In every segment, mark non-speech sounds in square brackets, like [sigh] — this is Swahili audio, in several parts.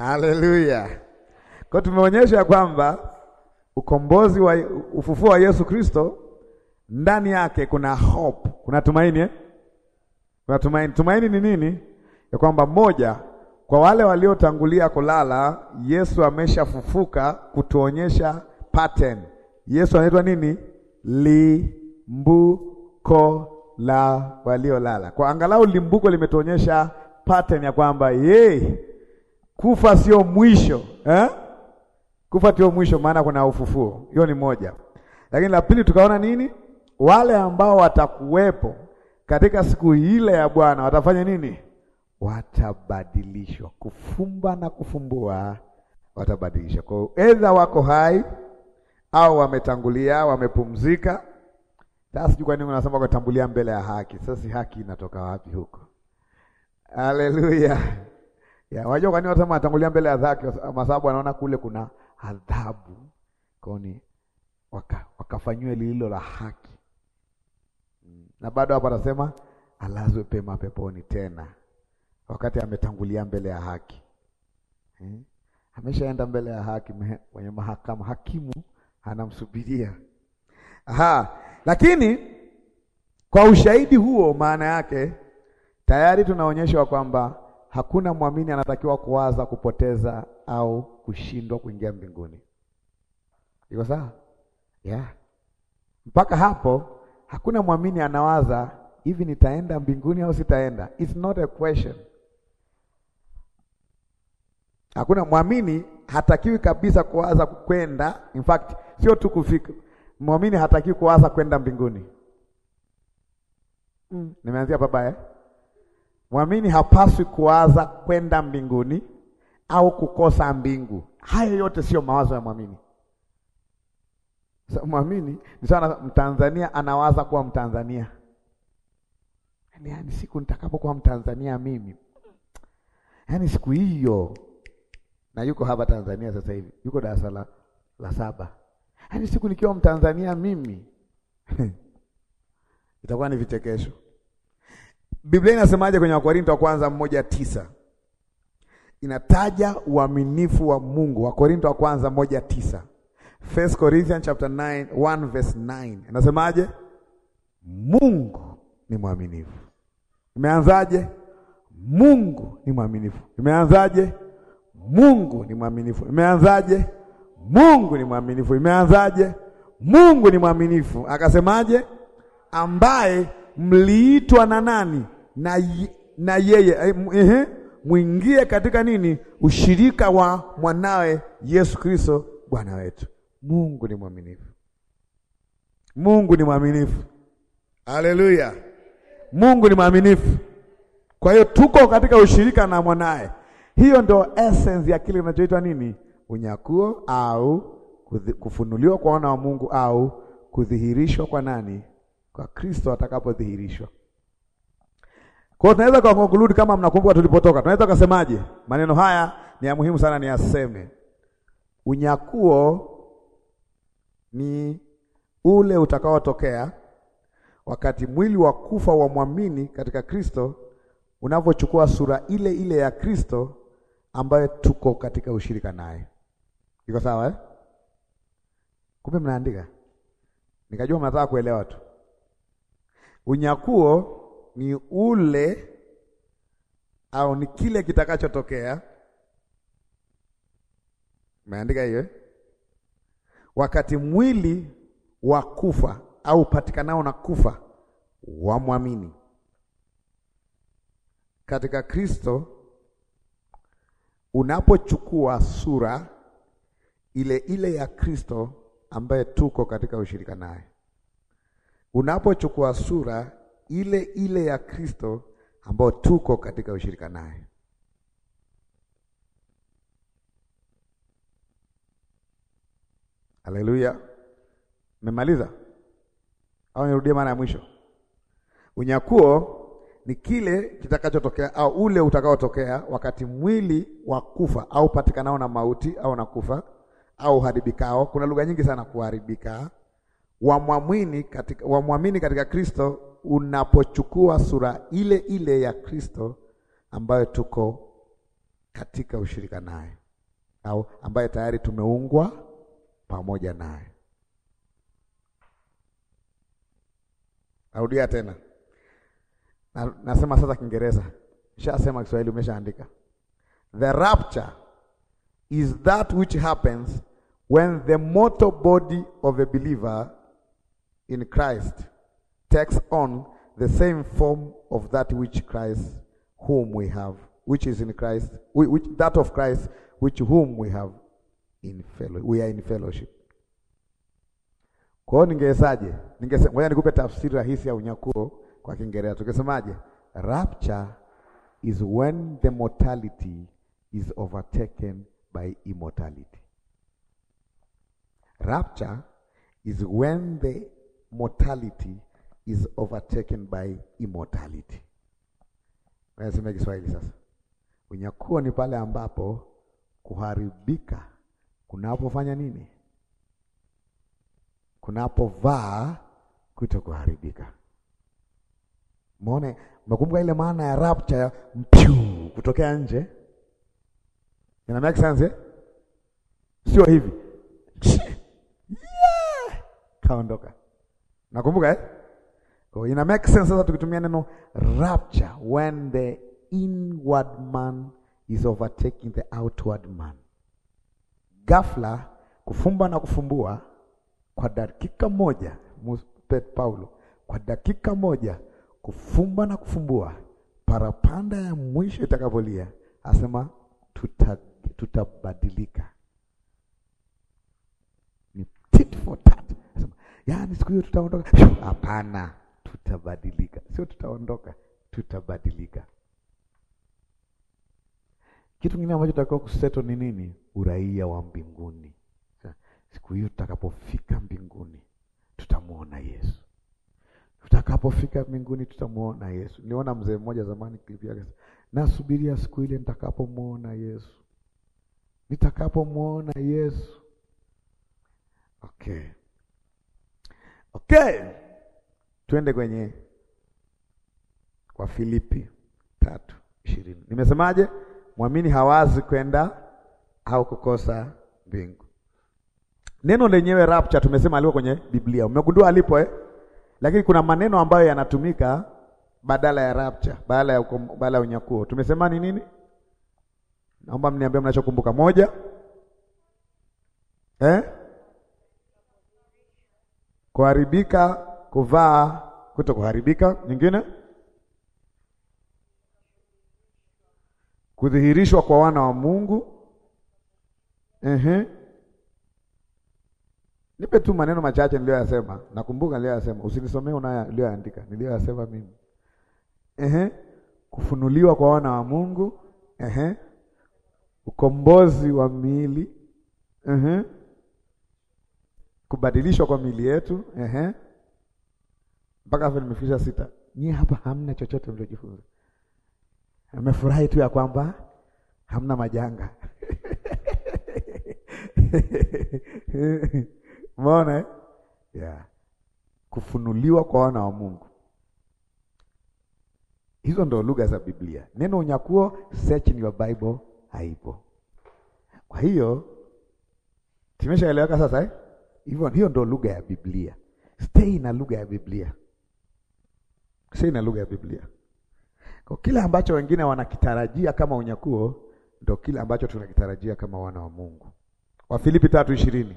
Haleluya! Kwa tumeonyesha kwamba ukombozi wa ufufuo wa Yesu Kristo ndani yake kuna hope, kuna tumaini eh? Kuna tumaini. Tumaini ni nini? Ya kwamba moja, kwa wale waliotangulia kulala, Yesu ameshafufuka kutuonyesha pattern. Yesu anaitwa nini? Limbuko la waliolala. Kwa angalau limbuko limetuonyesha pattern ya kwamba yeye kufa sio mwisho eh? Kufa sio mwisho, maana kuna ufufuo. Hiyo ni moja, lakini la pili tukaona nini? Wale ambao watakuwepo katika siku ile ya Bwana watafanya nini? Watabadilishwa, kufumba na kufumbua, watabadilishwa. Kwa hiyo edha wako hai au wametangulia, wamepumzika. Sasa sijui kwa nini unasema kutangulia mbele ya haki. Sasa si haki inatoka wapi huko? Haleluya! Yeah, wajua kwa nini wanasema atangulia mbele ya dhaki? Kwa sababu anaona kule kuna adhabu. Kwa nini waka, wakafanywe lililo la haki. Na bado hapa anasema alazwe pema peponi tena wakati ametangulia mbele ya haki. Hmm? Ameshaenda mbele ya haki kwenye mahakama, hakimu anamsubiria. Aha, lakini kwa ushahidi huo maana yake tayari tunaonyeshwa kwamba hakuna mwamini anatakiwa kuwaza kupoteza au kushindwa kuingia mbinguni. Iko sawa? Yeah. Mpaka hapo hakuna mwamini anawaza hivi, nitaenda mbinguni au sitaenda? It's not a question. Hakuna mwamini hatakiwi kabisa kuwaza kwenda, in fact sio tu kufika. Mwamini hatakiwi kuwaza kwenda mbinguni. Mm. Nimeanzia pabaya eh? Mwamini hapaswi kuwaza kwenda mbinguni au kukosa mbingu. Hayo yote sio mawazo ya mwamini. So, mwamini ni sana Mtanzania anawaza kuwa Mtanzania. Yaani, yani siku nitakapokuwa Mtanzania mimi, yaani siku hiyo, na yuko hapa Tanzania sasa hivi, yuko darasa la, la saba. Yaani siku nikiwa Mtanzania mimi [laughs] itakuwa ni vichekesho. Biblia inasemaje kwenye Wakorintho wa kwanza moja tisa? Inataja uaminifu wa Mungu. Wakorintho wa kwanza moja tisa. First Corinthians chapter 9, 1 verse 9. Inasemaje? Mungu ni mwaminifu. Imeanzaje? Mungu ni mwaminifu. Imeanzaje? Mungu ni mwaminifu. Imeanzaje? Mungu ni mwaminifu. Imeanzaje? Mungu ni mwaminifu. Akasemaje? Ambaye mliitwa na nani? Na, na yeye eh, ehe, mwingie katika nini? Ushirika wa mwanawe Yesu Kristo Bwana wetu. Mungu ni mwaminifu. Mungu ni mwaminifu. Haleluya. Mungu ni mwaminifu. Kwa hiyo tuko katika ushirika na mwanaye. Hiyo ndio essence ya kile kinachoitwa nini? Unyakuo au kufunuliwa kwa wana wa Mungu au kudhihirishwa kwa nani? kwa Kristo atakapodhihirishwa. Kwa hiyo tunaweza kwa conclude, kama mnakumbuka tulipotoka, tunaweza kusemaje? Maneno haya ni ya muhimu sana niyaseme. Unyakuo ni ule utakaotokea wakati mwili wa kufa wa mwamini katika Kristo unavyochukua sura ile ile ya Kristo ambayo tuko katika ushirika naye. Iko sawa eh? Kumbe mnaandika, nikajua mnataka kuelewa tu. Unyakuo ni ule au ni kile kitakachotokea, umeandika hiyo, eh? wakati mwili wa kufa au upatikanao na kufa wamwamini katika Kristo unapochukua sura ile ile ya Kristo ambaye tuko katika ushirika naye unapochukua sura ile ile ya Kristo ambao tuko katika ushirika naye. Haleluya, memaliza au nirudie mara ya mwisho? Unyakuo ni kile kitakachotokea au ule utakaotokea wakati mwili wa kufa au patikanao na mauti au na kufa au haribikao. Kuna lugha nyingi sana kuharibika wamwamini katika, wamwamini katika Kristo unapochukua sura ile ile ya Kristo ambayo tuko katika ushirika naye au ambaye tayari tumeungwa pamoja naye. Narudia tena na, nasema sasa Kiingereza, shasema Kiswahili, umeshaandika. The rapture is that which happens when the mortal body of a believer in Christ takes on the same form of that which Christ whom we have which is in Christ which that of Christ which whom we have in fellow we are in fellowship. Kwa hiyo ningewezaje? Ningesema nikupe tafsiri rahisi ya unyakuo kwa Kiingereza. Tukisemaje? Rapture is when the mortality is overtaken by immortality. Rapture is when the mortality is overtaken by immortality. Nasema Kiswahili sasa. Unyakuo ni pale ambapo kuharibika kunapofanya nini? Kunapovaa kuto kuharibika. Mwone, mekumbuka ile maana ya rapture mpyu kutokea nje? Ina make sense eh? Sio hivi. [laughs] Yeah! Kaondoka. Nakumbuka eh? Kwa ina make sense sasa tukitumia neno rapture when the inward man is overtaking the outward man. Ghafla kufumba na kufumbua kwa dakika moja, Paulo, kwa dakika moja kufumba na kufumbua, parapanda ya mwisho itakapolia, asema tuta tutabadilika. Ni tit for tat yaani siku hiyo tutaondoka. Hapana, tutabadilika, sio tutaondoka, tutabadilika. Kitu kingine ambacho tutakao kuseto ni nini? Uraia wa mbinguni. Siku hiyo tutakapofika mbinguni tutamwona Yesu. Tutakapofika mbinguni tutamwona Yesu. Niliona mzee mmoja zamani klipu yake, nasubiria siku ile nitakapomwona Yesu, nitakapomwona Yesu. Okay. Okay, twende kwenye kwa Filipi tatu ishirini. Nimesemaje? Mwamini hawazi kwenda au kukosa mbingu. Neno lenyewe rapture tumesema aliko kwenye Biblia, umegundua alipo eh? Lakini kuna maneno ambayo yanatumika badala ya rapture, badala ya, badala ya unyakuo. Tumesema ni nini? Naomba mniambie mnachokumbuka. Moja eh? kuharibika, kuvaa kuto kuharibika, nyingine kudhihirishwa kwa wana wa Mungu. Ehe, nipe tu maneno machache niliyoyasema, nakumbuka niliyoyasema, usinisomee unaya niliyoandika, niliyoyasema mimi. Ehe, kufunuliwa kwa wana wa Mungu. Ehe, ukombozi wa miili. Ehe kubadilishwa kwa miili yetu ehe, mpaka hapo nimefikisha sita. Nyie hapa hamna chochote mliojifunza, amefurahi tu ya kwamba hamna majanga [laughs] Umeona eh? yeah. Kufunuliwa kwa wana wa Mungu, hizo ndio lugha za Biblia. Neno unyakuo, search in your Bible, haipo. Kwa hiyo tumeshaeleweka sasa eh? Hivyo hiyo ndo lugha ya Biblia. Stay na lugha ya Biblia. Stay na lugha ya Biblia. Kwa kila ambacho wengine wanakitarajia kama unyakuo ndo kile ambacho tunakitarajia kama wana wa Mungu. Wafilipi 3:20.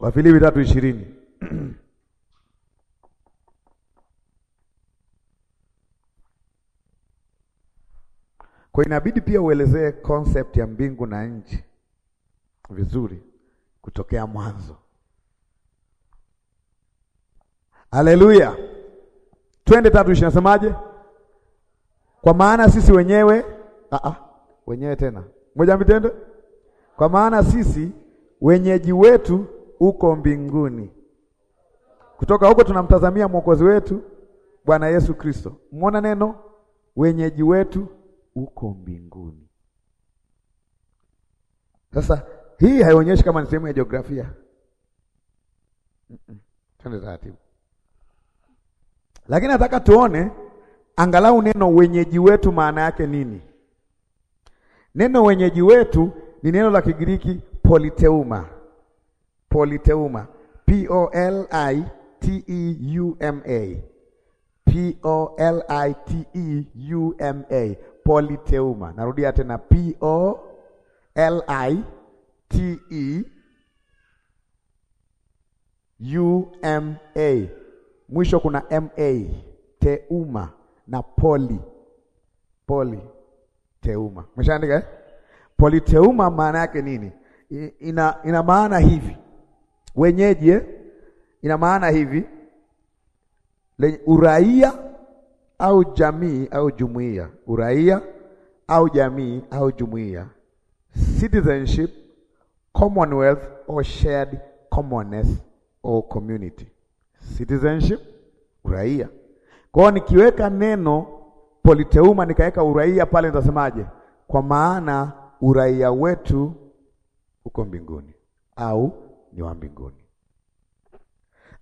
Wafilipi 3:20. Kwa inabidi pia uelezee concept ya mbingu na nchi vizuri kutokea mwanzo. Haleluya, twende tatu ishi, nasemaje? Kwa maana sisi wenyewe aa, ah, ah, wenyewe tena moja mitende, kwa maana sisi wenyeji wetu uko mbinguni, kutoka huko tunamtazamia mwokozi wetu Bwana Yesu Kristo. Muona neno wenyeji wetu uko mbinguni. Sasa hii haionyeshi kama ni sehemu ya jiografia. Twende taratibu, lakini nataka tuone angalau neno wenyeji wetu maana yake nini? Neno wenyeji wetu ni neno la Kigiriki politeuma, politeuma, P O L I T E U M A, P O L I T E U M A, politeuma. Narudia tena P O L I T E U M A, mwisho kuna M A, teuma na poli poli teuma. Umeshaandika eh? teuma maana yake nini? Ina, ina maana hivi wenyeji eh? Ina maana hivi lenye uraia au jamii au jumuiya, uraia au jamii au jumuiya, citizenship commonwealth or shared commonness or community. Citizenship, uraia. Kwa hiyo nikiweka neno politeuma nikaweka uraia pale, nitasemaje? Kwa maana uraia wetu uko mbinguni au ni wa mbinguni.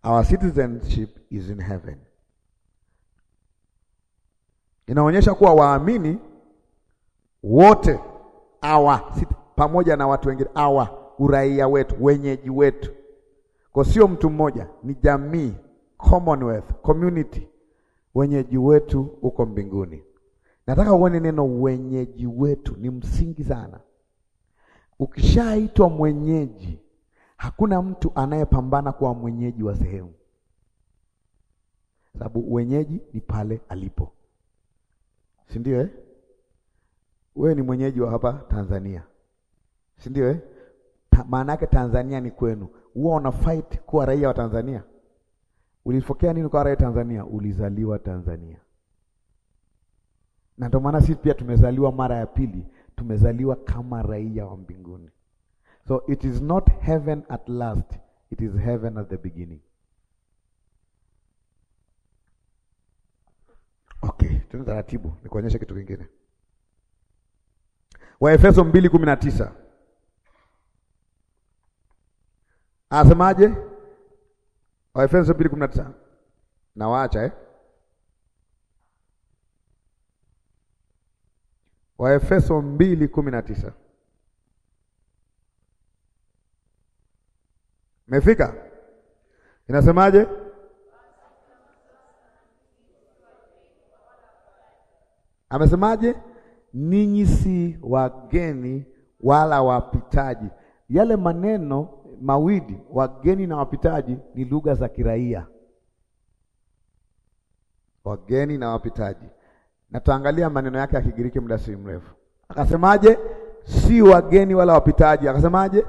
Our citizenship is in heaven. Inaonyesha kuwa waamini wote awa pamoja na watu wengine awa uraia wetu, wenyeji wetu, kwa sio mtu mmoja, ni jamii, commonwealth, community. Wenyeji wetu uko mbinguni. Nataka uone neno wenyeji wetu ni msingi sana. Ukishaitwa mwenyeji, hakuna mtu anayepambana kuwa mwenyeji wa sehemu, sababu wenyeji ni pale alipo, si ndio eh? Wewe ni mwenyeji wa hapa Tanzania, si ndio eh? maana yake Tanzania ni kwenu. Huwa una fight kuwa raia wa Tanzania? Ulipokea nini kwa raia Tanzania? Ulizaliwa Tanzania, na ndio maana sisi pia tumezaliwa mara ya pili, tumezaliwa kama raia wa mbinguni. So it is not heaven at last, it is heaven at the beginning. Okay, tuende taratibu nikuonyeshe kitu kingine. Waefeso mbili kumi na tisa. Anasemaje? Waefeso 2:15. Nawaacha eh? Waefeso 2:19. Mefika? Inasemaje? Amesemaje? Ninyi si wageni wala wapitaji. Yale maneno mawidi wageni na wapitaji, ni lugha za kiraia. Wageni na wapitaji, na maneno yake ya Kigiriki muda si mrefu. Akasemaje? si wageni wala wapitaji. Akasemaje?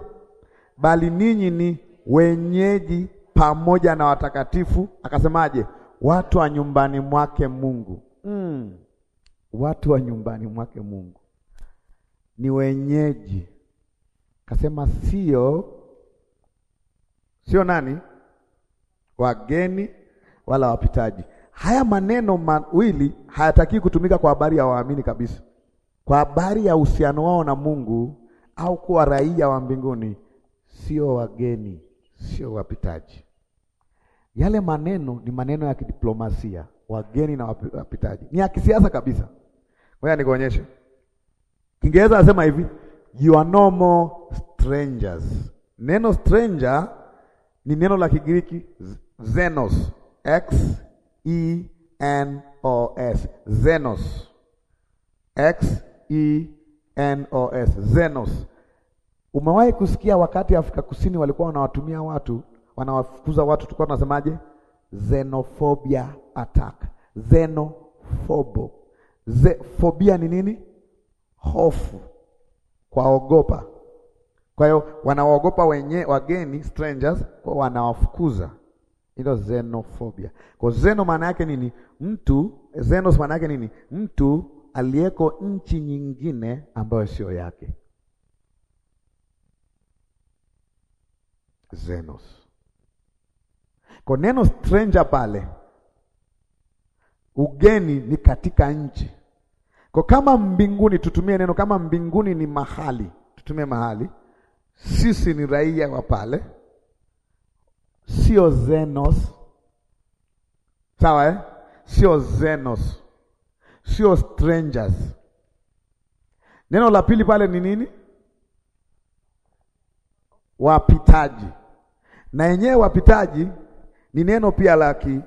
bali ninyi ni wenyeji pamoja na watakatifu. Akasemaje? watu wa nyumbani mwake Mungu. Mm. Watu wa nyumbani mwake Mungu ni wenyeji, akasema sio sio nani wageni wala wapitaji. Haya maneno mawili hayataki kutumika kwa habari ya waamini kabisa. Kwa habari ya uhusiano wao na Mungu au kuwa raia wa mbinguni, sio wageni, sio wapitaji. Yale maneno ni maneno ya kidiplomasia, wageni na wapitaji, ni ya kisiasa kabisa. Ngoja nikuonyeshe. Kiingereza anasema hivi, you are no more strangers. Neno stranger ni neno la Kigiriki zenos, x e n o s, zenos, x e n o s, zenos. Umewahi kusikia wakati Afrika Kusini walikuwa wanawatumia watu, wanawafukuza watu, tulikuwa tunasemaje? Xenophobia attack, xenophobo. Ze, fobia ni nini? Hofu, kwaogopa kwa hiyo wanawaogopa wenye wageni strangers, kwa wanawafukuza. Hilo xenophobia. Kwa zeno maana yake nini? Mtu zenos maana yake nini? Mtu aliyeko nchi nyingine ambayo sio yake. Zenos. Kwa neno stranger pale ugeni ni katika nchi. Kwa kama mbinguni tutumie neno kama mbinguni ni mahali, tutumie mahali sisi ni raia wa pale, sio zenos. Sawa eh? Sio zenos, sio strangers. Neno la pili pale ni nini? Wapitaji. Na yenyewe wapitaji ni neno pia la ki,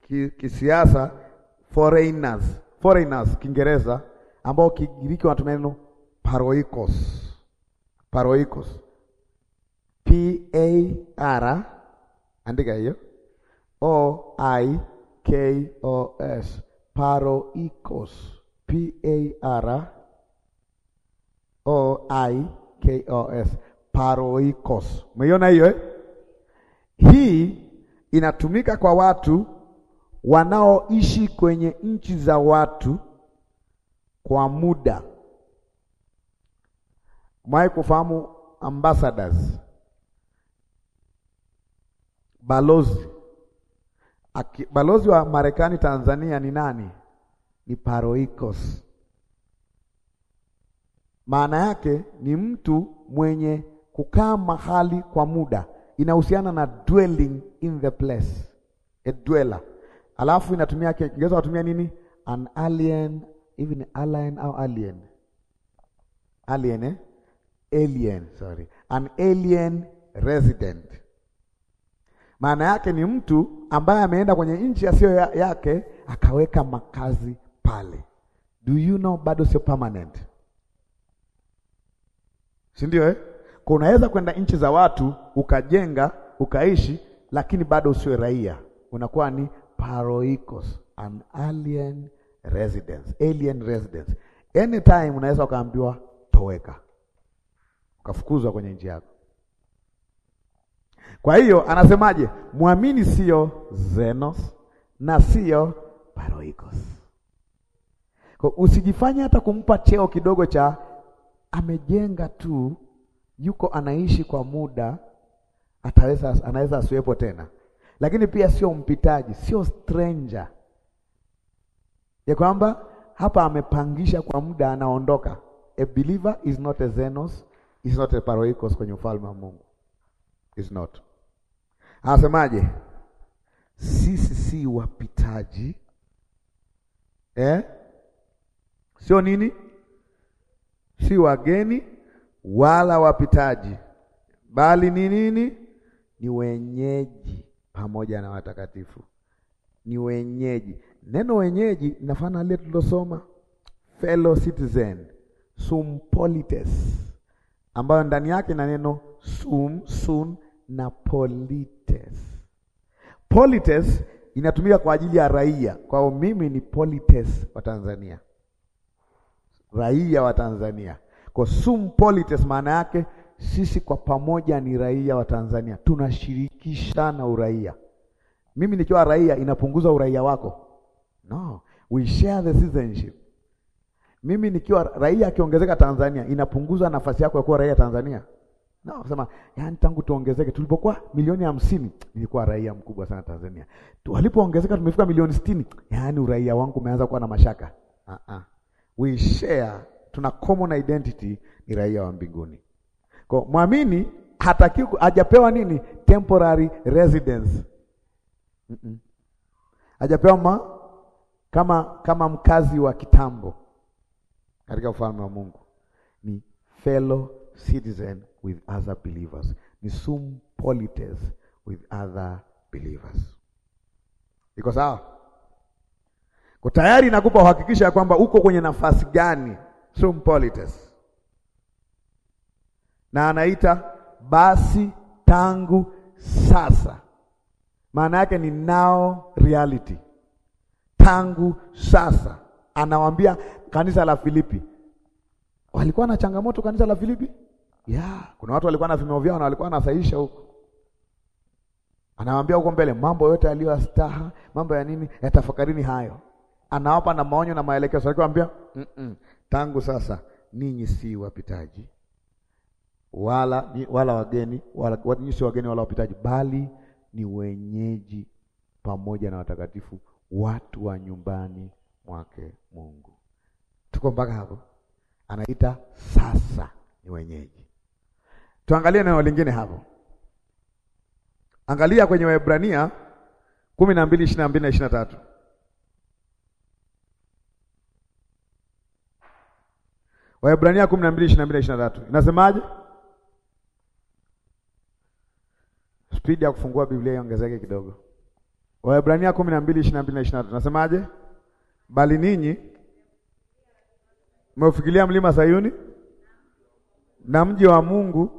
ki, kisiasa foreigners, foreigners Kiingereza, ambao Kigiriki wanatumia neno paroikos Paroikos P A R andika hiyo O I K O S Paroikos P A R O I K O S Paroikos. Umeiona hiyo eh? Hii inatumika kwa watu wanaoishi kwenye nchi za watu kwa muda Mwahi kufahamu ambassadors, balozi Aki, balozi wa Marekani Tanzania ni nani? Ni paroikos. Maana yake ni mtu mwenye kukaa mahali kwa muda, inahusiana na dwelling in the place, a dweller. Alafu inatumia Kiingereza watumia nini? An alien, even alien au alien, alien eh? alien, sorry, an alien resident. Maana yake ni mtu ambaye ameenda kwenye nchi asiyo ya yake akaweka makazi pale. Do you know, bado sio permanent, si ndio eh? Kwa unaweza kwenda nchi za watu ukajenga ukaishi, lakini bado usiwe raia, unakuwa ni paroikos, an alien residence, alien residence. Anytime unaweza ukaambiwa toweka ukafukuzwa kwenye nchi yako. Kwa hiyo anasemaje? Mwamini sio zenos na sio paroikos. Kwa usijifanye hata kumpa cheo kidogo cha amejenga tu, yuko anaishi kwa muda, ataweza anaweza asiwepo tena, lakini pia sio mpitaji, sio stranger ya kwamba hapa amepangisha kwa muda, anaondoka. A believer is not a zenos is not a paroikos kwenye ufalme wa Mungu, is not. Anasemaje? Sisi si wapitaji eh? Sio nini, si wageni wala wapitaji, bali ni nini? Ni wenyeji pamoja na watakatifu, ni wenyeji. Neno wenyeji linafana lile tulilosoma fellow citizen, sumpolites ambayo ndani yake ina neno sum, sun na polites. Polites inatumika kwa ajili ya raia. Kwa hiyo mimi ni polites wa Tanzania, raia wa Tanzania. Kwa sum polites, maana yake sisi kwa pamoja ni raia wa Tanzania, tunashirikishana uraia. Mimi nikiwa raia inapunguza uraia wako? No, we share the citizenship mimi nikiwa raia akiongezeka Tanzania, inapunguza nafasi yako ya kuwa raia Tanzania? No, sema yaani tangu tuongezeke tulipokuwa milioni hamsini nilikuwa raia mkubwa sana Tanzania. Walipoongezeka tumefika milioni sitini, yaani uraia wangu umeanza kuwa na mashaka. Uh -uh. We share, tuna common identity ni raia wa mbinguni. Kwa mwamini hataki hajapewa nini? Temporary residence. Mm -mm. Hajapewa kama kama mkazi wa kitambo katika ufalme wa Mungu ni fellow citizen with other believers, ni sum polites with other believers. Iko sawa? Kwa tayari nakupa uhakikisha ya kwamba uko kwenye nafasi gani, sum polites, na anaita basi tangu sasa, maana yake ni now reality, tangu sasa anawaambia kanisa la Filipi. Walikuwa na changamoto kanisa la Filipi? Yeah, kuna watu walikuwa na vimeo vyao na walikuwa wanasaisha huko. Anawaambia huko mbele mambo yote yaliyo mambo ya nini, yatafakarini hayo. Anawapa na maonyo na maelekezo. Alikwambia, mm -mm, tangu sasa ninyi si wapitaji wala ni, wala wageni wala ninyi si wageni wala wapitaji, bali ni wenyeji pamoja na watakatifu, watu wa nyumbani mwake Mungu. Tuko mpaka hapo? Anaita sasa ni wenyeji. Tuangalie neno lingine hapo. Angalia kwenye Waebrania 12:22 na 23. Waebrania 12:22 na 23. Inasemaje? Spidi ya kufungua Biblia iongezeke kidogo. Waebrania 12:22 na 23. Nasemaje? bali ninyi mmeufikilia mlima Sayuni na mji wa Mungu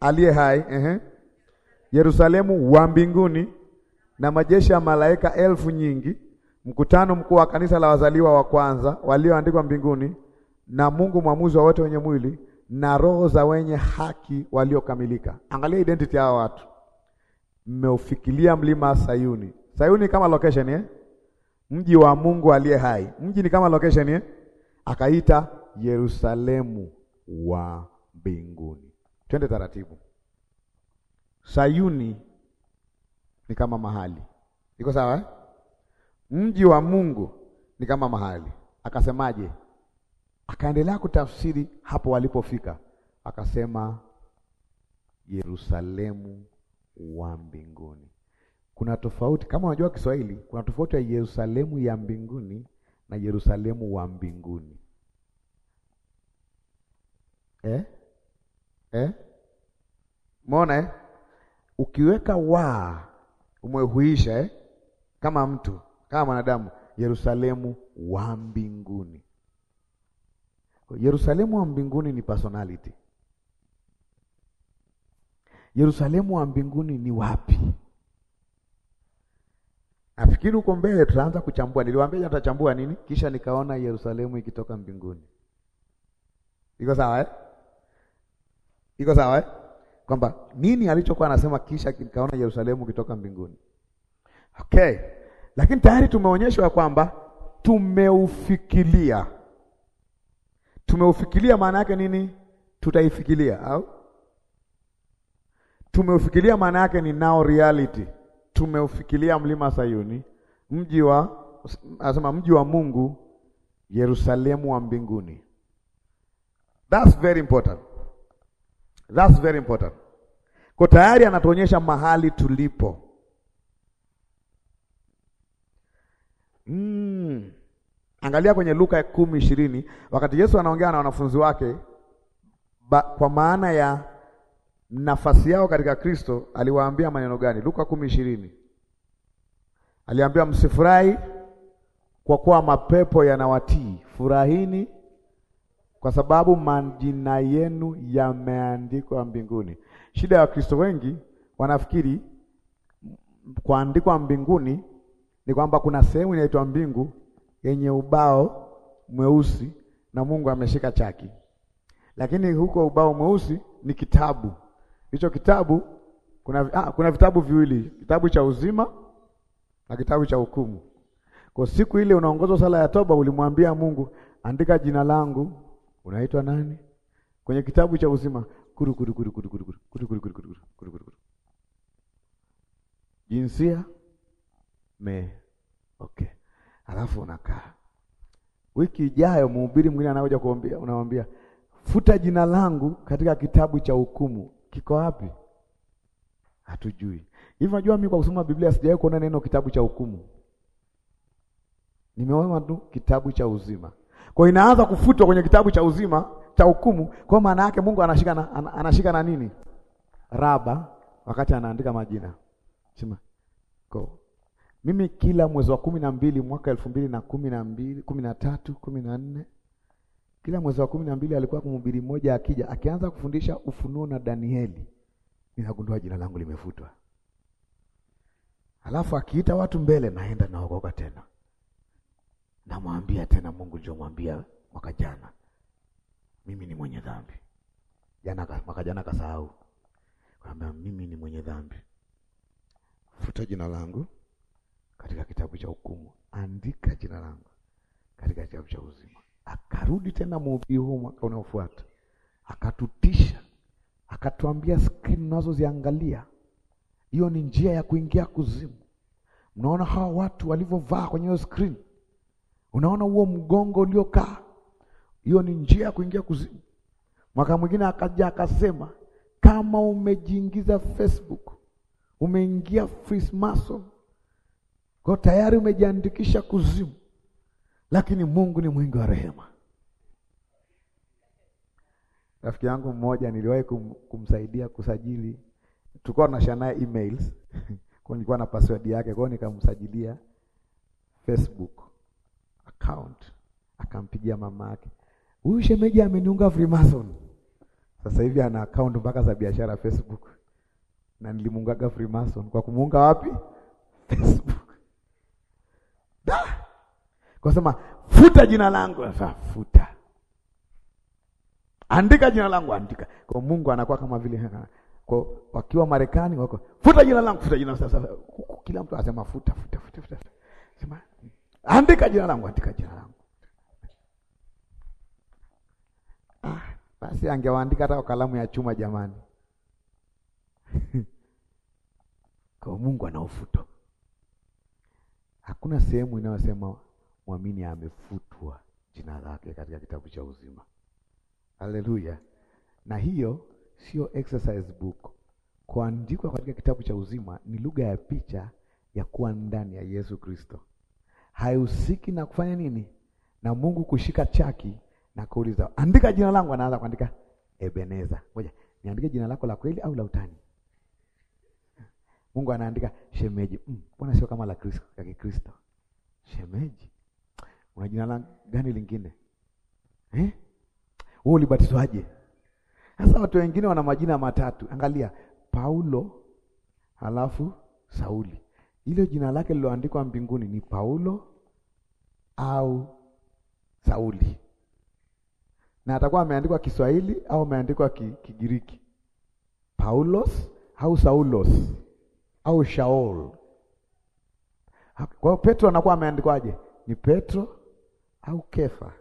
aliye hai, ehe, Yerusalemu wa mbinguni na majeshi ya malaika elfu nyingi, mkutano mkuu wa kanisa la wazaliwa wa kwanza walioandikwa mbinguni, na Mungu mwamuzi wa wote wenye mwili na roho za wenye haki waliokamilika. Angalia identity ya watu. Mmeufikilia mlima Sayuni. Sayuni kama location eh? mji wa Mungu aliye hai. Mji ni kama location eh? Akaita Yerusalemu wa mbinguni. Twende taratibu. Sayuni ni kama mahali, iko sawa eh? Mji wa Mungu ni kama mahali. Akasemaje? Akaendelea kutafsiri hapo walipofika, akasema Yerusalemu wa mbinguni. Kuna tofauti kama unajua Kiswahili, kuna tofauti ya Yerusalemu ya mbinguni na Yerusalemu wa mbinguni eh? Eh? Mwone eh? Ukiweka wa umehuisha eh? Kama mtu kama mwanadamu, Yerusalemu wa mbinguni. Yerusalemu wa mbinguni ni personality. Yerusalemu wa mbinguni ni wapi? Nafikiri huko mbele tutaanza kuchambua. Niliwaambia tutachambua nini? Kisha nikaona Yerusalemu ikitoka mbinguni. Iko sawa eh? Iko sawa eh? Kwamba nini alichokuwa anasema kisha nikaona Yerusalemu ikitoka mbinguni. Okay. Lakini tayari tumeonyeshwa kwamba tumeufikilia. Tumeufikilia maana yake nini? Tutaifikilia au? Tumeufikilia maana yake ni now reality tumeufikilia mlima Sayuni, mji wa anasema mji wa Mungu, Yerusalemu wa mbinguni. That's very important. That's very important. Kwa tayari anatuonyesha mahali tulipo. Mm. Angalia kwenye Luka kumi ishirini wakati Yesu anaongea na wanafunzi wake ba, kwa maana ya nafasi yao katika Kristo, aliwaambia maneno gani? Luka kumi ishirini aliambia msifurahi kwa kuwa mapepo yanawatii, furahini kwa sababu majina yenu yameandikwa mbinguni. Shida ya Wakristo wengi wanafikiri kuandikwa mbinguni ni kwamba kuna sehemu inaitwa mbingu yenye ubao mweusi na Mungu ameshika chaki, lakini huko ubao mweusi ni kitabu Hicho kitabu kuna, ah, kuna vitabu viwili, kitabu cha uzima na kitabu cha hukumu. Kwa siku ile unaongozwa sala ya toba, ulimwambia Mungu, andika jina langu, unaitwa nani kwenye kitabu cha uzima? kuru kuru kuru kuru kuru kuru kuru kuru kuru kuru kuru jinsia me okay, alafu unakaa wiki ijayo, mhubiri mwingine anakuja kuombea, unawaambia futa jina langu katika kitabu cha hukumu kiko wapi? Hatujui. Hivi unajua mimi kwa kusoma Biblia sijawahi kuona neno kitabu cha hukumu. Nimeona tu kitabu cha uzima. Kwa inaanza kufutwa kwenye kitabu cha uzima cha hukumu, kwa maana yake Mungu anashika na, anashika na nini? Raba wakati anaandika majina. Sema. Kwa mimi kila mwezi wa kumi na mbili mwaka elfu mbili na kumi na mbili, kumi na tatu, kumi na nne kila mwezi wa kumi na mbili alikuwa kumhubiri mmoja, akija akianza kufundisha Ufunuo na Danieli, ninagundua jina langu limefutwa. Alafu akiita watu mbele, naenda naogoka tena, namwambia tena Mungu nilichomwambia mwaka jana, mimi ni mwenye dhambi. Jana mwaka jana kasahau kwamba mimi ni mwenye dhambi, futa jina langu katika kitabu cha hukumu, andika jina langu katika kitabu cha uzima. Akarudi tena mupii huu mwaka unaofuata, akatutisha, akatuambia skrini unazoziangalia hiyo ni njia ya kuingia kuzimu. Mnaona hawa watu walivyovaa kwenye hiyo skrini, unaona huo mgongo uliokaa, hiyo ni njia ya kuingia kuzimu. Mwaka mwingine akaja akasema, kama umejiingiza Facebook, umeingia Freemason, kwa tayari umejiandikisha kuzimu lakini Mungu ni mwingi wa rehema. Rafiki yangu mmoja niliwahi kum, kumsaidia kusajili, tulikuwa tunashanae emails [laughs] kwa nilikuwa na password yake, kwa hiyo nikamsajilia Facebook account, akampigia mama yake, huyu shemeji ameniunga Freemason. Sasa hivi ana account mpaka za biashara Facebook, na nilimuungaga Freemason kwa kumuunga wapi? [laughs] Facebook. Kasema futa jina langu, sasa futa. Andika jina langu, andika. Kwa Mungu anakuwa kama vile kwa wakiwa Marekani wako futa jina langu, futa jina sasa. Kila mtu anasema futa, futa, futa, futa. Sema andika jina langu, andika jina langu. Ah, basi angewaandika hata kalamu ya chuma jamani. [laughs] Kwa Mungu ana ufuto. Hakuna sehemu inayosema mwamini amefutwa jina lake katika kitabu cha uzima. Haleluya! Na hiyo sio exercise book. Kuandikwa katika kitabu cha uzima ni lugha ya picha ya kuwa ndani ya Yesu Kristo. Haihusiki na kufanya nini, na Mungu kushika chaki na kuuliza andika jina langu, anaanza kuandika Ebeneza. Ngoja niandike jina lako la kweli au la utani? Mungu anaandika shemeji. Mm, mbona mm, sio kama la Kristo, ya Kikristo shemeji Una jina gani lingine eh? Wewe ulibatizwaje? Sasa watu wengine wana majina matatu. Angalia Paulo, halafu Sauli. Ile jina lake liloandikwa mbinguni ni Paulo au Sauli, na atakuwa ameandikwa Kiswahili au ameandikwa Kigiriki, Paulos au Saulos au Shaul. Kwa hiyo Petro anakuwa ameandikwaje? Ni Petro au Kefa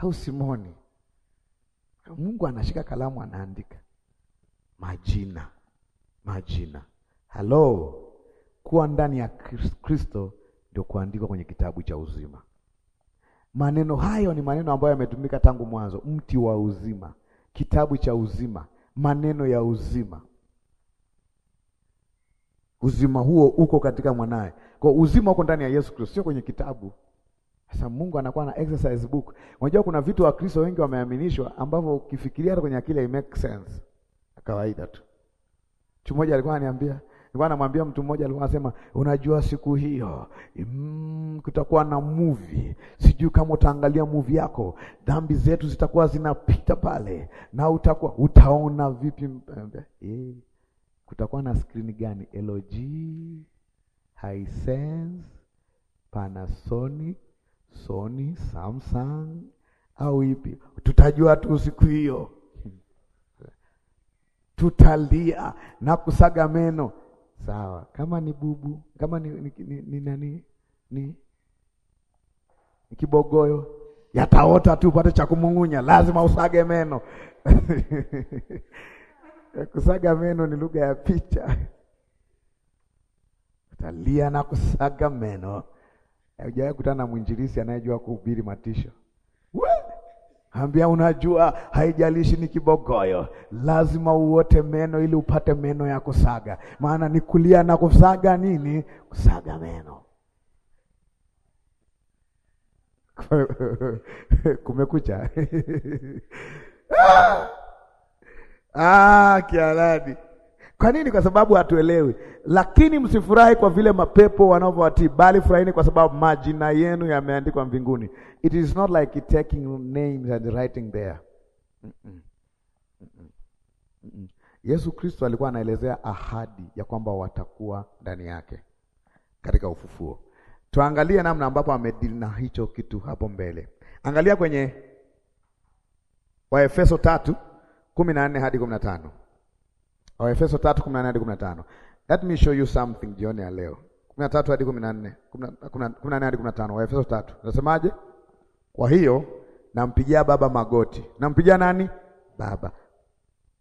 au Simoni. Mungu anashika kalamu anaandika majina, majina. Halo, kuwa ndani ya Kristo ndio kuandikwa kwenye kitabu cha uzima. Maneno hayo ni maneno ambayo yametumika tangu mwanzo: mti wa uzima, kitabu cha uzima, maneno ya uzima. Uzima huo uko katika mwanaye, kwa uzima uko ndani ya Yesu Kristo, sio kwenye kitabu. Sasa Mungu anakuwa na exercise book. Unajua kuna vitu wa Kristo wengi wameaminishwa ambavyo ukifikiria hata kwenye akili it make sense. Kawaida tu. Mtu mmoja alikuwa ananiambia, nilikuwa anamwambia mtu mmoja alikuwa anasema, unajua siku hiyo mm, kutakuwa na movie. Sijui kama utaangalia movie yako, dhambi zetu zitakuwa zinapita pale na utakuwa utaona vipi? Eh, kutakuwa na screen gani? LG, Hisense, Panasonic Sony, Samsung au ipi? Tutajua tu siku hiyo, tutalia na kusaga meno. Sawa, kama ni bubu, kama ni ni ni, ni, ni, ni, ni kibogoyo yataota tu, upate cha kumung'unya, lazima usage meno [laughs] kusaga meno ni lugha ya picha, utalia na kusaga meno. Hujawahi kutana na mwinjilisi anayejua kuhubiri matisho? Ambia unajua, haijalishi ni kibogoyo, lazima uote meno ili upate meno ya kusaga, maana ni kulia na kusaga nini? Kusaga meno. [laughs] Kumekucha. [laughs] Ah, ah kialadi kwa nini? Kwa sababu hatuelewi. Lakini msifurahi kwa vile mapepo wanavyowatii, bali furahini kwa sababu majina yenu yameandikwa mbinguni. It is not like it taking names and writing there. Mm -mm. Mm -mm. Mm -mm. Yesu Kristo alikuwa anaelezea ahadi ya kwamba watakuwa ndani yake katika ufufuo. Tuangalie namna ambapo amedili na hicho kitu hapo mbele. Angalia kwenye Waefeso tatu kumi na nne hadi kumi na tano. Waefeso 3:14 hadi 15. Let me show you something jioni ya leo. 13 hadi 14. 14 hadi 15. Waefeso 3. Nasemaje? Kwa hiyo nampigia Baba magoti. Nampigia nani? Baba.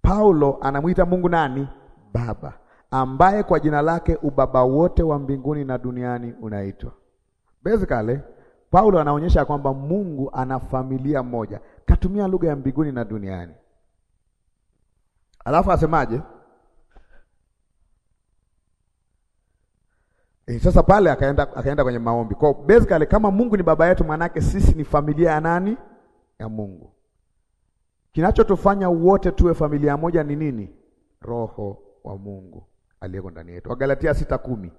Paulo anamwita Mungu nani? Baba, ambaye kwa jina lake ubaba wote wa mbinguni na duniani unaitwa. Basically, Paulo anaonyesha kwamba Mungu ana familia moja. Katumia lugha ya mbinguni na duniani. Alafu asemaje? E, sasa pale akaenda akaenda kwenye maombi. Kwa basically kama Mungu ni baba yetu, manake sisi ni familia ya nani? Ya Mungu. Kinachotufanya wote tuwe familia moja ni nini? Roho wa Mungu aliyeko ndani yetu. Wagalatia sita kumi.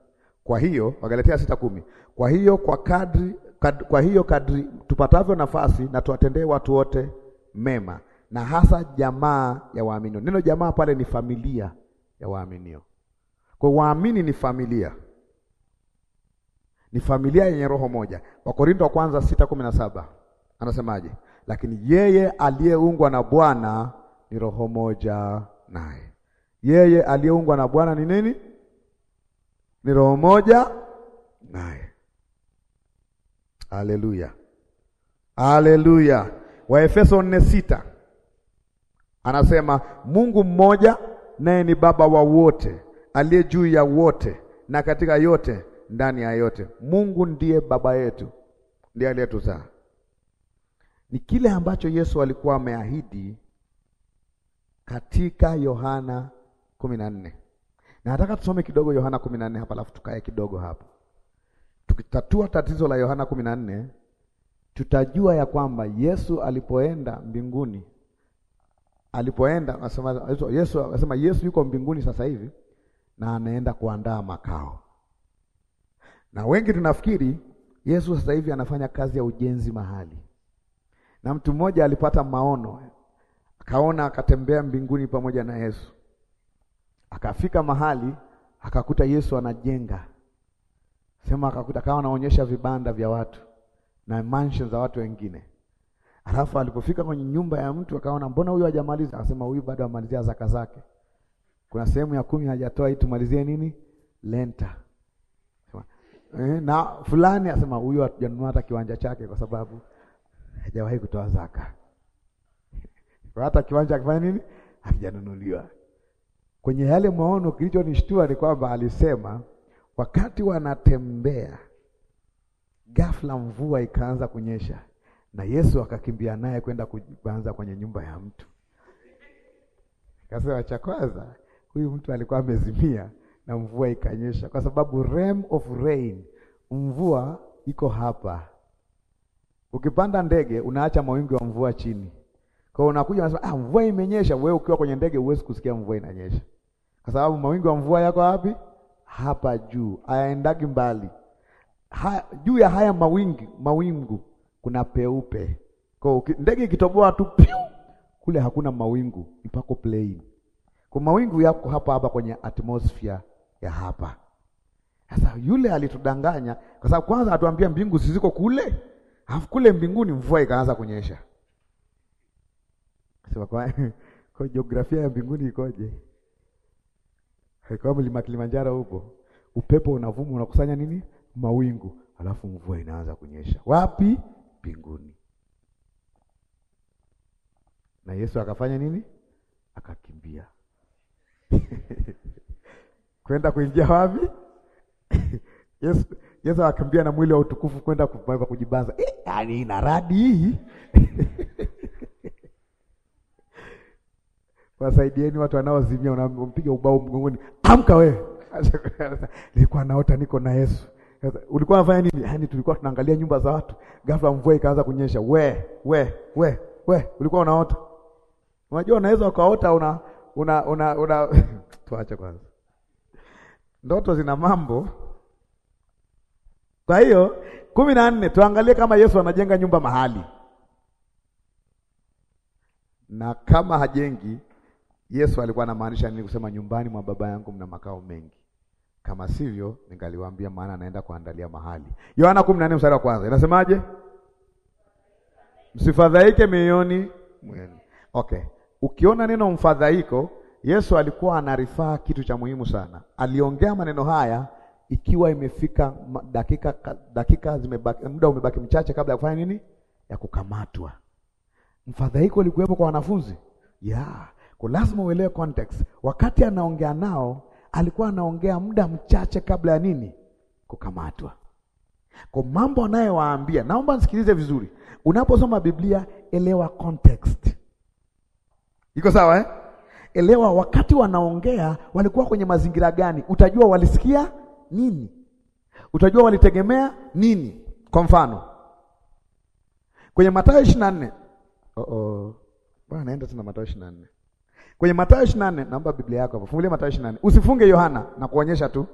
Kwa hiyo Wagalatia sita kumi. Kwa hiyo kwa kadri, kad, kwa hiyo kadri tupatavyo nafasi na tuwatendee watu wote mema na hasa jamaa ya waaminio. Neno jamaa pale ni familia ya waaminio. Kwa waamini ni familia ni familia yenye roho moja. wakorinto wa kwanza sita kumi na saba anasemaje? Lakini yeye aliyeungwa na Bwana ni roho moja naye. Yeye aliyeungwa na Bwana ni nini? Ni roho moja naye. Haleluya, haleluya. Waefeso nne sita anasema Mungu mmoja naye ni baba wa wote, aliye juu ya wote na katika yote ndani ya yote. Mungu ndiye baba yetu, ndiye aliyetuzaa. Ni kile ambacho Yesu alikuwa ameahidi katika Yohana kumi na nne. Na nataka tusome kidogo Yohana kumi na nne hapa alafu tukae kidogo hapo. Tukitatua tatizo la Yohana kumi na nne tutajua ya kwamba Yesu alipoenda mbinguni, alipoenda anasema Yesu, anasema Yesu yuko mbinguni sasa hivi na anaenda kuandaa makao. Na wengi tunafikiri Yesu sasa hivi anafanya kazi ya ujenzi mahali, na mtu mmoja alipata maono, akaona akatembea mbinguni pamoja na Yesu, akafika mahali akakuta Yesu anajenga sema, akakuta kama anaonyesha vibanda vya watu na mansion za watu wengine. Alafu alipofika kwenye nyumba ya mtu akaona, mbona huyu hajamaliza? Akasema, huyu bado amalizia zaka zake, kuna sehemu ya kumi hajatoa, hii tumalizie nini, lenta eh, na fulani asema huyu hatujanunua hata kiwanja chake kwa sababu hajawahi kutoa zaka. Kwa [laughs] hata kiwanja akifanya nini? Hakijanunuliwa. Kwenye yale maono, kilichonishtua ni kwamba alisema wakati wanatembea ghafla mvua ikaanza kunyesha na Yesu akakimbia naye kwenda kuanza kwenye nyumba ya mtu. Kasema cha kwanza, huyu mtu alikuwa amezimia, na mvua ikanyesha, kwa sababu realm of rain, mvua iko hapa. Ukipanda ndege unaacha mawingu ya mvua chini, kwa hiyo unakuja unasema, ah, mvua imenyesha. Wewe ukiwa kwenye ndege huwezi kusikia mvua inanyesha, kwa sababu mawingu ya mvua yako wapi? Hapa juu, hayaendagi mbali. Ha, juu ya haya mawingu, mawingu kuna peupe. Kwa ndege ikitoboa tu piu, kule hakuna mawingu, ipako plain. Kwa mawingu yako hapa hapa kwenye atmosphere ya hapa. Sasa yule alitudanganya kwa sababu kwanza atuambia mbingu ziziko kule, alafu kule mbinguni mvua ikaanza kunyesha. Sema kwa [laughs] kwa jiografia ya mbinguni ikoje? Kwa mlima Kilimanjaro huko, Upepo unavuma unakusanya nini? Mawingu, alafu mvua inaanza kunyesha. Wapi? Mbinguni. Na Yesu akafanya nini? Akakimbia. [laughs] kwenda kuingia wapi? [laughs] Yesu Yesu akakimbia na mwili wa utukufu kwenda kupaa kujibanza. Eh, yani ina radi hii. [laughs] Wasaidieni watu wanaozimia, unampiga ubao mgongoni. Amka we. [laughs] Nilikuwa naota niko na Yesu. ulikuwa unafanya nini? Yani tulikuwa tunaangalia nyumba za watu. Ghafla mvua ikaanza kunyesha. We, we, we, we, ulikuwa unaota. Unajua unaweza ukaota una una una, una... tuache kwanza. Ndoto zina mambo. Kwa hiyo kumi na nne, tuangalie kama Yesu anajenga nyumba mahali, na kama hajengi, Yesu alikuwa anamaanisha nini kusema nyumbani mwa baba yangu mna makao mengi? Kama sivyo, ningaliwaambia, maana anaenda kuandalia mahali. Yohana 14 mstari wa kwanza inasemaje? Msifadhaike mioyoni mwenu. Okay, ukiona neno mfadhaiko Yesu alikuwa anarifaa kitu cha muhimu sana. Aliongea maneno haya ikiwa imefika dakika dakika zimebaki, muda umebaki mchache kabla ya kufanya nini, ya kukamatwa. Mfadhaiko ulikuwepo kwa wanafunzi yeah. Kwa lazima uelewe context. Wakati anaongea nao alikuwa anaongea muda mchache kabla ya nini, kukamatwa. Kwa mambo anayewaambia, naomba nisikilize vizuri. Unaposoma Biblia elewa context, iko sawa eh? elewa wakati wanaongea walikuwa kwenye mazingira gani. Utajua walisikia nini, utajua walitegemea nini. Kwa mfano kwenye Mathayo ishirini na nne uh -oh. Bwana naenda tena Mathayo ishirini na nne kwenye Mathayo ishirini na nne naomba Biblia yako hapo, fungulia Mathayo ishirini na nne Usifunge Yohana, na kuonyesha tu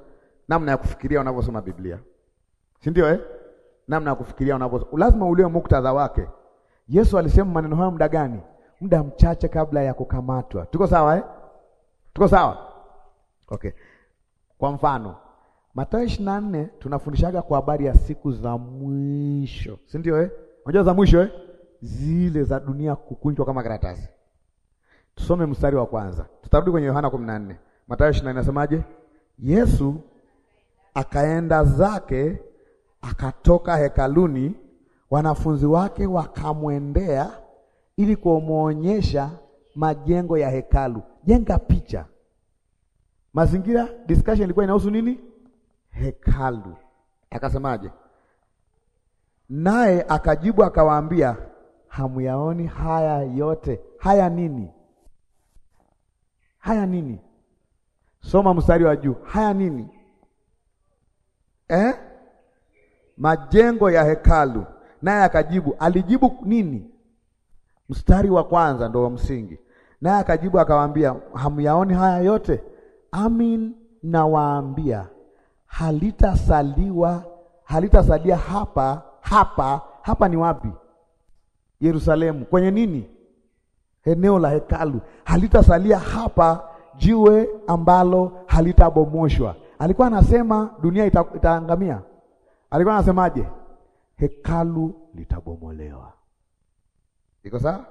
namna ya kufikiria unavyosoma Biblia, si ndio eh? Namna ya kufikiria unavyosoma lazima uelewe muktadha wake. Yesu alisema maneno hayo muda gani? muda mchache kabla ya kukamatwa. Tuko sawa eh? Tuko sawa okay. Kwa mfano Mathayo ishirini na nne tunafundishaga kwa habari ya siku za mwisho, si ndio eh? Unajua za mwisho eh? Zile za dunia kukunjwa kama karatasi. Tusome mstari wa kwanza, tutarudi kwenye Yohana kumi na nne. Mathayo ishirini na nne nasemaje? Yesu akaenda zake akatoka hekaluni, wanafunzi wake wakamwendea ili kuwamuonyesha majengo ya hekalu. Jenga picha. Mazingira discussion ilikuwa inahusu nini? Hekalu. Akasemaje? Naye akajibu akawaambia, hamuyaoni haya yote? Haya nini? Haya nini? Soma mstari wa juu. Haya nini? Eh? Majengo ya hekalu. Naye akajibu, alijibu nini? Mstari wa kwanza ndio wa msingi. Naye akajibu akawaambia, hamyaoni haya yote? Amin nawaambia, halitasaliwa halitasalia hapa hapa hapa. Ni wapi? Yerusalemu, kwenye nini? Eneo la hekalu. Halitasalia hapa jiwe ambalo halitabomoshwa. Alikuwa anasema dunia ita, itaangamia. Alikuwa anasemaje? Hekalu litabomolewa. Iko sawa?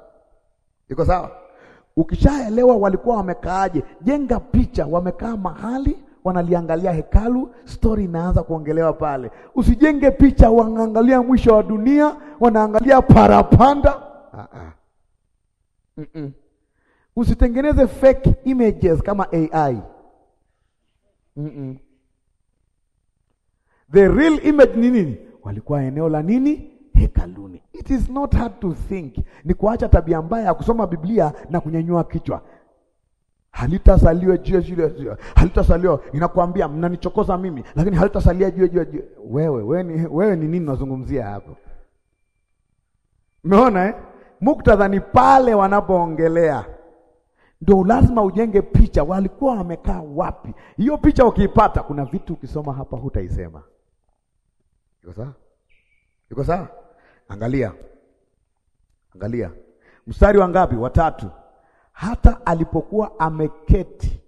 Iko sawa? Ukishaelewa walikuwa wamekaaje, jenga picha. Wamekaa mahali wanaliangalia hekalu, stori inaanza kuongelewa pale. Usijenge picha wanaangalia mwisho wa dunia, wanaangalia parapanda. Ah ah. Mm -mm. Usitengeneze fake images kama AI. Mm -mm. The real image ni nini? Walikuwa eneo la nini? hekaluni. It is not hard to think, ni kuacha tabia mbaya ya kusoma Biblia na kunyanyua kichwa. halitasalia jiwe jiwe, halitasaliwa. Inakwambia mnanichokoza mimi, lakini halitasalia jiwe jiwe Wewe wewe ni, wewe ni nini unazungumzia hapo? Umeona eh? Muktadha ni pale wanapoongelea, ndio lazima ujenge picha, walikuwa wamekaa wapi. Hiyo picha ukiipata, kuna vitu ukisoma hapa hutaisema. Iko sawa? Iko sawa? Angalia, angalia mstari wa ngapi? Watatu. Hata alipokuwa ameketi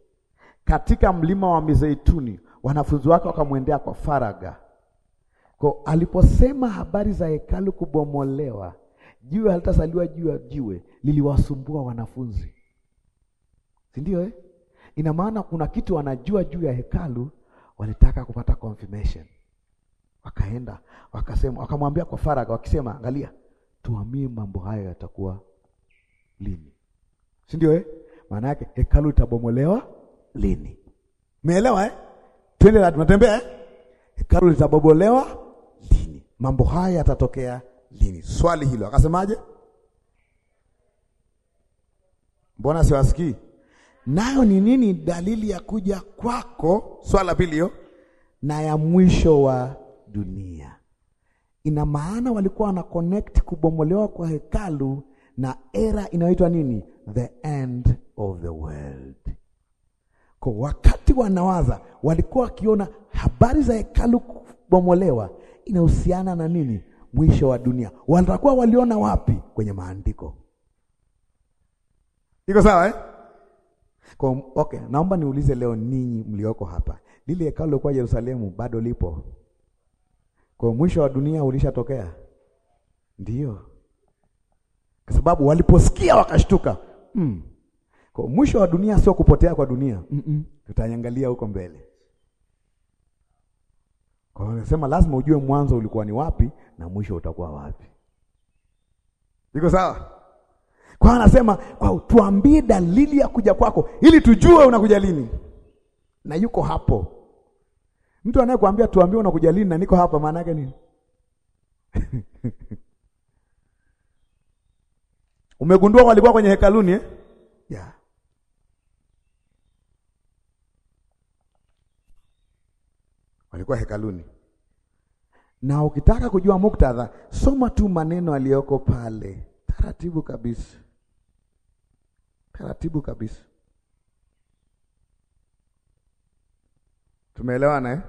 katika mlima wa Mizeituni, wanafunzi wake wakamwendea kwa faraga. Kwa aliposema habari za hekalu kubomolewa, jiwe halitasaliwa juu ya jiwe, liliwasumbua wanafunzi, si ndio eh? Ina maana kuna kitu wanajua juu ya hekalu, walitaka kupata confirmation. Wakaenda wakasema, wakamwambia kwa faragha wakisema, angalia, tuamie mambo hayo yatakuwa lini, si ndio eh? Maana yake hekalu litabomolewa lini? Umeelewa eh? Twende la tunatembea eh? Hekalu litabomolewa lini? Mambo haya yatatokea lini? Swali hilo akasemaje? Mbona siwasikii? Nayo ni nini dalili ya kuja kwako? Swala pili hiyo na ya mwisho wa dunia. Ina maana walikuwa wana connect kubomolewa kwa hekalu na era inayoitwa nini? The end of the world. Kwa wakati wanawaza, walikuwa wakiona habari za hekalu kubomolewa inahusiana na nini? Mwisho wa dunia. Watakuwa waliona wapi? Kwenye maandiko. Iko sawa eh? Kwa, okay, naomba niulize leo ninyi mlioko hapa, lile hekalu kwa Yerusalemu bado lipo? Kwa mwisho wa dunia ulishatokea, ndio kwa sababu waliposikia wakashtuka. Mm. Kwa mwisho wa dunia sio kupotea kwa dunia. Mm -mm. Tutaangalia huko mbele. Kwa hiyo nasema lazima ujue mwanzo ulikuwa ni wapi na mwisho utakuwa wapi. Iko sawa? Kwa anasema kwa tuambie dalili ya kuja kwako ili tujue unakuja lini. Na yuko hapo. Mtu anayekwambia tuambie unakuja lini na niko hapa, maana yake nini? [laughs] Umegundua walikuwa kwenye hekaluni eh? Yeah. Walikuwa hekaluni, na ukitaka kujua muktadha, soma tu maneno aliyoko pale taratibu kabisa, taratibu kabisa. Tumeelewana eh?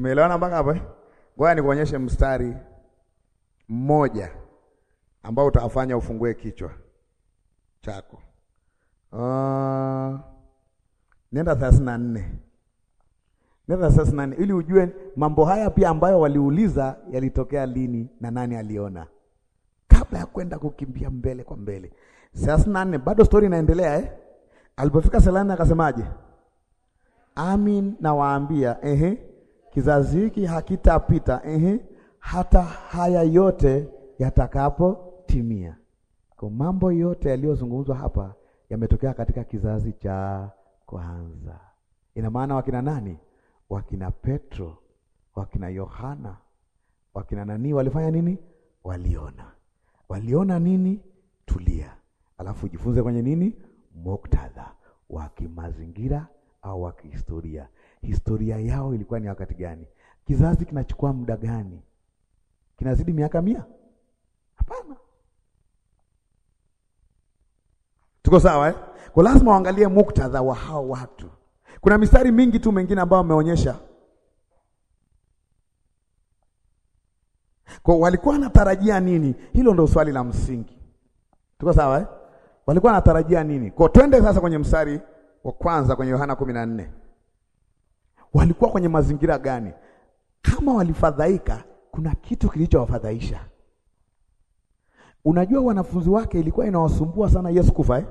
Tumeelewana mpaka hapo eh? Ngoja nikuonyeshe mstari mmoja ambao utafanya ufungue kichwa chako. Uh, nenda 34. Nenda 34 ili ujue mambo haya pia ambayo waliuliza yalitokea lini na nani aliona. Kabla ya kwenda kukimbia mbele kwa mbele. 34 bado story inaendelea eh? Alipofika Selana akasemaje? Amin, nawaambia ehe kizazi hiki hakitapita, ehe, hata haya yote yatakapotimia. Kwa mambo yote yaliyozungumzwa hapa yametokea katika kizazi cha kwanza. Ina maana wakina nani? Wakina Petro, wakina Yohana, wakina nani walifanya nini? Waliona. Waliona nini? Tulia, alafu jifunze kwenye nini, muktadha wa kimazingira au wa kihistoria historia yao ilikuwa ni wakati gani, kizazi kinachukua muda gani, kinazidi miaka mia? Hapana, tuko sawa eh? Kwa lazima waangalie muktadha wa hao watu. Kuna mistari mingi tu mengine ambayo wameonyesha kwa walikuwa wanatarajia nini? Hilo ndio swali la msingi. Tuko sawa eh? Walikuwa wanatarajia nini? Kwa twende sasa kwenye mstari wa kwanza kwenye Yohana kumi na nne walikuwa kwenye mazingira gani? Kama walifadhaika, kuna kitu kilichowafadhaisha. Unajua wanafunzi wake ilikuwa inawasumbua sana Yesu kufa eh?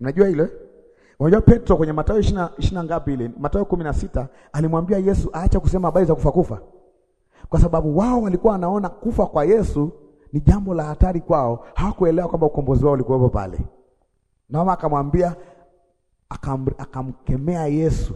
Unajua hilo? Eh? Unajua Petro kwenye Mathayo 20 na ngapi ile? Mathayo 16 alimwambia Yesu aacha kusema habari za kufa kufa, kwa sababu wao walikuwa wanaona kufa kwa Yesu ni jambo la hatari kwao. Hawakuelewa kwamba ukombozi wao ulikuwepo pale. Naoma akamwambia, akamkemea Yesu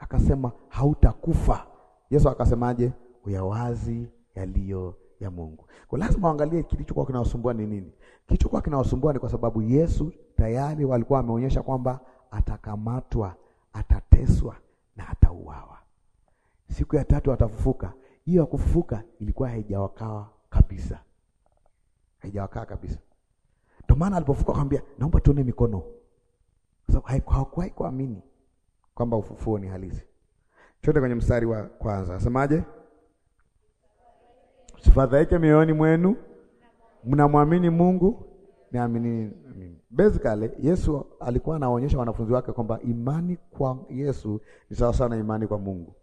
akasema hautakufa. Yesu akasemaje? Uyawazi yaliyo ya Mungu. Kwa lazima waangalie kilichokuwa kinawasumbua ni nini. Kilichokuwa kinawasumbua ni kwa sababu Yesu tayari walikuwa wameonyesha kwamba atakamatwa, atateswa na atauawa, siku ya tatu atafufuka. Hiyo ya kufufuka ilikuwa haijawakawa kabisa, haijawakaa kabisa. Ndio maana alipofuka akamwambia, naomba tuone mikono, kwa sababu hawakuwahi kuamini kwamba ufufuo ni halisi. Chote kwenye mstari wa kwanza asemaje? Msifadhaike mioyoni mwenu, mnamwamini Mungu, niamini mimi. Basically Yesu alikuwa anaonyesha wanafunzi wake kwamba imani kwa Yesu ni sawa sana imani kwa Mungu,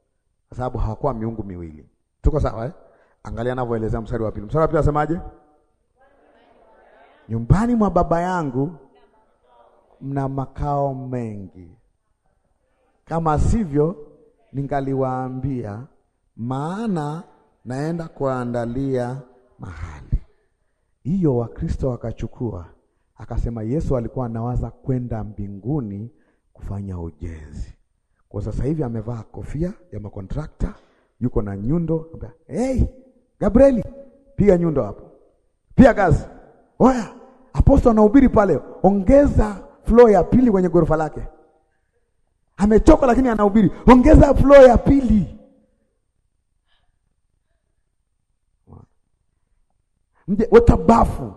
kwa sababu hawakuwa miungu miwili. Tuko sawa eh? Angalia anavyoelezea mstari wa pili. Mstari wa pili asemaje? Nyumbani mwa Baba yangu mna makao mengi. Kama sivyo, ningaliwaambia, maana naenda kuandalia mahali. Hiyo Wakristo wakachukua, akasema Yesu alikuwa anawaza kwenda mbinguni kufanya ujenzi. Kwa sasa hivi amevaa kofia ya makontrakta, yuko na nyundo. Hey, Gabrieli, piga nyundo hapo, pia gazi. Oya, apostol anahubiri pale, ongeza floor ya pili kwenye ghorofa lake amechoka, lakini anahubiri. Ongeza flow ya pili. Mje, weka bafu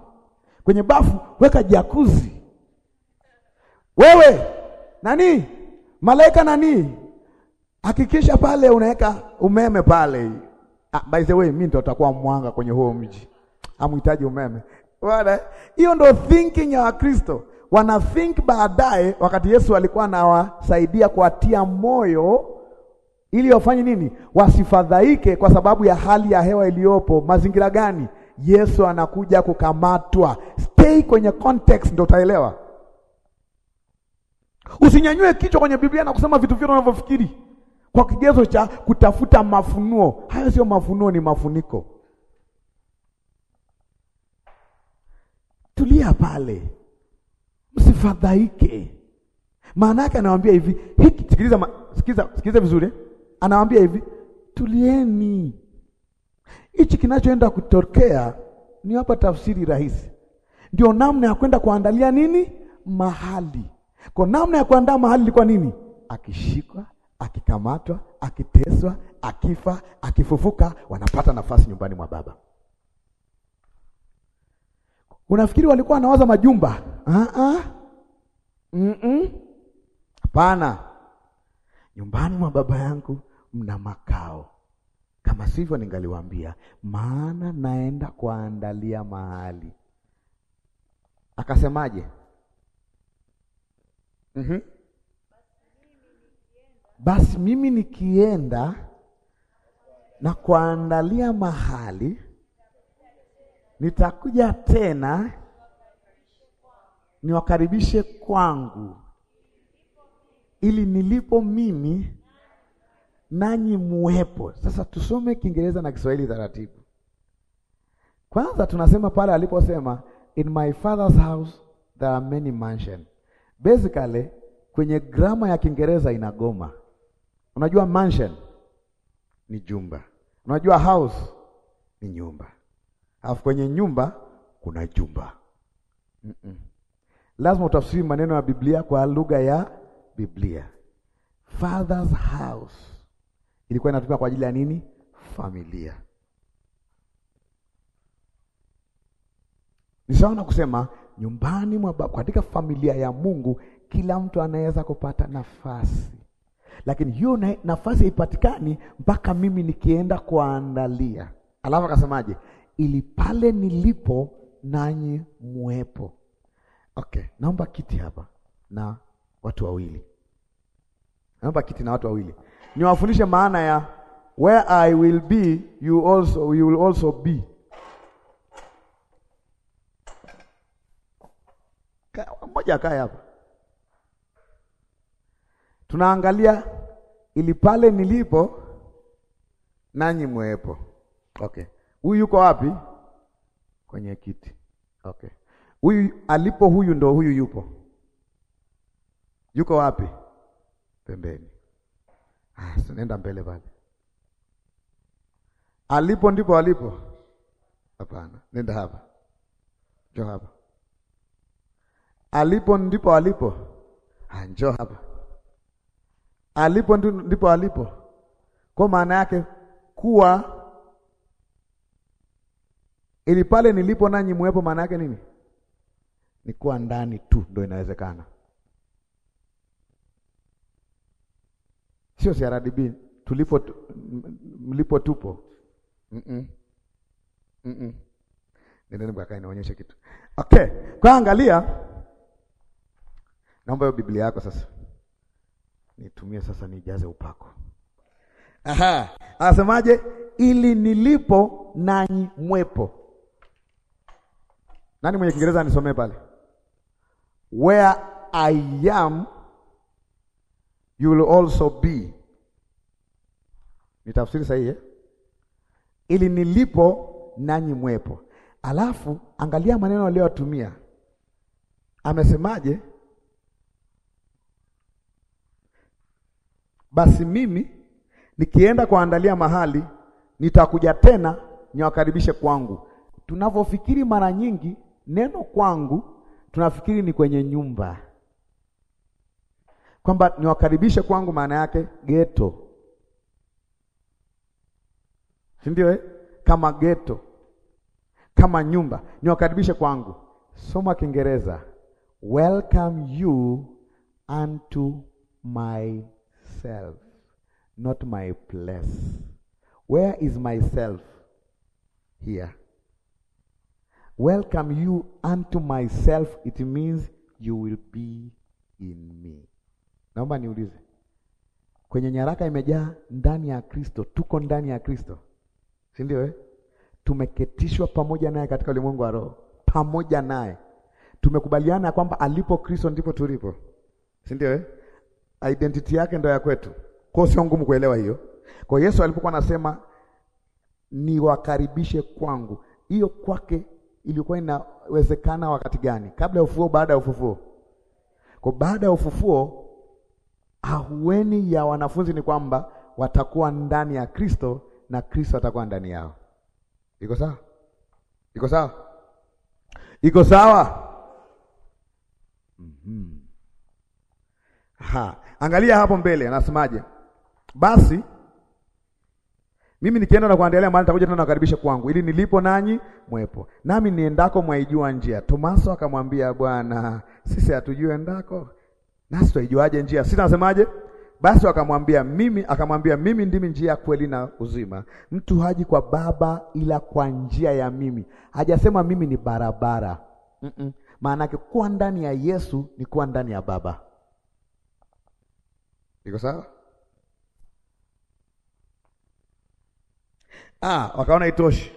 kwenye bafu, weka jakuzi. Wewe nani malaika nani, hakikisha pale unaweka umeme pale. Ah, by the way, mimi ndo nitakuwa mwanga kwenye huo mji, amhitaji umeme bwana. Hiyo ndo thinking ya Wakristo wana think baadaye, wakati Yesu alikuwa anawasaidia kuwatia moyo ili wafanye nini? Wasifadhaike kwa sababu ya hali ya hewa iliyopo. Mazingira gani? Yesu anakuja kukamatwa. Stay kwenye context, ndio utaelewa. Usinyanyue kichwa kwenye Biblia na kusema vitu vyote unavyofikiri kwa kigezo cha kutafuta mafunuo. Hayo sio mafunuo, ni mafuniko. Tulia pale usifadhaike. Maana yake anawaambia hivi hiki, sikiliza, sikiliza, sikiliza vizuri, anawaambia hivi, tulieni. Hichi kinachoenda kutokea ni hapa, tafsiri rahisi ndio namna ya kwenda kuandalia nini mahali. Kwa namna ya kuandaa mahali ilikuwa nini? Akishikwa, akikamatwa, akiteswa, akifa, akifufuka, wanapata nafasi nyumbani mwa Baba. Unafikiri walikuwa wanawaza majumba? Ah ah. Hapana, nyumbani mwa baba yangu mna makao, kama sivyo ningaliwaambia, maana naenda kuandalia mahali. Akasemaje? mm-hmm. Basi mimi nikienda na kuandalia mahali, nitakuja tena niwakaribishe kwangu, ili nilipo mimi nanyi muwepo. Sasa tusome Kiingereza na Kiswahili taratibu. Kwanza tunasema pale aliposema in my father's house there are many mansion. Basically kwenye grama ya Kiingereza inagoma. Unajua mansion ni jumba, unajua house ni nyumba, alafu kwenye nyumba kuna jumba. Mm -mm lazima utafsiri maneno ya Biblia kwa lugha ya Biblia. Father's house ilikuwa inatumika kwa ajili ya nini? Familia. Ni sawa na kusema nyumbani mwa baba, katika familia ya Mungu kila mtu anaweza kupata nafasi, lakini hiyo na, nafasi haipatikani mpaka mimi nikienda kuandalia. Alafu akasemaje? Ili pale nilipo nanyi muwepo. Okay, naomba kiti hapa na watu wawili, naomba kiti na watu wawili, niwafundishe maana ya where I will be you also you will also be. Mmoja kae hapa, tunaangalia ili pale nilipo nanyi mwepo. Okay, huyu yuko wapi? Kwenye kiti. Okay. Huyu alipo huyu ndo huyu yupo. Yuko wapi? Pembeni. Ah, sinaenda mbele pale. Alipo ndipo alipo. Hapana, nenda hapa. Njoo hapa. Alipo ndipo alipo. Ah, njoo hapa. Alipo ndipo alipo. Kwa maana yake kuwa ili pale nilipo nanyi mwepo, maana yake nini? ni kuwa ndani tu ndio inawezekana, sio CRDB tulipo mlipo tupo. mm -mm. mm -mm. Nendeni inaonyesha kitu okay. Kwa angalia, naomba hiyo Biblia yako sasa nitumie sasa, nijaze upako. Aha, anasemaje? Ili nilipo nanyi mwepo. Nani mwenye Kiingereza anisomee pale? Where I am you will also be. Nitafsiri sahihi eh? Ili nilipo nanyi mwepo. Alafu angalia maneno aliyotumia, amesemaje? Basi mimi nikienda kuandalia mahali, nitakuja tena niwakaribishe kwangu. Tunavyofikiri mara nyingi neno kwangu tunafikiri ni kwenye nyumba, kwamba niwakaribishe kwangu, maana yake geto, si ndio? Eh, kama geto, kama nyumba, niwakaribishe kwangu. Soma Kiingereza, welcome you unto myself not my place. Where is myself? Here welcome you unto myself, it means you will be in me. Naomba niulize, kwenye nyaraka imejaa ndani ya Kristo, tuko ndani ya Kristo, si ndio eh? Tumeketishwa pamoja naye katika ulimwengu wa roho, pamoja naye tumekubaliana ya kwamba alipo Kristo ndipo tulipo, si ndio eh? Identity yake ndo ya kwetu, kwa sio ngumu kuelewa hiyo. Kwa Yesu alipokuwa anasema niwakaribishe kwangu, hiyo kwake ilikuwa inawezekana wakati gani? Kabla ya ufufuo, baada ya ufufuo? Kwa baada ya ufufuo, ahueni ya wanafunzi ni kwamba watakuwa ndani ya Kristo na Kristo atakuwa ndani yao. Iko sawa? Iko sawa? Iko sawa? mm -hmm. Ha, angalia hapo mbele anasemaje? Basi mimi nikienda na kuandalia mahali nitakuja tena nakaribisha kwangu ili nilipo nanyi mwepo. Nami niendako mwaijua njia. Tomaso akamwambia Bwana, sisi hatujui endako. Nasi tuijuaje njia? Sisi nasemaje? Basi akamwambia mimi, akamwambia mimi ndimi njia, kweli na uzima. Mtu haji kwa Baba ila kwa njia ya mimi. Hajasema mimi ni barabara. Mm -mm. Maana yake kuwa ndani ya Yesu ni kuwa ndani ya Baba. Iko sawa? Ah, wakaona itoshi.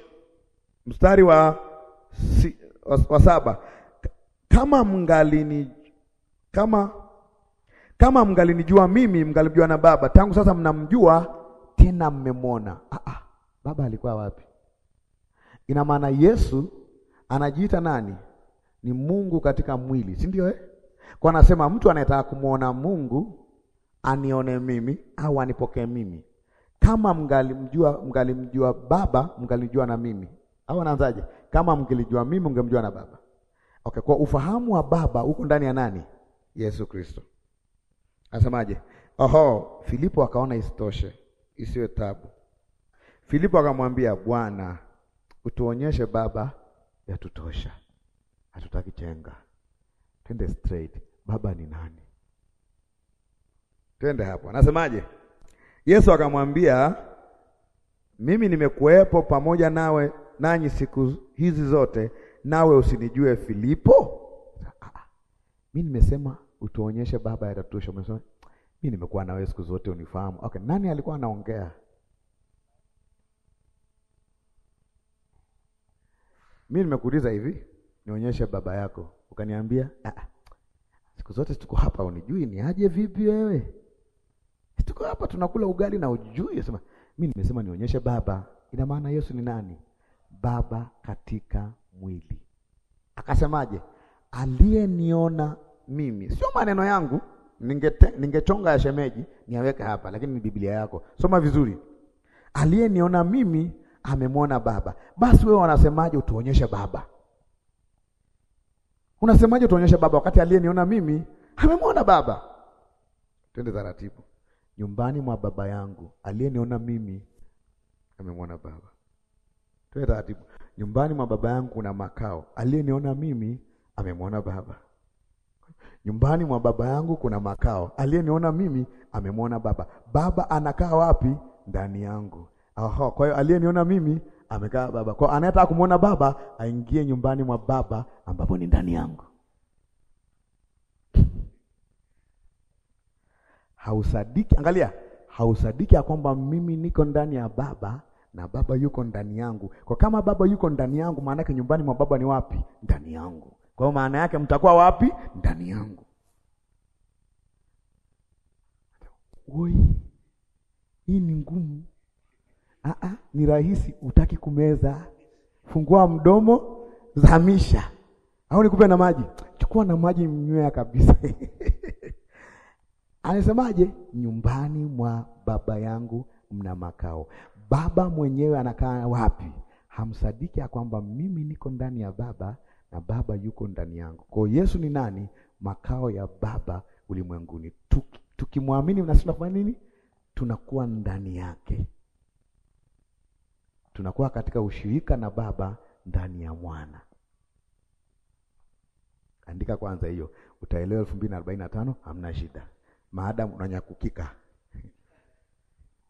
Mstari wa, si, wa, wa saba kama mngalini kama kama mngalinijua mimi mngalimjua na Baba. Tangu sasa mnamjua tena mmemwona. Ah, ah, Baba alikuwa wapi? Ina maana Yesu anajiita nani? Ni Mungu katika mwili, si ndio eh? Kwa anasema mtu anayetaka kumwona Mungu anione mimi au anipokee mimi kama mngalimjua mngalimjua Baba mngalijua na mimi, au anaanzaje? Kama mngilijua mimi mngemjua na Baba. Okay, kwa ufahamu wa Baba huko ndani ya nani? Yesu Kristo. Anasemaje? Oho, Filipo akaona isitoshe, isiwe tabu. Filipo akamwambia, Bwana, utuonyeshe Baba yatutosha, hatutaki chenga, twende straight. Baba ni nani? Twende hapo. Anasemaje? Yesu akamwambia, mimi nimekuwepo pamoja nawe nanyi siku hizi zote, nawe usinijue Filipo? Mimi ah, ah. nimesema utuonyeshe Baba yatatosha. Umesema mimi nimekuwa nawe siku zote, unifahamu. Okay, nani alikuwa anaongea? Mimi nimekuuliza hivi, nionyeshe baba yako, ukaniambia ah, siku zote tuko hapa, unijui ni aje vipi wewe? tuko hapa tunakula ugali na ujui. Sema mimi nimesema nionyeshe Baba. Ina maana Yesu ni nani? Baba katika mwili. Akasemaje? Aliyeniona mimi, sio maneno yangu, ningechonga ninge ya shemeji niaweke hapa, lakini ni Biblia yako, soma vizuri. Aliyeniona mimi amemwona Baba. Basi wewe wanasemaje utuonyeshe Baba? Unasemaje utuonyeshe Baba wakati aliyeniona mimi amemwona Baba? Twende taratibu nyumbani mwa Baba yangu, aliyeniona mimi amemwona Baba. Tuwe taratibu. Nyumbani mwa Baba yangu kuna makao, aliyeniona mimi amemwona Baba. Nyumbani mwa Baba yangu kuna makao, aliyeniona mimi amemwona Baba. Baba anakaa wapi? Ndani yangu. Aha, kwa hiyo aliyeniona mimi amekaa Baba. Kwa anayetaka kumwona Baba aingie nyumbani mwa Baba ambapo ni ndani yangu. hausadiki, angalia, hausadiki ya kwamba mimi niko ndani ya Baba na Baba yuko ndani yangu. Kwa kama Baba yuko ndani yangu, maana yake nyumbani mwa Baba ni wapi? Ndani yangu. Kwa hiyo maana yake mtakuwa wapi? Ndani yangu. Oi, hii ni ngumu. Aa, ni rahisi. Utaki kumeza, fungua mdomo, zamisha. Au nikupe na maji? Chukua na maji mnywea kabisa [laughs] Anasemaje? Nyumbani mwa baba yangu mna makao. Baba mwenyewe anakaa wapi? Hamsadiki ya kwamba mimi niko ndani ya baba na baba yuko ndani yangu. Kwa Yesu ni nani? Makao ya baba ulimwenguni. Tukimwamini tuki mnasema kwa nini? Tunakuwa ndani yake, tunakuwa katika ushirika na baba ndani ya mwana. Andika kwanza hiyo, utaelewa elfu mbili na arobaini na tano. Hamna shida maadam unanyakukika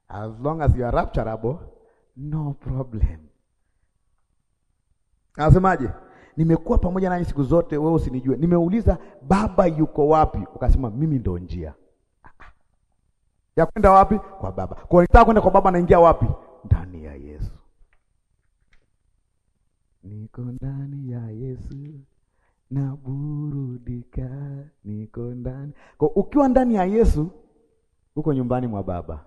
as long as you are rapturable no problem. Anasemaje? Nimekuwa pamoja nanyi siku zote, wewe usinijue. Nimeuliza Baba yuko wapi? Ukasema mimi ndo njia ya kwenda wapi? Kwa Baba. Kwa nitaka kwenda kwa Baba, naingia wapi? Ndani ya Yesu. Niko ndani ya Yesu naburudika, niko ndani. Kwa ukiwa ndani ya Yesu uko nyumbani mwa Baba.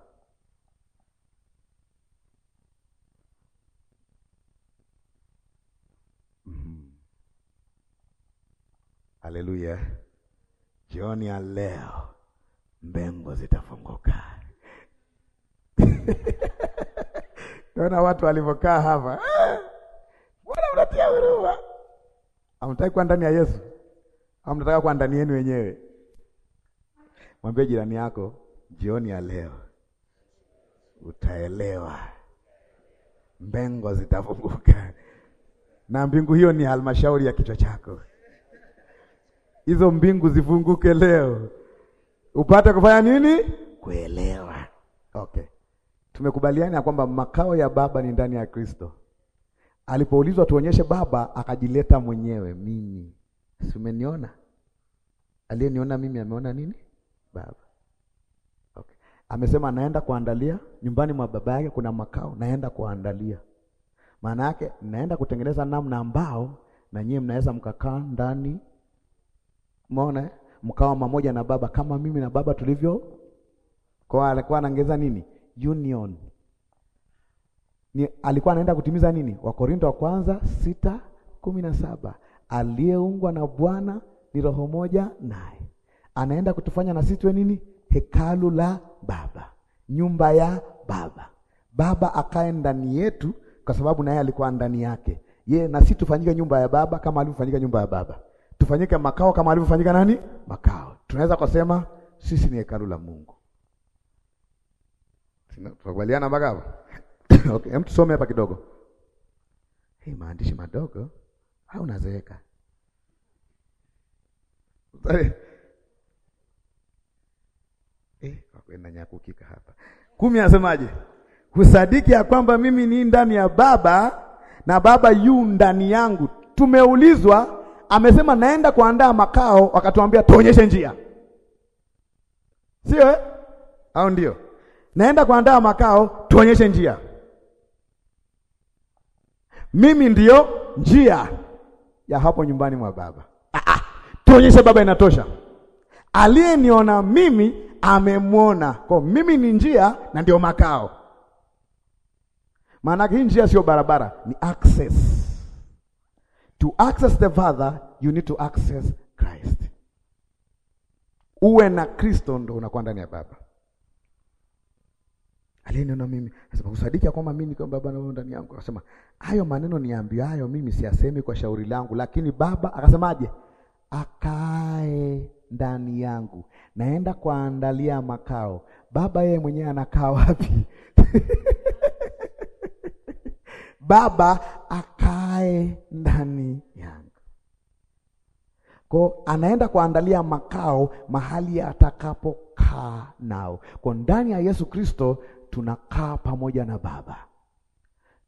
Mm-hmm. Haleluya! Jioni ya leo mbengo zitafunguka. [laughs] Naona watu walivyokaa hapa, ah! Bwana unatia huruma. Hamtaki kuwa ndani ya Yesu au mnataka kuwa ndani yenu wenyewe? Mwambie jirani yako, jioni ya leo utaelewa, mbengo zitafunguka na mbingu hiyo ni halmashauri ya kichwa chako. Hizo mbingu zifunguke leo upate kufanya nini? Kuelewa. Okay, tumekubaliana kwamba makao ya Baba ni ndani ya Kristo alipoulizwa tuonyeshe Baba, akajileta mwenyewe, mimi si umeniona? Aliyeniona mimi ameona nini? Baba. Okay. Amesema naenda kuandalia nyumbani mwa baba yake kuna makao, naenda kuandalia. Maana yake naenda kutengeneza namna ambao na nyie mnaweza mkakaa ndani, umeona, eh? mkawa mamoja na Baba kama mimi na Baba tulivyo. Kwa alikuwa anaongeza nini? Union ni alikuwa anaenda kutimiza nini? Wakorinto wa kwanza sita kumi na saba aliyeungwa na Bwana ni roho moja naye, anaenda kutufanya na sisi tuwe nini? Hekalu la Baba, nyumba ya Baba, Baba akae ndani yetu, kwa sababu naye alikuwa ndani yake. Ye na sisi tufanyike nyumba ya Baba kama alivyofanyika nyumba ya Baba, tufanyike makao kama alivyofanyika nani? Makao. Tunaweza kusema sisi ni hekalu la Mungu. Tunakubaliana mpaka hapo? [laughs] Okay, hem tusome hapa kidogo. Hey, maandishi madogo au unazeeka? Eh, nyakukika hapa. Kumi anasemaje? Kusadiki ya kwamba mimi ni ndani ya Baba na Baba yu ndani yangu. Tumeulizwa, amesema naenda kuandaa makao, wakatuambia tuonyeshe njia, sio eh? Au ndio naenda kuandaa makao, tuonyeshe njia mimi ndiyo njia ya hapo nyumbani mwa Baba. Ah, ah, tuonyeshe Baba inatosha. Aliyeniona mimi amemwona, kwa mimi ni njia na ndio makao. Maana hii njia sio barabara, ni access. To access the Father, you need to access Christ. Uwe na Kristo ndo unakuwa ndani ya Baba aliyenena mimi anasema usadiki ya kwamba mimi niko baba na ndani yangu. Akasema hayo maneno hayo mimi siyasemi kwa shauri langu, lakini baba akasemaje? Akae ndani yangu, naenda kuandalia makao. Baba yeye mwenyewe anakaa wapi? [laughs] Baba akae ndani yangu, ko anaenda kuandalia makao mahali atakapokaa nao, kwa ndani ya Yesu Kristo tunakaa pamoja na Baba,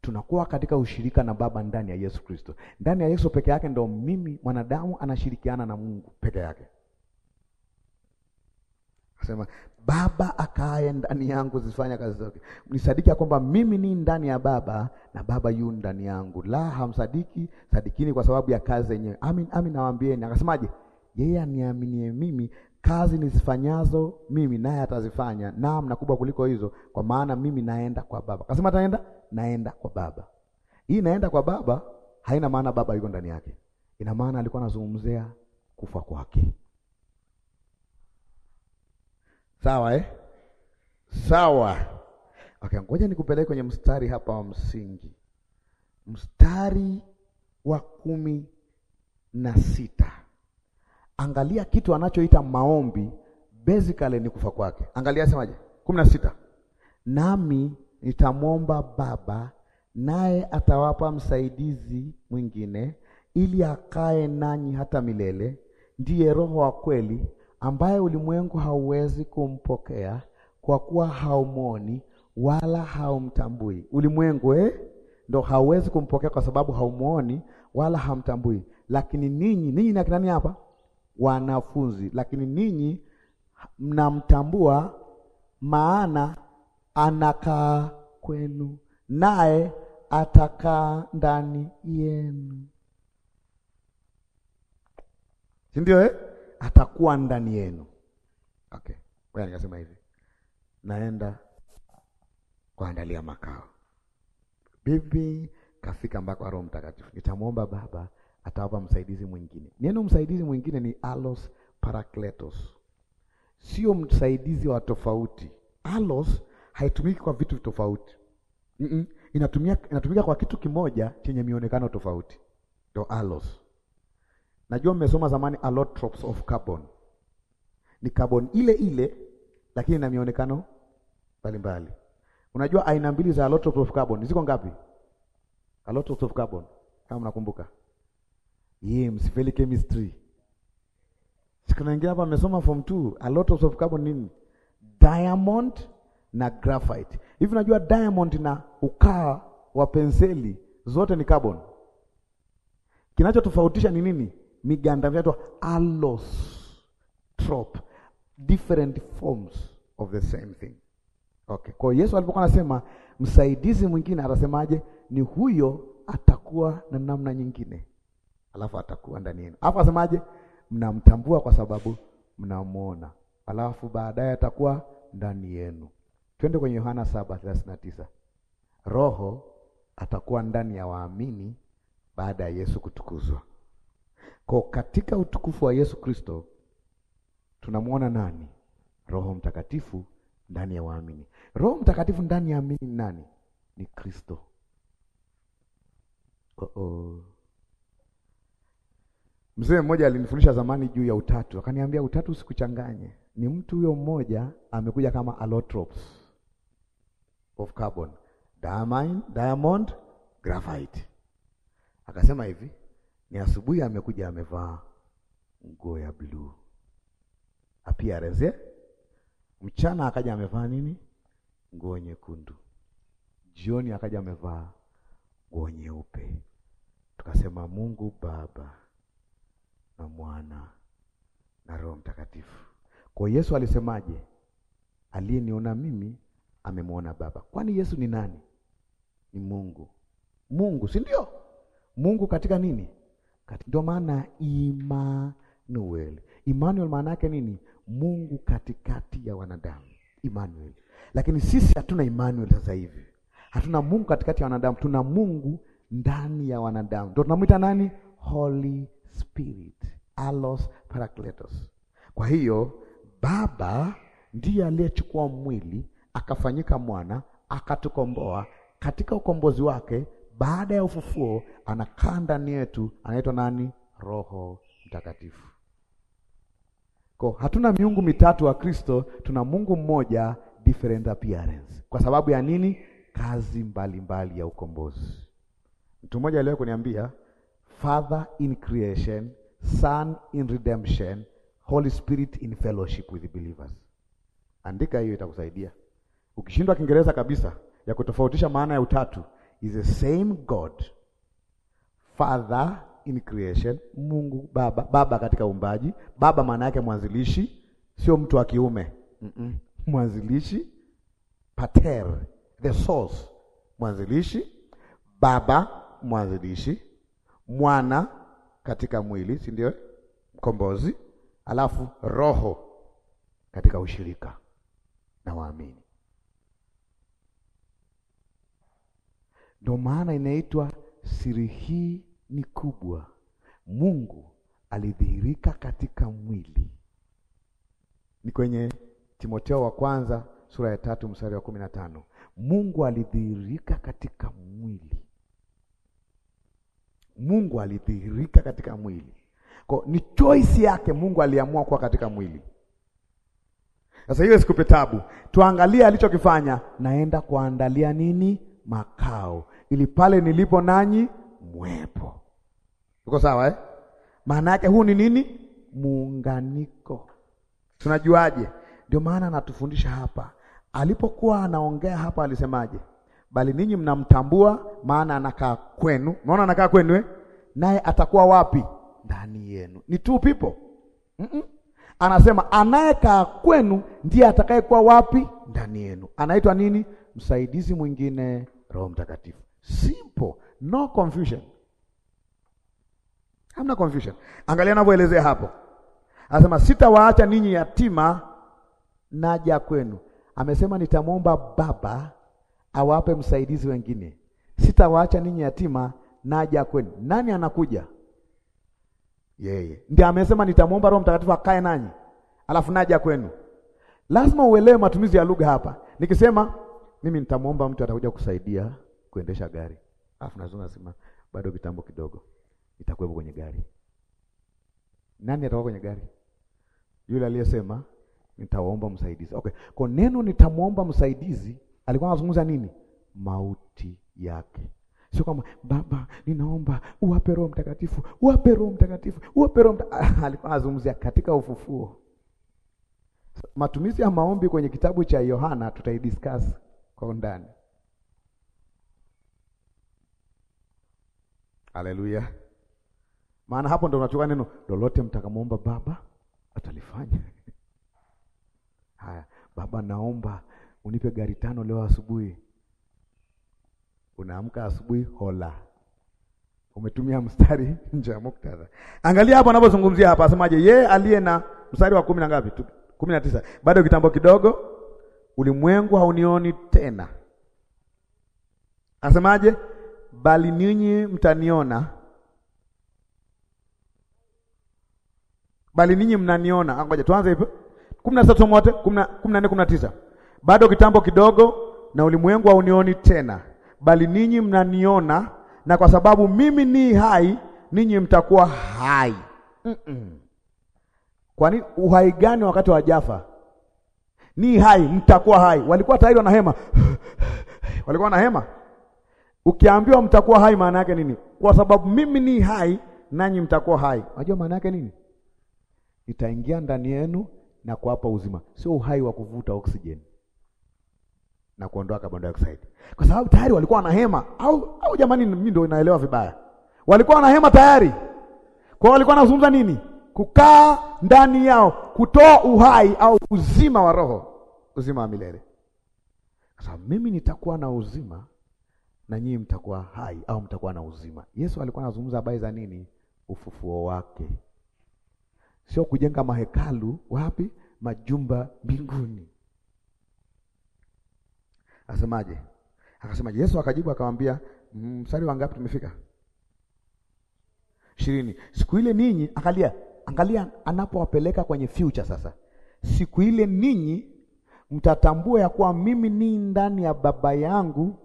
tunakuwa katika ushirika na Baba ndani ya Yesu Kristo. Ndani ya Yesu peke yake ndo mimi mwanadamu anashirikiana na Mungu peke yake. Asema Baba akaaye ndani yangu zifanya kazi zake. Mnisadiki ya kwamba mimi ni ndani ya Baba na Baba yu ndani yangu. La, hamsadiki, sadikini kwa sababu ya kazi yenyewe. Amin, amin nawaambieni. Akasemaje? Yeye aniaminie mimi kazi nizifanyazo mimi naye atazifanya, naam na kubwa kuliko hizo, kwa maana mimi naenda kwa Baba. Kasema ataenda, naenda kwa Baba. Hii naenda kwa Baba haina maana Baba yuko ndani yake, ina maana alikuwa anazungumzia kufa kwake. Sawa eh? Sawa. Okay, ngoja nikupeleke kwenye mstari hapa wa msingi, mstari wa kumi na sita. Angalia kitu anachoita maombi basically ni kufa kwake. Angalia asemaje? kumi na sita, nami nitamwomba Baba naye atawapa msaidizi mwingine ili akae nanyi hata milele, ndiye Roho wa kweli ambaye ulimwengu hauwezi kumpokea kwa kuwa haumwoni wala haumtambui. Ulimwengu eh, ndo hauwezi kumpokea kwa sababu haumwoni wala hamtambui, lakini ninyi ninyi na kinani hapa? wanafunzi, lakini ninyi mnamtambua, maana anakaa kwenu naye atakaa ndani yenu, si ndio eh? Atakuwa ndani yenu. Okay, nikasema hivi, naenda kuandalia makao. Bibi kafika ambako Roho Mtakatifu, nitamwomba Baba atawapa msaidizi mwingine. Neno msaidizi mwingine ni alos parakletos, sio msaidizi wa tofauti. Alos haitumiki kwa vitu tofauti mm -mm. Inatumia, inatumika kwa kitu kimoja chenye mionekano tofauti, ndio alos. Najua mmesoma zamani allotropes of carbon, ni carbon ile ile lakini na mionekano mbalimbali. Unajua aina mbili za allotropes of carbon ziko ngapi? Allotropes of carbon, kama mnakumbuka yeye msifeli chemistry. Sikuna ingia hapa amesoma form 2, a lot of carbon nini? Diamond na graphite. Hivi najua diamond na ukaa wa penseli zote ni carbon. Kinachotofautisha ni nini? Miganda inaitwa trop different forms of the same thing. Okay. Kwa Yesu alipokuwa anasema msaidizi mwingine atasemaje? Ni huyo atakuwa na namna nyingine alafu atakuwa ndani yenu. Alafu asemaje? Mnamtambua kwa sababu mnamwona, alafu baadaye atakuwa ndani yenu. Twende kwenye Yohana 7:39. Roho atakuwa ndani ya waamini baada ya Yesu kutukuzwa. Kwa katika utukufu wa Yesu Kristo tunamwona nani? Roho Mtakatifu ndani ya waamini. Roho Mtakatifu ndani ya waamini nani? Ni Kristo. Oh oh. Mzee mmoja alinifundisha zamani juu ya utatu, akaniambia utatu usikuchanganye. Ni mtu huyo mmoja amekuja kama allotropes of carbon, diamond, diamond graphite. Akasema hivi, ni asubuhi amekuja amevaa nguo ya bluu reze mchana akaja amevaa nini, nguo nyekundu, jioni akaja amevaa nguo nyeupe. Tukasema Mungu Baba na Mwana na Roho Mtakatifu. Kwa Yesu alisemaje? Aliyeniona mimi amemwona Baba. Kwani Yesu ni nani? Ni Mungu. Mungu, si ndio? Mungu katika nini? Ndio maana Immanuel. Immanuel maana yake nini? Mungu katikati ya wanadamu. Immanuel. Lakini sisi hatuna Immanuel sasa hivi. Hatuna Mungu katikati ya wanadamu, tuna Mungu ndani ya wanadamu. Ndio tunamwita nani? Holy spirit allos parakletos. Kwa hiyo Baba ndiye aliyechukua mwili akafanyika mwana akatukomboa. Katika ukombozi wake baada ya ufufuo, anakaa ndani yetu, anaitwa nani? Roho Mtakatifu. Kwa hatuna miungu mitatu wa Kristo, tuna Mungu mmoja, different appearance. Kwa sababu ya nini? Kazi mbalimbali mbali ya ukombozi. Mtu mmoja aliwahi kuniambia Father in creation, Son in redemption, Holy Spirit in fellowship with the believers. Andika hiyo itakusaidia. Ukishindwa Kiingereza kabisa ya kutofautisha maana ya utatu, is the same God Father in creation, Mungu Baba, Baba katika uumbaji. Baba maana yake mwanzilishi, sio mtu wa kiume mm -mm. Mwanzilishi pater, the source, mwanzilishi baba, mwanzilishi mwana katika mwili, si ndio? Mkombozi, alafu roho katika ushirika na waamini. Ndio maana inaitwa siri hii ni kubwa, Mungu alidhihirika katika mwili. Ni kwenye Timotheo wa kwanza sura ya tatu mstari wa kumi na tano Mungu alidhihirika katika mwili. Mungu alidhihirika katika mwili. Kwa ni choice yake Mungu aliamua kuwa katika mwili. Sasa hiyo sikupe tabu. Tuangalie alichokifanya, naenda kuandalia nini makao, ili pale nilipo nanyi mwepo. Uko sawa eh? Maana yake huu ni nini? Muunganiko. Tunajuaje? Ndio maana anatufundisha hapa. Alipokuwa anaongea hapa alisemaje? bali ninyi mnamtambua, maana anakaa kwenu. Unaona, anakaa kwenu eh? Naye atakuwa wapi? Ndani yenu. Ni two people mm -mm. Anasema anayekaa kwenu ndiye atakayekuwa wapi? Ndani yenu. Anaitwa nini? Msaidizi mwingine, Roho Mtakatifu. Simple, no confusion, hamna confusion. Angalia anavyoelezea hapo, anasema sitawaacha ninyi yatima, naja kwenu. Amesema nitamwomba Baba awape msaidizi wengine, sitawaacha ninyi yatima, naja kwenu. Nani anakuja? Yeye ndiye amesema, nitamwomba Roho Mtakatifu akae nanyi, alafu naja kwenu. Lazima uelewe matumizi ya lugha hapa. Nikisema mimi nitamwomba mtu atakuja kusaidia kuendesha gari, alafu nazungumza sema bado kitambo kidogo itakuwepo kwenye gari. Nani atakuwa kwenye gari? Yule aliyesema nitawaomba msaidizi. Okay, kwa neno nitamwomba msaidizi alikuwa anazungumza nini? Mauti yake. Sio kwamba Baba, ninaomba uwape Roho Mtakatifu, uwape Roho Mtakatifu, uwape Roho Mtakatifu. [laughs] Alikuwa anazungumzia katika ufufuo. Matumizi ya maombi kwenye kitabu cha Yohana tutaidiscuss kwa undani. Haleluya! Maana hapo ndo unachukua neno lolote mtakamwomba Baba atalifanya. [laughs] Haya, Baba naomba unipe gari tano leo asubuhi. Unaamka asubuhi hola, umetumia mstari [laughs] nje ya muktadha. Angalia hapo anapozungumzia hapa, asemaje? Ye aliye na mstari wa kumi na ngapi tu, kumi na tisa, bado kitambo kidogo ulimwengu haunioni tena, asemaje? Bali ninyi mtaniona, bali ninyi mnaniona. Angoja tuanze hivyo, kumi na sita wote, kumi na nne, kumi na tisa bado kitambo kidogo na ulimwengu haunioni tena, bali ninyi mnaniona, na kwa sababu mimi ni hai, ninyi mtakuwa hai. mm -mm. Kwa nini uhai gani wakati wa jafa Ni hai, mtakuwa hai. Walikuwa tayari wanahema [sighs] walikuwa wanahema. Ukiambiwa mtakuwa hai, maana yake nini? Kwa sababu mimi ni hai, nanyi mtakuwa hai. Unajua maana yake nini? Itaingia ndani yenu na kuwapa uzima, sio uhai wa kuvuta oksijeni na kuondoa carbon dioxide, kwa sababu tayari walikuwa wanahema. Au au jamani, mimi ndio inaelewa vibaya? Walikuwa hema tayari, kwa walikuwa wanazungumza nini? Kukaa ndani yao, kutoa uhai au uzima wa roho, uzima wa milele. Sasa mimi nitakuwa na uzima na nyinyi mtakuwa hai au mtakuwa na uzima. Yesu alikuwa anazungumza habari za nini? Ufufuo wake, sio kujenga mahekalu wapi, majumba mbinguni. Asemaje? Akasema Yesu akajibu akamwambia, mm, mstari wa ngapi tumefika? ishirini. Siku ile ninyi, angalia, angalia anapowapeleka kwenye future sasa. Siku ile ninyi mtatambua ya kuwa mimi ni ndani ya Baba yangu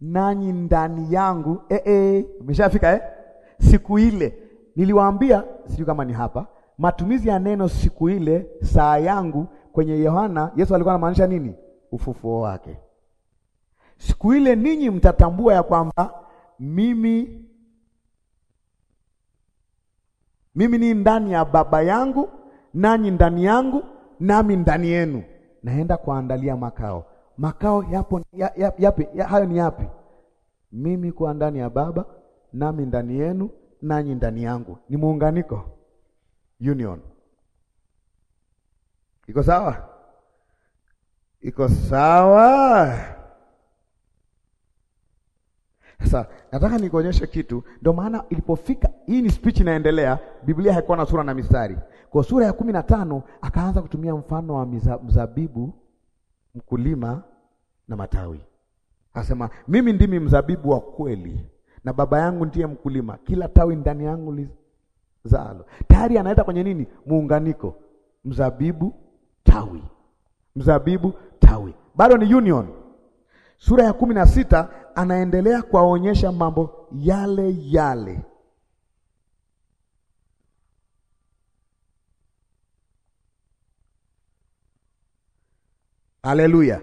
nanyi ndani yangu. E -e, umeshafika eh? Siku ile niliwaambia, sijui kama ni hapa matumizi ya neno siku ile, saa yangu kwenye Yohana, Yesu alikuwa anamaanisha nini? Ufufuo wake. Siku ile ninyi mtatambua ya kwamba mimi mimi ni ndani ya Baba yangu, nanyi ndani yangu, nami ndani yenu. Naenda kuandalia makao. Makao yapo ya, ya, yapi? Ya, hayo ni yapi? Mimi kuwa ndani ya Baba, nami ndani yenu, nanyi ndani yangu. Ni muunganiko, union. Iko sawa? Iko sawa? Sasa nataka nikuonyeshe kitu. Ndio maana ilipofika hii ni speech inaendelea, Biblia haikuwa na sura na mistari. Kwa sura ya kumi na tano akaanza kutumia mfano wa mzabibu, mkulima na matawi. Akasema mimi ndimi mzabibu wa kweli na baba yangu ndiye mkulima, kila tawi ndani yangu lizalo. Tayari anaenda kwenye nini muunganiko, mzabibu tawi, mzabibu tawi, bado ni union Sura ya kumi na sita anaendelea kuwaonyesha mambo yale yale. Haleluya!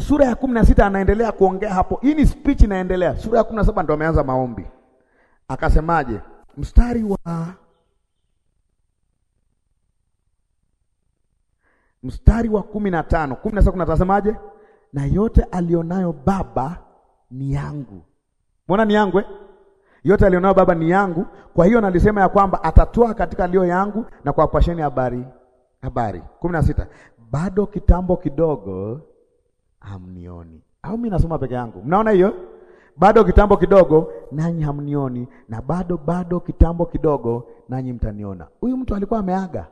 Sura ya kumi na sita anaendelea kuongea hapo. Hii ni speech inaendelea. Sura ya kumi na saba ndo ameanza maombi. Akasemaje? mstari wa mstari wa kumi na tano kumi na saba kunasemaje? na yote alionayo Baba ni yangu. Mbona ni yangu eh? Yote alionayo Baba ni yangu. Kwa hiyo nalisema ya kwamba atatoa katika aliyo yangu na kuwapasheni habari habari. kumi na sita bado kitambo kidogo hamnioni, au mimi nasoma peke yangu? Mnaona hiyo? Bado kitambo kidogo nanyi hamnioni, na bado bado kitambo kidogo nanyi mtaniona. Huyu mtu alikuwa ameaga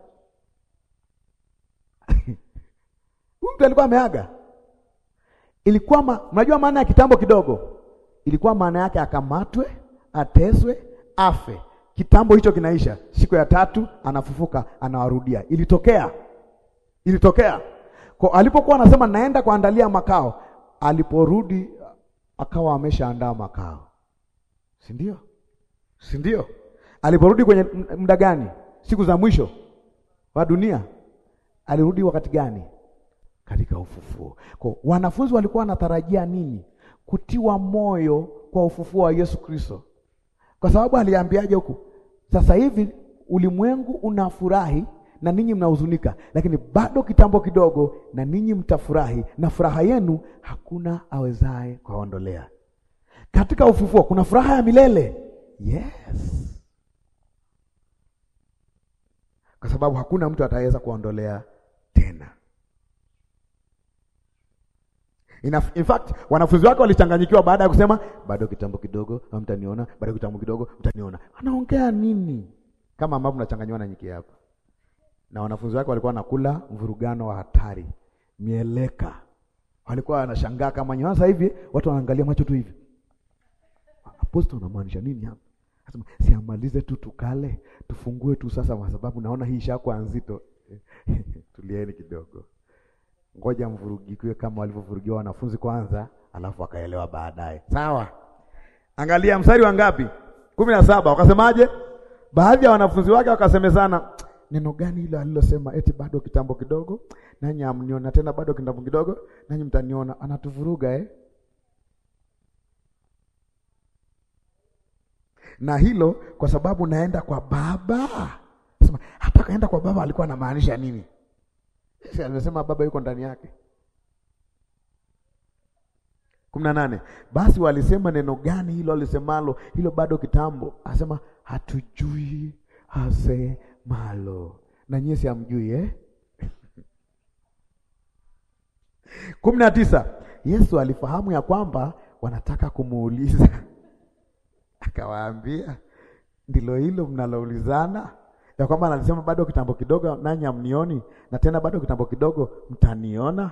[laughs] huyu mtu alikuwa ameaga ilikuwa ma, mnajua maana ya kitambo kidogo, ilikuwa maana yake akamatwe, ateswe, afe. Kitambo hicho kinaisha, siku ya tatu anafufuka, anawarudia. Ilitokea, ilitokea kwa alipokuwa anasema naenda kuandalia makao, aliporudi akawa ameshaandaa makao, si ndio? Si ndio? Aliporudi kwenye muda gani? Siku za mwisho wa dunia alirudi wakati gani? katika ufufuo. Kwa wanafunzi walikuwa wanatarajia nini? Kutiwa moyo kwa ufufuo wa Yesu Kristo, kwa sababu aliambiaje huku? Sasa hivi ulimwengu unafurahi na ninyi mnahuzunika, lakini bado kitambo kidogo na ninyi mtafurahi, na furaha yenu hakuna awezaye kuondolea. Katika ufufuo kuna furaha ya milele yes, kwa sababu hakuna mtu ataweza kuondolea tena. In fact, wanafunzi wake walichanganyikiwa baada ya kusema bado kitambo kidogo mtaniona, bado kitambo kidogo mtaniona. Anaongea nini? Kama ambavyo mnachanganywa na nyiki yako. Na wanafunzi wake walikuwa nakula mvurugano wa hatari, mieleka. Walikuwa wanashangaa kama nyoa sasa hivi watu wanaangalia macho tu hivi. Apostle anamaanisha nini hapa? Anasema siamalize tu tukale, tufungue tu sasa kwa sababu naona hii ishakuwa nzito. [laughs] Tulieni kidogo ngoja mvurugikiwe kama walivyovurugiwa wanafunzi kwanza, alafu akaelewa baadaye. Sawa, angalia mstari wa ngapi? kumi na saba. Wakasemaje? baadhi ya wanafunzi wake wakasemezana, neno gani hilo alilosema, eti bado kitambo kidogo nanyi amniona tena, bado kitambo kidogo nanyi mtaniona? Anatuvuruga eh? na hilo kwa sababu naenda kwa Baba. Sema hapa kaenda kwa Baba alikuwa anamaanisha nini? Si amesema Baba yuko ndani yake. kumi na nane. Basi walisema neno gani hilo alisemalo hilo bado kitambo? Asema hatujui asemalo, na nyie si amjui eh? [laughs] kumi na tisa. Yesu alifahamu ya kwamba wanataka kumuuliza, [laughs] akawaambia ndilo hilo mnaloulizana ya kwamba anasema bado kitambo kidogo nanyi amnioni na tena bado kitambo kidogo mtaniona.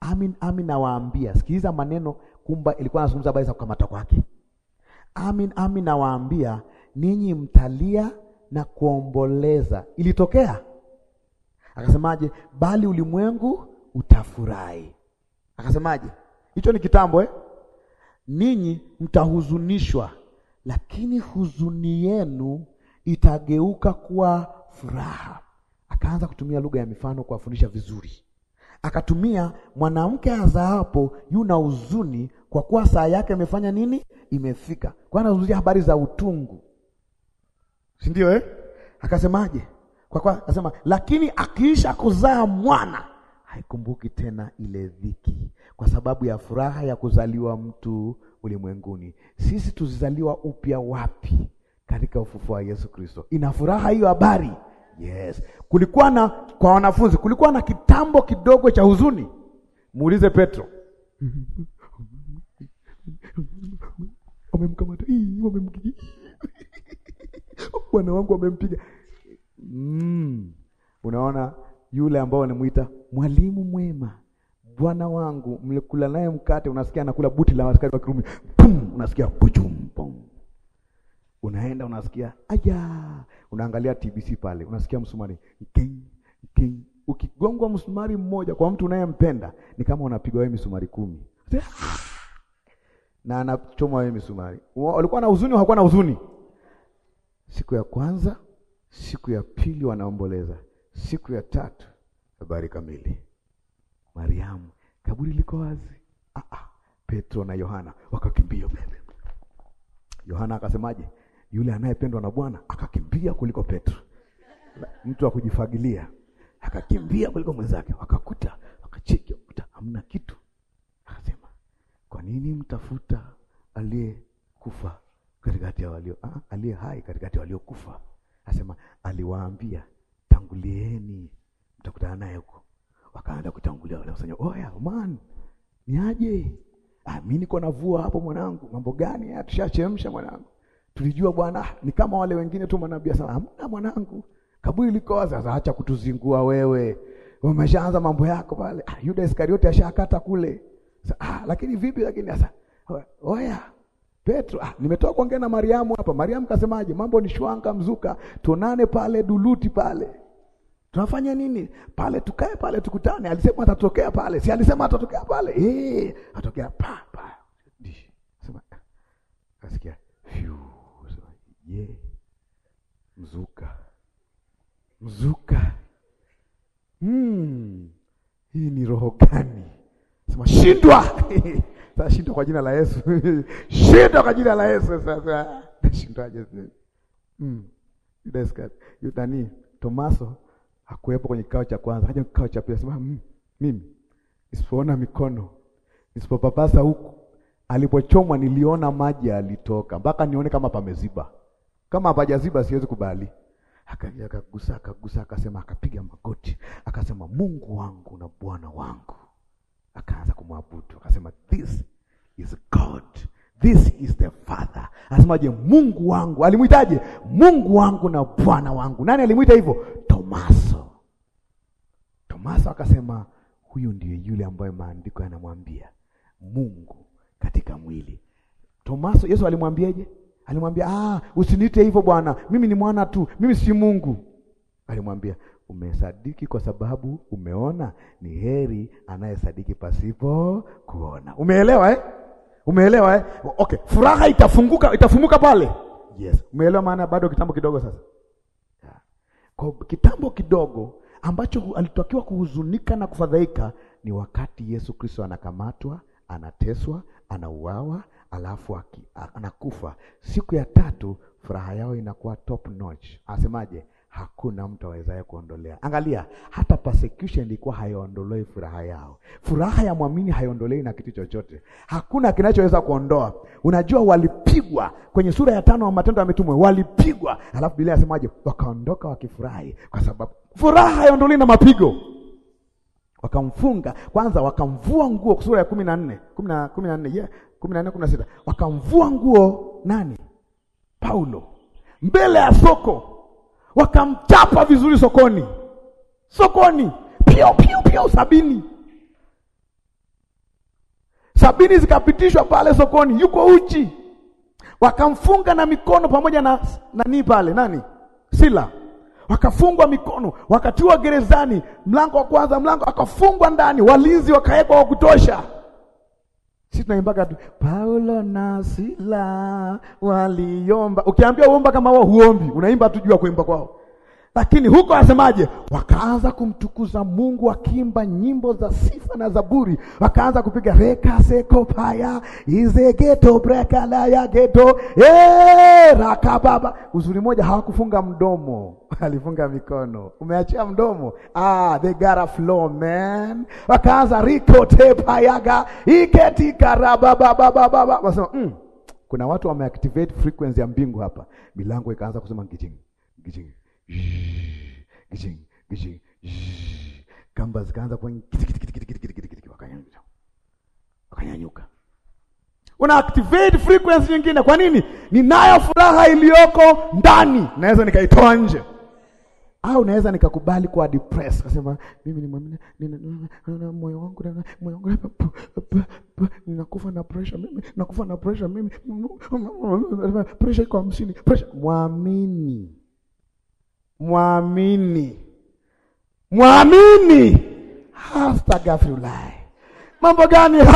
Amin, amin nawaambia. Sikiliza maneno, kumba ilikuwa anazungumza habari za kukamata kwake. Amin, amin nawaambia, ninyi mtalia na kuomboleza. Ilitokea akasemaje? Bali ulimwengu utafurahi. Akasemaje? Hicho ni kitambo eh? Ninyi mtahuzunishwa, lakini huzuni yenu itageuka kuwa furaha. Akaanza kutumia lugha ya mifano kuwafundisha vizuri. Akatumia mwanamke azaapo yu na huzuni, kwa kuwa saa yake imefanya nini? Imefika. Kwa anazungumzia habari za utungu, si ndio eh? Akasemaje? Kwa kuwa akasema, lakini akiisha kuzaa mwana haikumbuki tena ile dhiki, kwa sababu ya furaha ya kuzaliwa mtu ulimwenguni. Sisi tuzizaliwa upya wapi? katika ufufuo wa Yesu Kristo. Ina furaha hiyo habari? Yes. Kulikuwa na kwa wanafunzi kulikuwa na kitambo kidogo cha huzuni. Muulize Petro. [laughs] Wamemkamata. Wamempiga. [laughs] Bwana wangu wamempiga. Mm. Unaona yule ambao wanamuita mwalimu mwema, Bwana wangu, mlikula naye mkate, unasikia anakula buti la askari wa Kirumi. Pum, unasikia puchum pum. Unaenda unasikia aya, unaangalia TBC pale, unasikia msumari king king. Ukigongwa msumari mmoja kwa mtu unayempenda ni kama unapigwa wewe misumari kumi na anachoma wewe misumari. Walikuwa na huzuni, hawakuwa na huzuni. Siku ya kwanza, siku ya pili wanaomboleza, siku ya tatu habari kamili. Mariamu, kaburi liko wazi. Ah, ah, Petro na Yohana wakakimbia. Yohana akasemaje? Yule anayependwa na Bwana akakimbia kuliko Petro, mtu wa kujifagilia, akakimbia kuliko mwenzake. Wakakuta wakacheki, wakakuta hamna kitu. Akasema, kwa nini mtafuta aliyekufa katikati ya walio ah, aliye hai katikati ya waliokufa? Asema aliwaambia, tangulieni, mtakutana naye huko. Wakaanza kutangulia wale wasanya, oya man, niaje? Ah, mimi niko navua hapo mwanangu. Mambo gani haya? Tushachemsha mwanangu tulijua bwana ni kama wale wengine tu manabii sana. Hamna mwanangu, kaburi liko wazi. Sasa acha kutuzingua wewe, umeshaanza mambo yako pale. Ah, Yuda Iskariote ashakata kule. Sasa ah, lakini vipi? Lakini sasa oya Petro, ah, nimetoka kuongea na Mariamu hapa. Mariamu kasemaje? Mambo ni shwanga mzuka, tuonane pale duluti pale. Tunafanya nini pale? Tukae pale tukutane. Alisema atatokea pale, si alisema atatokea pale? Eh, atokea pale shindwa [laughs] shindwa kwa jina la Yesu [laughs] shindwa kwa jina la Yesu sasa, [laughs] shindwaje sasa? Mm, Yudani Tomaso hakuwepo kwenye kikao cha kwanza, haja kikao cha pili, sema mm, mimi nisipoona mikono nisipopapasa huku. Alipochomwa niliona maji alitoka, mpaka nione kama pameziba. Kama hapajaziba siwezi kubali. Akaja akagusa akagusa, akasema, akapiga magoti, akasema Mungu wangu na Bwana wangu akaanza kumwabudu, akasema this is God, this is the Father. Anasemaje? Mungu wangu. Alimwitaje? Mungu wangu na Bwana wangu. Nani alimwita hivyo? Tomaso. Tomaso akasema huyu ndiye yule ambaye maandiko yanamwambia Mungu katika mwili. Tomaso, Yesu alimwambiaje? Alimwambia, ah, usiniite hivyo Bwana, mimi ni mwana tu, mimi si Mungu. Alimwambia, umesadiki kwa sababu umeona. Ni heri anayesadiki pasipo kuona. Umeelewa eh? Umeelewa eh? Okay, furaha itafunguka, itafunguka pale. Yes, umeelewa maana. Bado kitambo kidogo sasa, Kwa kitambo kidogo ambacho alitakiwa kuhuzunika na kufadhaika ni wakati Yesu Kristo anakamatwa, anateswa, anauawa, alafu aki, anakufa. Siku ya tatu furaha yao inakuwa top notch. Asemaje? hakuna mtu awezaye kuondolea. Angalia, hata persecution ilikuwa haiondolei furaha yao. Furaha ya mwamini haiondolei na kitu chochote, hakuna kinachoweza kuondoa. Unajua, walipigwa kwenye sura ya tano wa Matendo ya Mitume, walipigwa, alafu Biblia yasemaje? Wakaondoka wakifurahi, kwa sababu furaha haiondolei na mapigo. Wakamfunga kwanza, wakamvua nguo, sura ya kumi na nne kumi na nne yeah, kumi na nne kumi na sita wakamvua nguo nani? Paulo mbele ya soko wakamchapa vizuri sokoni, sokoni pio pio pio, sabini sabini zikapitishwa pale sokoni, yuko uchi, wakamfunga na mikono pamoja na nani pale, nani Sila, wakafungwa mikono, wakatiwa gerezani, mlango wa kwanza, mlango akafungwa ndani, walinzi wakawekwa wa kutosha. Sisi tunaimbaga tu Paulo na Sila waliomba. ukiambia uomba kama wao huombi, unaimba tu jua kuimba kwao. Lakini huko anasemaje? Wakaanza kumtukuza Mungu wakiimba nyimbo za sifa na zaburi, wakaanza kupiga rekaseko ize geto la ya geto e, baba. Uzuri moja, hawakufunga mdomo, [laughs] alifunga mikono, umeachia mdomo. Ah, the gara flow man. Wakaanza rikotepayaga baba, wasema mm, kuna watu wameactivate frequency ya mbingu hapa. Milango ikaanza kusema ngijingi ngijingi kamba zikaanza kwenye wakanyanyuka wakanyanyuka una activate frequency nyingine. Kwa nini? Ninayo furaha iliyoko ndani, naweza nikaitoa nje, au naweza nikakubali kuwa depressed, kasema mimi ni mwamini, nina moyo wangu na moyo wangu ninakufa na pressure, mimi nakufa na pressure, mimi pressure iko hamsini, pressure. Mwamini mwamini, mwamini hastagafulai. Mambo gani? [laughs]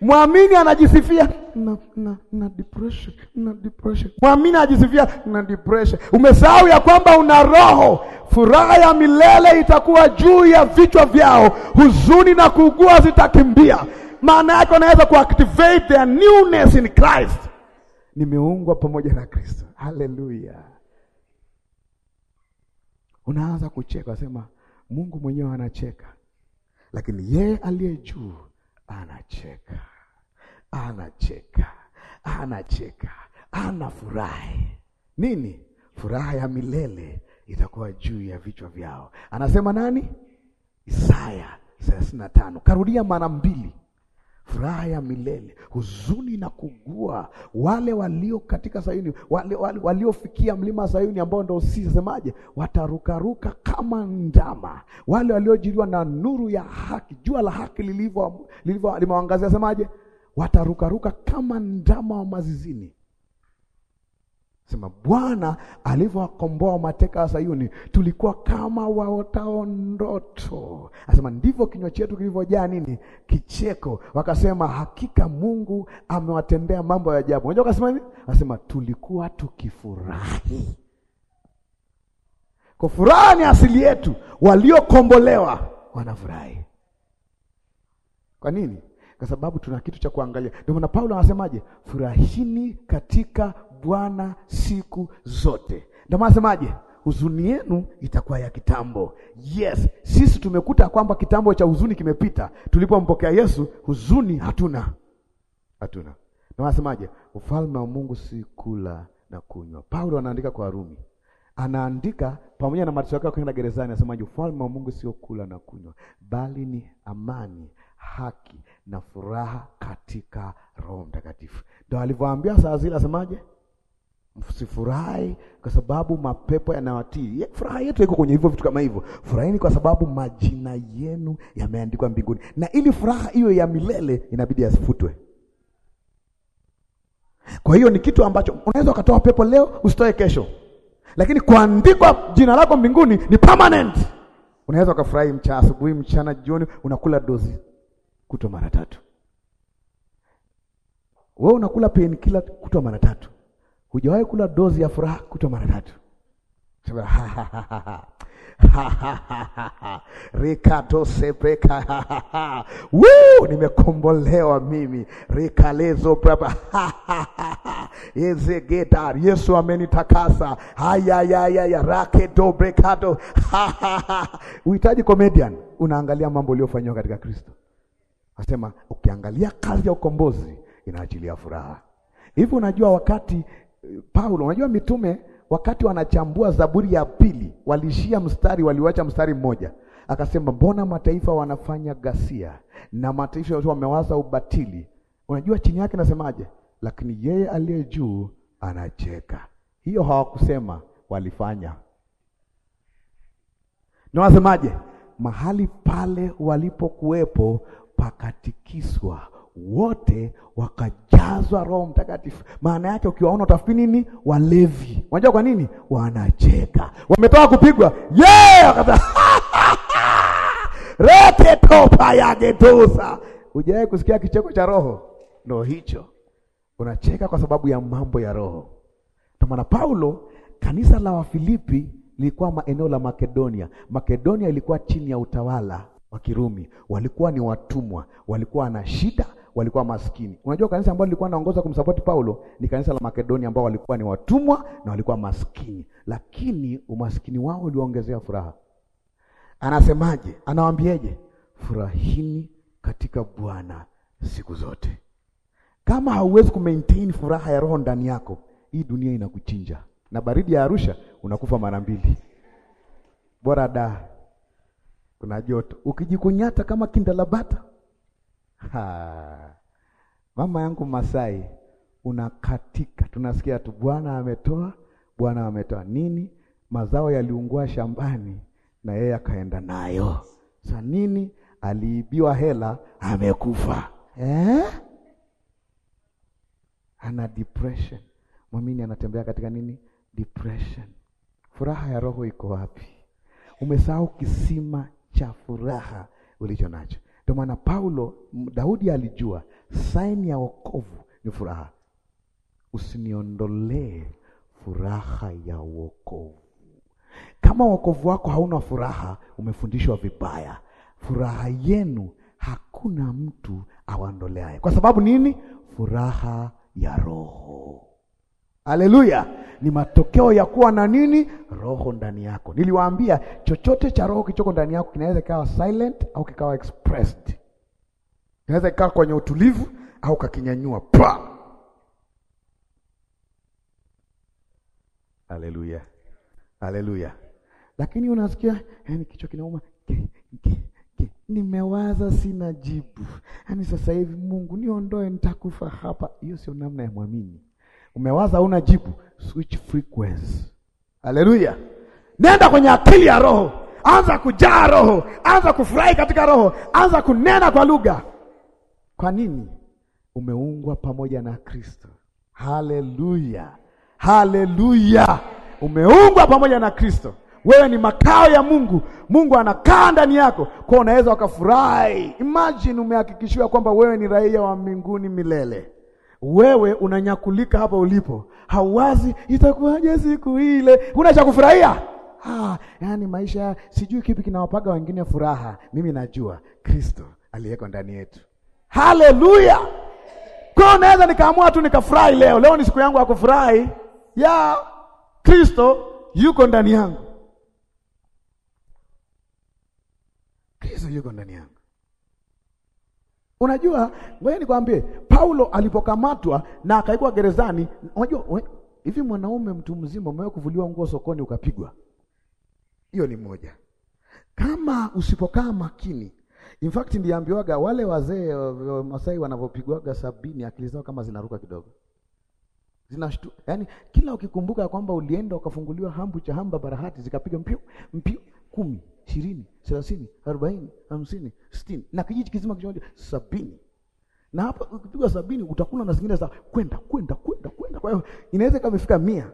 Mwamini anajisifia na, na, na depression, na depression. Mwamini anajisifia na depression. Umesahau ya kwamba una roho. Furaha ya milele itakuwa juu ya vichwa vyao, huzuni na kuugua zitakimbia. Maana yake unaweza kuactivate their newness in Christ nimeungwa pamoja na Kristo. Haleluya! Unaanza kucheka, unasema Mungu mwenyewe anacheka, lakini yeye aliye juu anacheka, anacheka, anacheka, anafurahi. Nini? Furaha ya milele itakuwa juu ya vichwa vyao. Anasema nani? Isaya thelathini na tano. Karudia mara mbili furaha ya milele, huzuni na kugua. Wale walio katika Sayuni, wale, wale waliofikia mlima Sayuni ambao ndio sisemaje, watarukaruka kama ndama. Wale waliojiriwa na nuru ya haki, jua la haki lilivyo limewaangazia, semaje, watarukaruka kama ndama wa mazizini. Sema Bwana alivyowakomboa mateka wa Sayuni, tulikuwa kama waotao ndoto. Anasema ndivyo kinywa chetu kilivyojaa nini? Kicheko. Wakasema hakika Mungu amewatendea mambo ya ajabu. Unajua wakasema nini? Anasema tulikuwa tukifurahi. Kwa furaha ni asili yetu, waliokombolewa wanafurahi. Kwa nini? Kwa sababu tuna kitu cha kuangalia. Ndio maana Paulo anasemaje? Furahini katika Bwana siku zote. Ndio maana semaje, huzuni yenu itakuwa ya kitambo. Yes, sisi tumekuta kwamba kitambo cha huzuni kimepita. Tulipompokea Yesu, huzuni hatuna, hatuna. Ndio maana semaje, ufalme wa Mungu si kula na kunywa. Paulo anaandika kwa Warumi, anaandika pamoja na mateso yake kwenda gerezani, anasemaje, ufalme wa Mungu sio kula na kunywa, bali ni amani, haki na furaha katika Roho Mtakatifu. Ndio alivyoambia saa zile, asemaje Msifurahi kwa sababu mapepo yanawatii. Furaha yetu iko kwenye hivyo vitu kama hivyo. Furahini kwa sababu majina yenu yameandikwa mbinguni, na ili furaha hiyo ya milele inabidi asifutwe. Kwa hiyo ni kitu ambacho unaweza ukatoa pepo leo usitoe kesho, lakini kuandikwa jina lako mbinguni ni permanent. Unaweza ukafurahi mchana, asubuhi, mchana, jioni, unakula dozi kutwa mara tatu, wewe unakula kila kutwa mara tatu Hujawahi kula dozi ya furaha kutwa mara tatu rikatosepeka Woo, nimekombolewa mimi rikalezo braba yezegeta Yesu amenitakasa hayayayaya raketo brekato uhitaji comedian, unaangalia mambo uliofanywa katika Kristo. Asema ukiangalia kazi ya ukombozi inaachilia furaha hivi. Unajua wakati Paulo, unajua mitume wakati wanachambua Zaburi ya pili walishia mstari, waliwacha mstari mmoja, akasema mbona mataifa wanafanya ghasia na mataifa wamewaza ubatili. Unajua chini yake nasemaje? Lakini yeye aliye juu anacheka. Hiyo hawakusema, walifanya na wasemaje? Mahali pale walipokuwepo pakatikiswa wote wakajazwa Roho Mtakatifu. Maana yake ukiwaona utafikiri nini? Walevi. Unajua kwa nini? Wanacheka, wametoka kupigwa ye yeah! [laughs] retetopa yagetosa. Hujawahi kusikia kicheko cha Roho? Ndo hicho, unacheka kwa sababu ya mambo ya Roho. Ndio maana Paulo, kanisa la Wafilipi lilikuwa eneo la Makedonia. Makedonia ilikuwa chini ya utawala wa Kirumi, walikuwa ni watumwa, walikuwa na shida walikuwa maskini. Unajua kanisa ambalo lilikuwa naongoza kumsapoti Paulo ni kanisa la Makedonia ambao walikuwa ni watumwa na walikuwa maskini, lakini umaskini wao uliongezea furaha. Anasemaje? Anawaambieje? Furahini katika Bwana siku zote. Kama hauwezi kumaintain furaha ya roho ndani yako, hii dunia inakuchinja, na baridi ya Arusha unakufa mara mbili. Bora da kuna joto, ukijikunyata kama kindalabata Ha. Mama yangu Masai unakatika, tunasikia tu Bwana ametoa, Bwana ametoa nini? Mazao yaliungua shambani na yeye akaenda nayo. Sa nini? Aliibiwa hela, amekufa eh? Ana depression. Mwamini anatembea katika nini? Depression. Furaha ya roho iko wapi? Umesahau kisima cha furaha ulicho nacho. Ndio maana Paulo, Daudi alijua saini ya wokovu ni furaha. Usiniondolee furaha ya wokovu. Kama wokovu wako hauna furaha, umefundishwa vibaya. Furaha yenu hakuna mtu awaondoleaye. Kwa sababu nini? Furaha ya Roho. Haleluya! Ni matokeo ya kuwa na nini? Roho ndani yako. Niliwaambia chochote cha roho kichoko ndani yako kinaweza kikawa silent au kikawa expressed. Kinaweza kikawa kwenye utulivu au kakinyanyua pa. Haleluya, haleluya. Lakini unasikia yani kichwa kinauma, nimewaza sina jibu, yaani sasa hivi Mungu niondoe, nitakufa hapa. Hiyo sio namna ya mwamini. Umewaza una jibu, switch frequency. Haleluya! Nenda kwenye akili ya Roho, anza kujaa Roho, anza kufurahi katika Roho, anza kunena kwa lugha. Kwa nini? Umeungwa pamoja na Kristo. Haleluya, haleluya! Umeungwa pamoja na Kristo. Wewe ni makao ya Mungu. Mungu anakaa ndani yako, kwa unaweza ukafurahi. Imagine umehakikishiwa kwamba wewe ni raia wa mbinguni milele. Wewe unanyakulika hapa ulipo, hauwazi itakuwaje siku ile, huna cha kufurahia. Ah, yani maisha, sijui kipi kinawapaga wengine furaha, mimi najua Kristo aliyeko ndani yetu. Haleluya! Kwa naweza nikaamua tu nikafurahi leo. Leo ni siku yangu ya kufurahi ya Kristo yuko ndani yangu, Kristo yuko ndani yangu. Unajua, ngoja nikwambie, Paulo alipokamatwa na akaikwa gerezani, unajua hivi mwanaume mtu mzima umewahi kuvuliwa nguo sokoni ukapigwa? Hiyo ni moja. Kama usipokaa makini, in fact ndiambiwaga wale wazee eh, Masai wanavyopigwaga sabini, akili zao kama zinaruka kidogo, zinashtu. yani, kila ukikumbuka kwamba ulienda ukafunguliwa hambu cha hamba barahati zikapiga mpiu mpiu kumi ishirini thelathini arobaini hamsini sitini na kijiji kizima kimoja sabini na hapa ukipigwa sabini utakuna na zingine za kwenda kwenda kwenda kwenda. Kwa hiyo inaweza kama imefika mia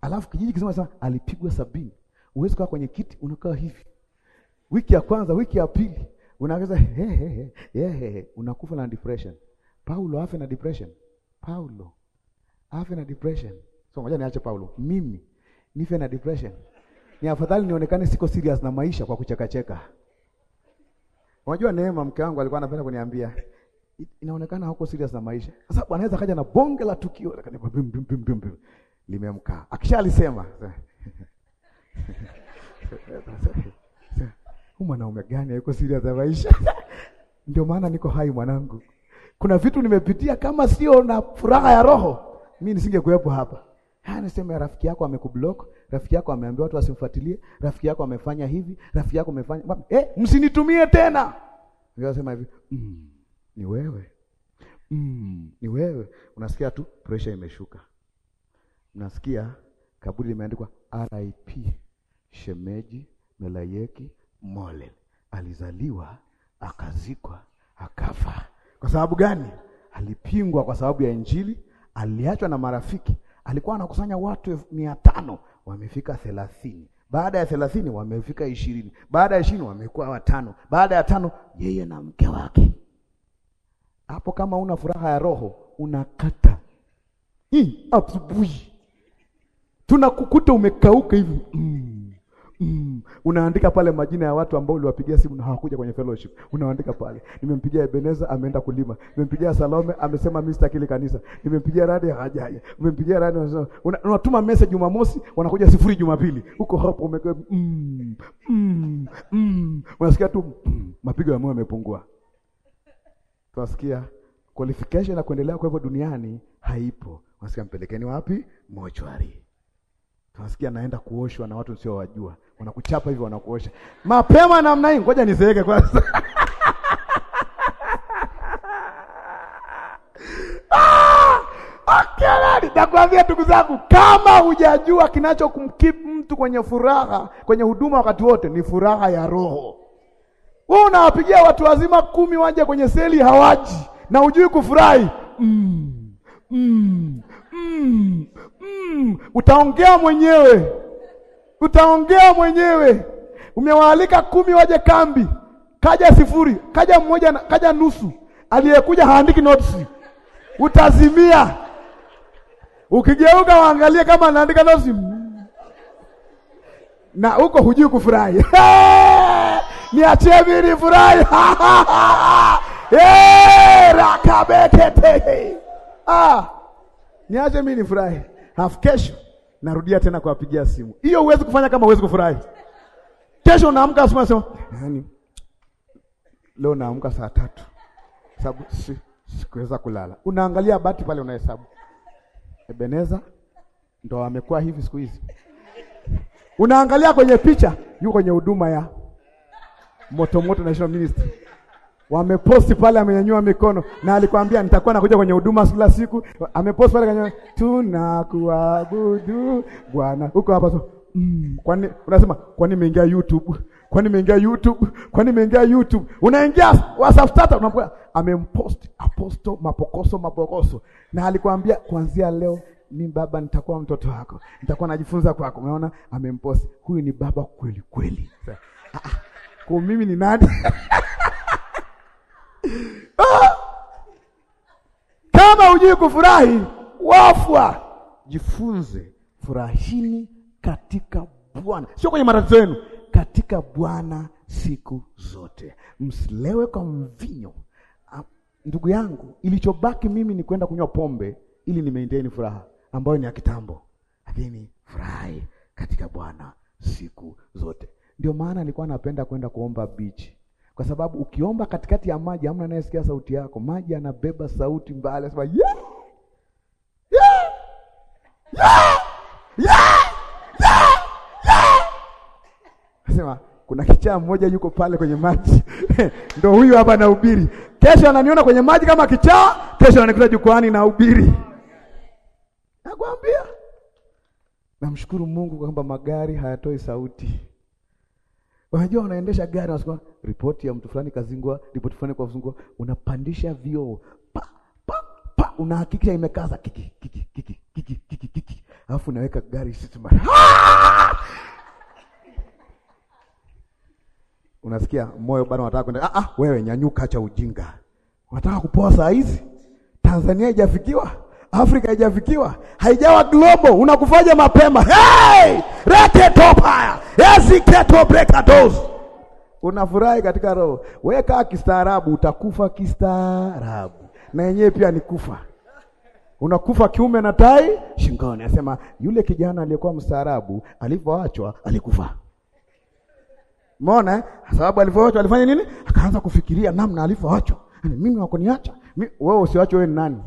alafu kijiji kizima sana alipigwa sabini. Uwezi kukaa kwenye kiti, unakaa hivi wiki ya kwanza, wiki ya pili unaweza unakufa na depression. Paulo afe na depression? Paulo afe na depression? So ngoja niache Paulo, mimi nife na depression? ni afadhali nionekane siko serious na maisha kwa kuchekacheka. Unajua Neema mke wangu alikuwa anapenda kuniambia inaonekana hauko serious na maisha. Sasa anaweza kaja na bonge la tukio limemkaa. Akishalisema mwanaume gani yuko serious na maisha? Ndio maana niko hai mwanangu. Kuna vitu nimepitia, kama sio na furaha ya roho mimi nisingekuwepo hapa. Anasema rafiki yako amekublock, rafiki yako ameambia watu wasimfuatilie, rafiki yako amefanya hivi, rafiki yako amefanya eh, msinitumie tena. Ndio Anasema hivi mm, ni wewe mm, ni wewe. Unasikia tu pressure imeshuka, unasikia kaburi limeandikwa RIP shemeji Melayeki Mole, alizaliwa akazikwa akafa. Kwa sababu gani? Alipingwa kwa sababu ya Injili, aliachwa na marafiki alikuwa anakusanya watu mia tano wamefika thelathini baada ya thelathini wamefika ishirini baada ya ishirini wamekuwa watano baada ya tano yeye na mke wake hapo kama una furaha ya roho unakata hii asubuhi tunakukuta umekauka hivi mm. Mm. Unaandika pale majina ya watu ambao uliwapigia simu na hawakuja kwenye fellowship. Unaandika pale. Nimempigia Ebeneza ameenda kulima. Nimempigia Salome amesema mimi sitaki kanisa. Nimempigia Rade hajaja. Nimempigia Rade Radi unatuma message Jumamosi wanakuja sifuri Jumapili. Huko hapo umekaa mm, mm, mm. Unasikia tu mm, mapigo ya moyo yamepungua. Tunasikia qualification na kuendelea kwa hivyo duniani haipo. Unasikia mpelekeni wapi? Mochwari. Tunasikia naenda kuoshwa na watu sio wajua. Wanakuchapa hivyo wanakuosha. Mapema namna hii, ngoja nizeeke kwanza. [laughs] Ah! Akelani, nakwambia ndugu zangu, kama hujajua kinachokumkeep mtu kwenye furaha, kwenye huduma wakati wote ni furaha ya roho. Wewe unawapigia watu wazima kumi waje kwenye seli hawaji na hujui kufurahi. Mm. Mm. Mm mm, utaongea mwenyewe, utaongea mwenyewe. Umewaalika kumi waje kambi, kaja sifuri, kaja mmoja, kaja nusu, aliyekuja haandiki notes, utazimia. Ukigeuka waangalie kama anaandika notes hmm. na huko hujui kufurahi [laughs] niachie mimi nifurahi [laughs] rakabekete ah, niache mimi nifurahi. Alafu kesho narudia tena kuwapigia simu. Hiyo huwezi kufanya kama huwezi kufurahi. Kesho naamka asubuhi nasema, "Yaani leo naamka saa tatu sababu si, sikuweza kulala." Unaangalia bati pale unahesabu. Ebeneza ndo amekuwa hivi siku hizi. Unaangalia kwenye picha, yuko kwenye huduma ya motomoto National Ministry. Wameposti pale, amenyanyua mikono na alikwambia nitakuwa nakuja kwenye huduma kila siku. Ameposti pale kanyanyua, tunakuabudu Bwana huko hapa so. Mm, kwani unasema kwani nimeingia YouTube? Kwani nimeingia YouTube? Kwani nimeingia YouTube? Unaingia WhatsApp tata unamkuta amempost aposto mapokoso mapokoso. Na alikwambia kuanzia leo mimi baba nitakuwa mtoto wako. Nitakuwa najifunza kwako. Umeona amempost. Huyu ni baba kweli kweli. Ah, ah. Kwa mimi ni nani? [laughs] kufurahi wafwa. Jifunze, furahini katika Bwana, sio kwenye matatizo yenu, katika Bwana siku zote, msilewe kwa mvinyo. Ndugu yangu, ilichobaki mimi ni kwenda kunywa pombe ili ni maintain furaha ambayo ni ya kitambo, lakini furahi katika Bwana siku zote. Ndio maana nilikuwa napenda kwenda kuomba bichi kwa sababu ukiomba katikati ya maji hamna anayesikia sauti yako. Maji anabeba sauti mbali, anasema yeah! Yeah! Yeah! Yeah! Yeah! Yeah! Asema, kuna kichaa mmoja yuko pale kwenye maji [laughs] ndo huyu hapa anahubiri. Kesho ananiona kwenye maji kama kichaa, kesho ananikuta jukwani nahubiri. Nakwambia, namshukuru Mungu kwamba magari hayatoi sauti. Unajua unaendesha gari unasema ripoti ya mtu fulani kazingwa, ripoti fulani kwa kuzingwa, unapandisha vioo. Pa pa pa unahakikisha imekaza kiki kiki kiki kiki kiki kiki. Alafu unaweka gari mara. [laughs] Unasikia moyo bado unataka kwenda. Ah ah, wewe nyanyuka, acha ujinga. Unataka kupoa saa hizi? Tanzania haijafikiwa, Afrika haijafikiwa, haijawa global, unakufanya mapema. Hey! Rete topa. Hezi keto breaker those. Unafurahi katika roho. Weka kistaarabu, utakufa kistaarabu. Na yenyewe pia ni kufa. Unakufa kiume na tai shingoni. Asema yule kijana aliyekuwa mstaarabu alipoachwa alikufa. Umeona? Sababu alipoachwa alifanya nini? Akaanza kufikiria namna alipoachwa. Yaani, mimi wako niacha. Wewe usiachwe, wewe ni nani?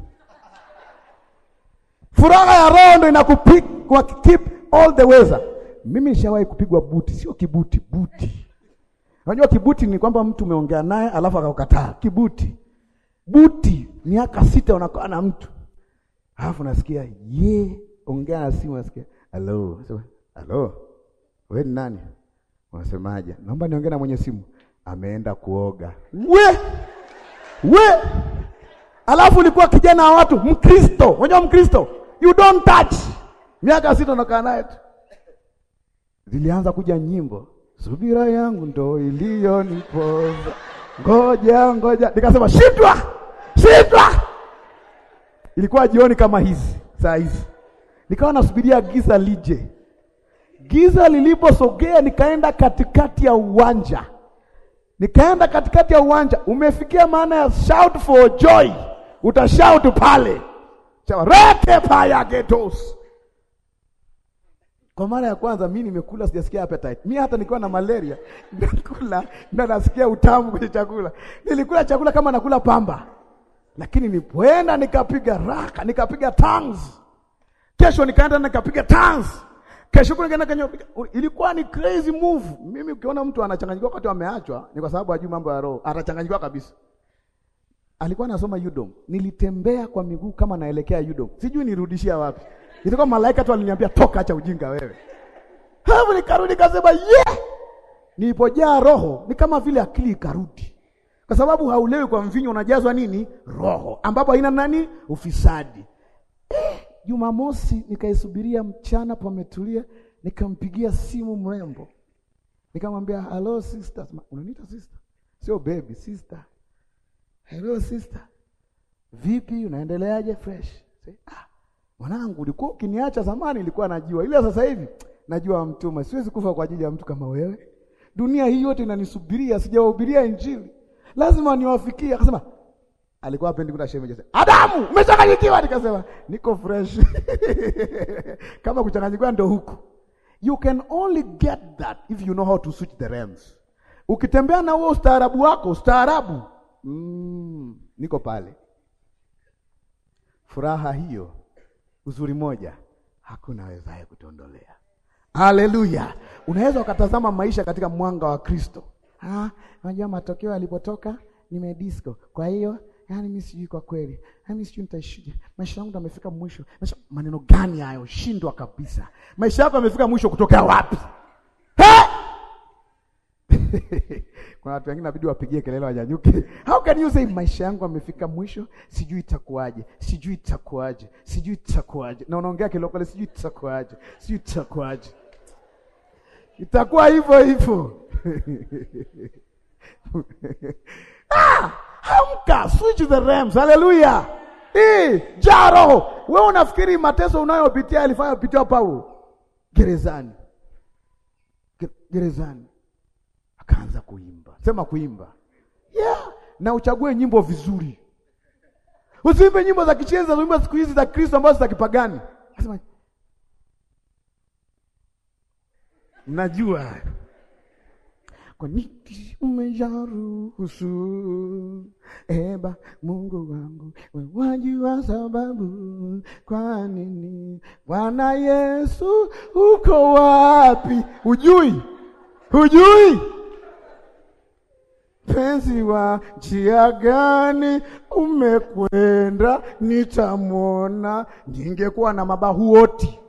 Furaha ya roho ndio inakupick kwa keep all the weather. Mimi nishawahi kupigwa buti, sio kibuti, buti. Unajua kibuti ni kwamba mtu umeongea naye alafu akakataa Kibuti. Buti miaka sita unakaa na mtu. Alafu nasikia ye ongea na simu nasikia. Hello. Nasema, "Hello. Wewe ni nani?" Unasemaje? Naomba niongee na mwenye simu. Ameenda kuoga. We! We! Alafu ulikuwa kijana wa watu Mkristo. Unajua Mkristo? You don't touch. Miaka sita unakaa naye tu zilianza kuja nyimbo, subira yangu ndo iliyonipoza, ngoja ngoja, nikasema shindwa shindwa. Ilikuwa jioni kama hizi saa hizi, nikawa nasubiria giza lije. Giza liliposogea, nikaenda katikati ya uwanja, nikaenda katikati ya uwanja. Umefikia maana ya shout for joy, utashout pale chawarete getos kwa mara ya kwanza mimi nimekula sijasikia appetite. Mimi hata nikiwa na malaria [laughs] nakula na nasikia utamu kwenye chakula. Nilikula chakula kama nakula pamba. Lakini nilipoenda nikapiga raka, nikapiga tongues. Kesho nikaenda nikapiga tongues. Kesho kuna nikaenda ilikuwa ni crazy move. Mimi ukiona mtu anachanganyikiwa wakati ameachwa ni kwa sababu hajui mambo ya roho, atachanganyikiwa kabisa. Alikuwa anasoma Udom. Nilitembea kwa miguu kama naelekea Udom. Sijui nirudishia wapi. Ilikuwa malaika tu aliniambia toka, acha ujinga wewe. Hapo nikarudi kasema, ye yeah! Nilipojaa roho ni kama vile akili ikarudi, kwa sababu haulewi kwa mvinyo, unajazwa nini? Roho ambapo haina nani? Ufisadi. Eh, Jumamosi nikaisubiria mchana, pametulia, nikampigia simu mrembo, nikamwambia hello sister. Unaniita sister? Sio baby, sister. Hello sister, vipi unaendeleaje? Fresh. Say, ah mwanangu, ulikuwa ukiniacha zamani, ilikuwa najua, ila sasa hivi najua mtuma, siwezi kufa kwa ajili ya mtu kama wewe. Dunia hii yote inanisubiria, sijawahubiria Injili, lazima niwafikie. Akasema alikuwa apendi kuta shemeji, Adamu, umechanganyikiwa? Nikasema niko fresh [laughs] kama kuchanganyikiwa ndo huku. You can only get that if you know how to switch the realms. Ukitembea na huo ustaarabu wako, ustaarabu mm, niko pale furaha hiyo uzuri moja, hakuna awezaye kutondolea. Haleluya! Unaweza ukatazama maisha katika mwanga wa Kristo. Unajua matokeo yalipotoka, nimedisco. Kwa hiyo yani mimi sijui kwa kweli, yani sijui nitaishije, maisha yangu yamefika mwisho. Maneno gani hayo? Shindwa kabisa. Maisha yako yamefika mwisho kutokea wapi? Hey! [laughs] kuna watu wengine inabidi wapigie kelele wanyanyuke. How can you say maisha yangu amefika mwisho, sijui itakuaje, sijui itakuaje, sijui itakuaje, na unaongea kilokole, sijui itakuaje, sijui itakuaje, itakuwa hivyo hivyo. [laughs] Ah, hamka, switch the realms. Haleluya! Eh, jaro, wewe unafikiri mateso unayopitia alifanya pitia Paulo gerezani gerezani akaanza kuimba. Sema kuimba, yeah. Na uchague nyimbo vizuri, usiimbe nyimbo za kichenzi zinazoimba siku hizi za Kristo ambazo za kipagani. Asema najua Kwanini umejaruhusu, eba Mungu wangu, wajua sababu. Kwa nini Bwana Yesu, uko wapi? Hujui, hujui mpenzi wa njia gani umekwenda, nitamwona. Ningekuwa na mabahu wote,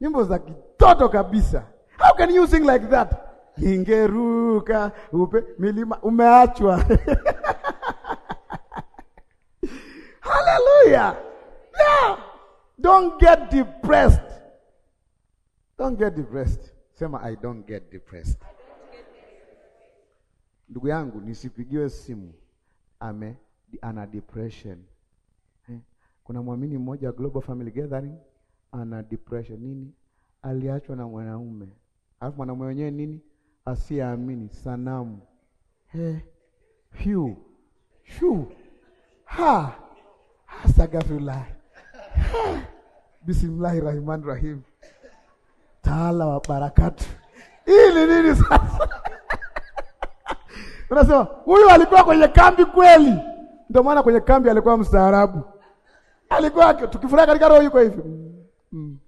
nyimbo za kitoto kabisa. How can you sing like that? Ningeruka upe milima, umeachwa [laughs] Hallelujah. Yeah. Don't get depressed. Don't get depressed. Sema I don't get depressed. Ndugu yangu nisipigiwe simu ame ana depression eh. Kuna mwamini mmoja Global Family Gathering ana depression nini, aliachwa na mwanaume, alafu mwanaume wenyewe nini, asiyeamini sanamu eh. Phew. Shuu. Ha. Astagfirullah. Bismillahirrahmanirrahim. Taala wa barakatu. Ili nini sasa? Unasema huyu alikuwa kwenye kambi kweli. Ndio maana kwenye kambi alikuwa mstaarabu, alikuwa tukifurahi katika roho yuko hivi mm. mm.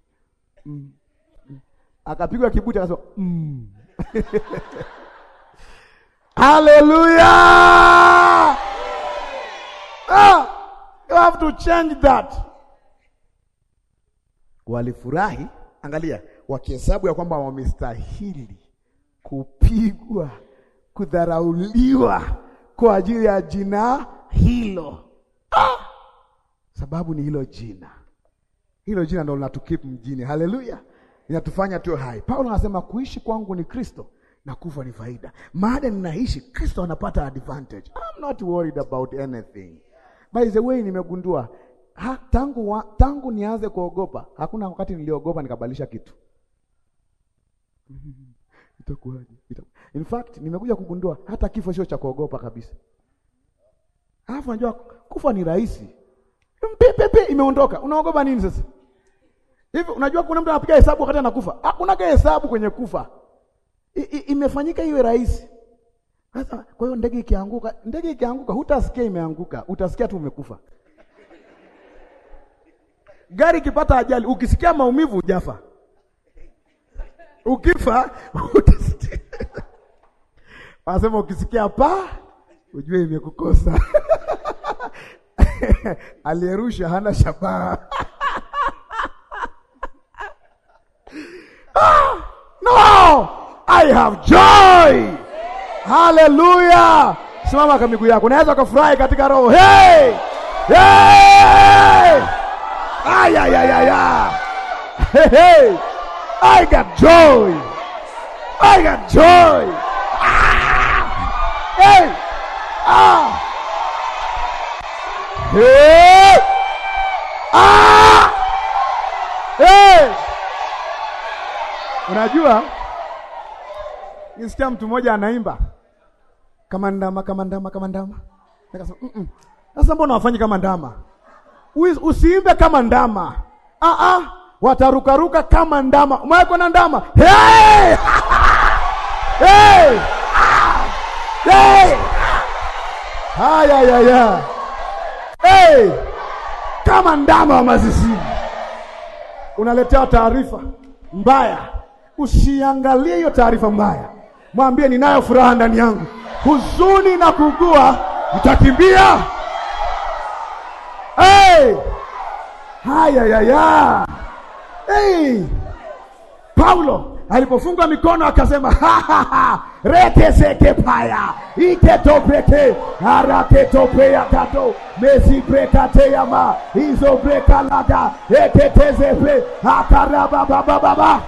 mm, mm. akapigwa kibuti akasema mm. [laughs] Haleluya! Ah, you have to change that. Walifurahi, angalia, wakihesabu ya kwamba wamestahili kupigwa kudharauliwa kwa ajili ya jina hilo. Ah! Sababu ni hilo jina, hilo jina ndio linatukeep mjini. Haleluya, inatufanya tu hai. Paulo anasema kuishi kwangu ni Kristo na kufa ni faida. Maada ninaishi Kristo anapata advantage. I'm not worried about anything. By the way, nimegundua ha, tangu, wa, tangu nianze kuogopa hakuna wakati niliogopa nikabadilisha kitu itakuwaje? In fact nimekuja kugundua hata kifo sio cha kuogopa kabisa. Alafu unajua kufa ni rahisi. Pepepe imeondoka. Unaogopa nini sasa? Hivi unajua kuna mtu anapiga hesabu wakati anakufa. Hakuna ah, hesabu kwenye kufa. I, i, imefanyika iwe rahisi. Sasa kwa hiyo ndege ikianguka, ndege ikianguka hutasikia imeanguka, utasikia tu umekufa. Gari ikipata ajali, ukisikia maumivu hujafa. Ukifa Anasema ukisikia pa ujue imekukosa. [laughs] Aliyerusha hana shabaha. [laughs] Ah, no! I have joy. Haleluya! Simama kwa miguu yako, unaweza ukafurahi katika roho. Hey! Hey! ay. Hey, hey! I got joy. I got joy. Hey! Ah! Hey! Ah! Hey! Unajua nisikia mtu mmoja anaimba kama ndama kama ndama kama ndama, nikasema mm sasa, mbona wafanyi kama ndama? Usiimbe kama ndama. Ah ah, watarukaruka kama ndama. Mwako na ndama. Hey! [laughs] hey! Hey! Ay, ay, Hey! Kama ndama wa mazizi unaletea taarifa mbaya, usiangalie hiyo taarifa mbaya, mwambie ninayo furaha ndani yangu, huzuni na kugua utakimbia. Hey! Haya, ya, ya. Hey! Paulo Alipofungwa mikono akasema, retezekepaya iketobreke araketopeakato mezibrekateyama izobrekalada eketezepe akarabababababa.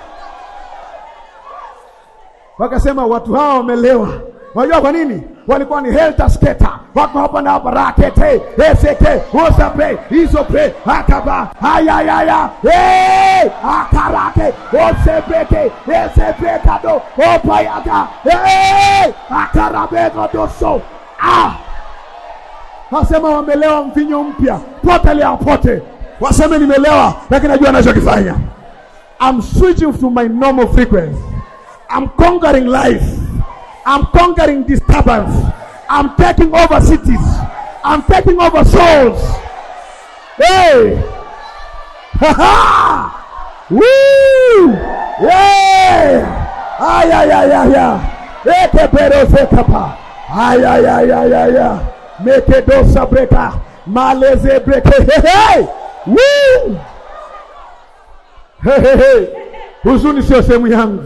Wakasema watu hawa wamelewa. Unajua kwa nini? Walikuwa ni helter skater. wako hapa na hapa, rakete eseke osape isope akaba ayayaya hey! akarake osebeke esebekado opayaga hey! akarabegodoso ah! Wasema wamelewa mvinyo mpya, pote lea pote. Waseme nimelewa, lakini najua anachokifanya. I'm switching to my normal frequency. I'm conquering life I'm conquering disturbance. I'm taking over cities. I'm taking over souls. Hey! Ha ha! Woo! Hey! Ay, ay, ay, ay, ay. Ete perose kapa. Ay, ay, ay, ay, ay, ay. Mete dosa breka. Maleze breka. Hey, hey! Woo! Hey, hey, hey. Huzuni sio sehemu yangu.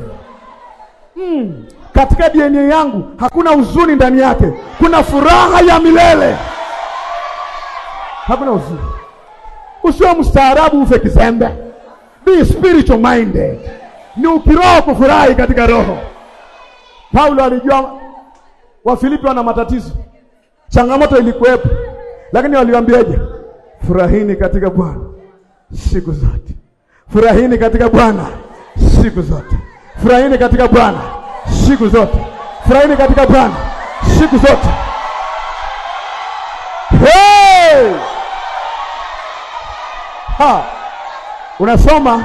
Mm katika DNA yangu hakuna huzuni ndani yake, kuna furaha ya milele, hakuna huzuni. Usiwe mstaarabu ufe kizembe, be spiritual minded, ni ukiroho kufurahi katika roho. Paulo alijua Wafilipi wana matatizo, changamoto ilikuwepo, lakini waliwaambiaje? Furahini katika Bwana siku zote, furahini katika Bwana siku zote, furahini katika Bwana siku zote. Furahini katika Bwana siku zote. Hey! Ha! Unasoma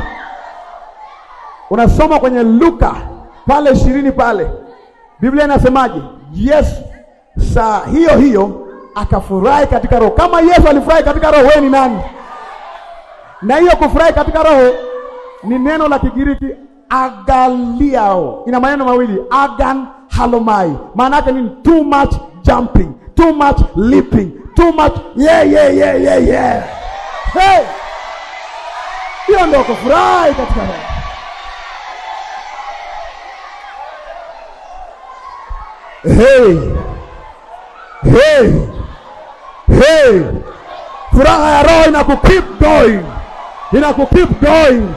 unasoma kwenye Luka pale ishirini pale Biblia inasemaje? Yesu saa hiyo hiyo akafurahi katika roho. Kama Yesu alifurahi katika roho, wewe ni nani? Na hiyo kufurahi katika roho ni neno la Kigiriki agaliao ina maneno mawili agan halomai, maana yake ni too much jumping, too much leaping, too much yeah, yeah, yeah, yeah, yeah. Hey! Hiyo ndio kufurahi katika roho. Hey! Hey! Hey! Furaha ya roho inakukeep going, Inakukeep going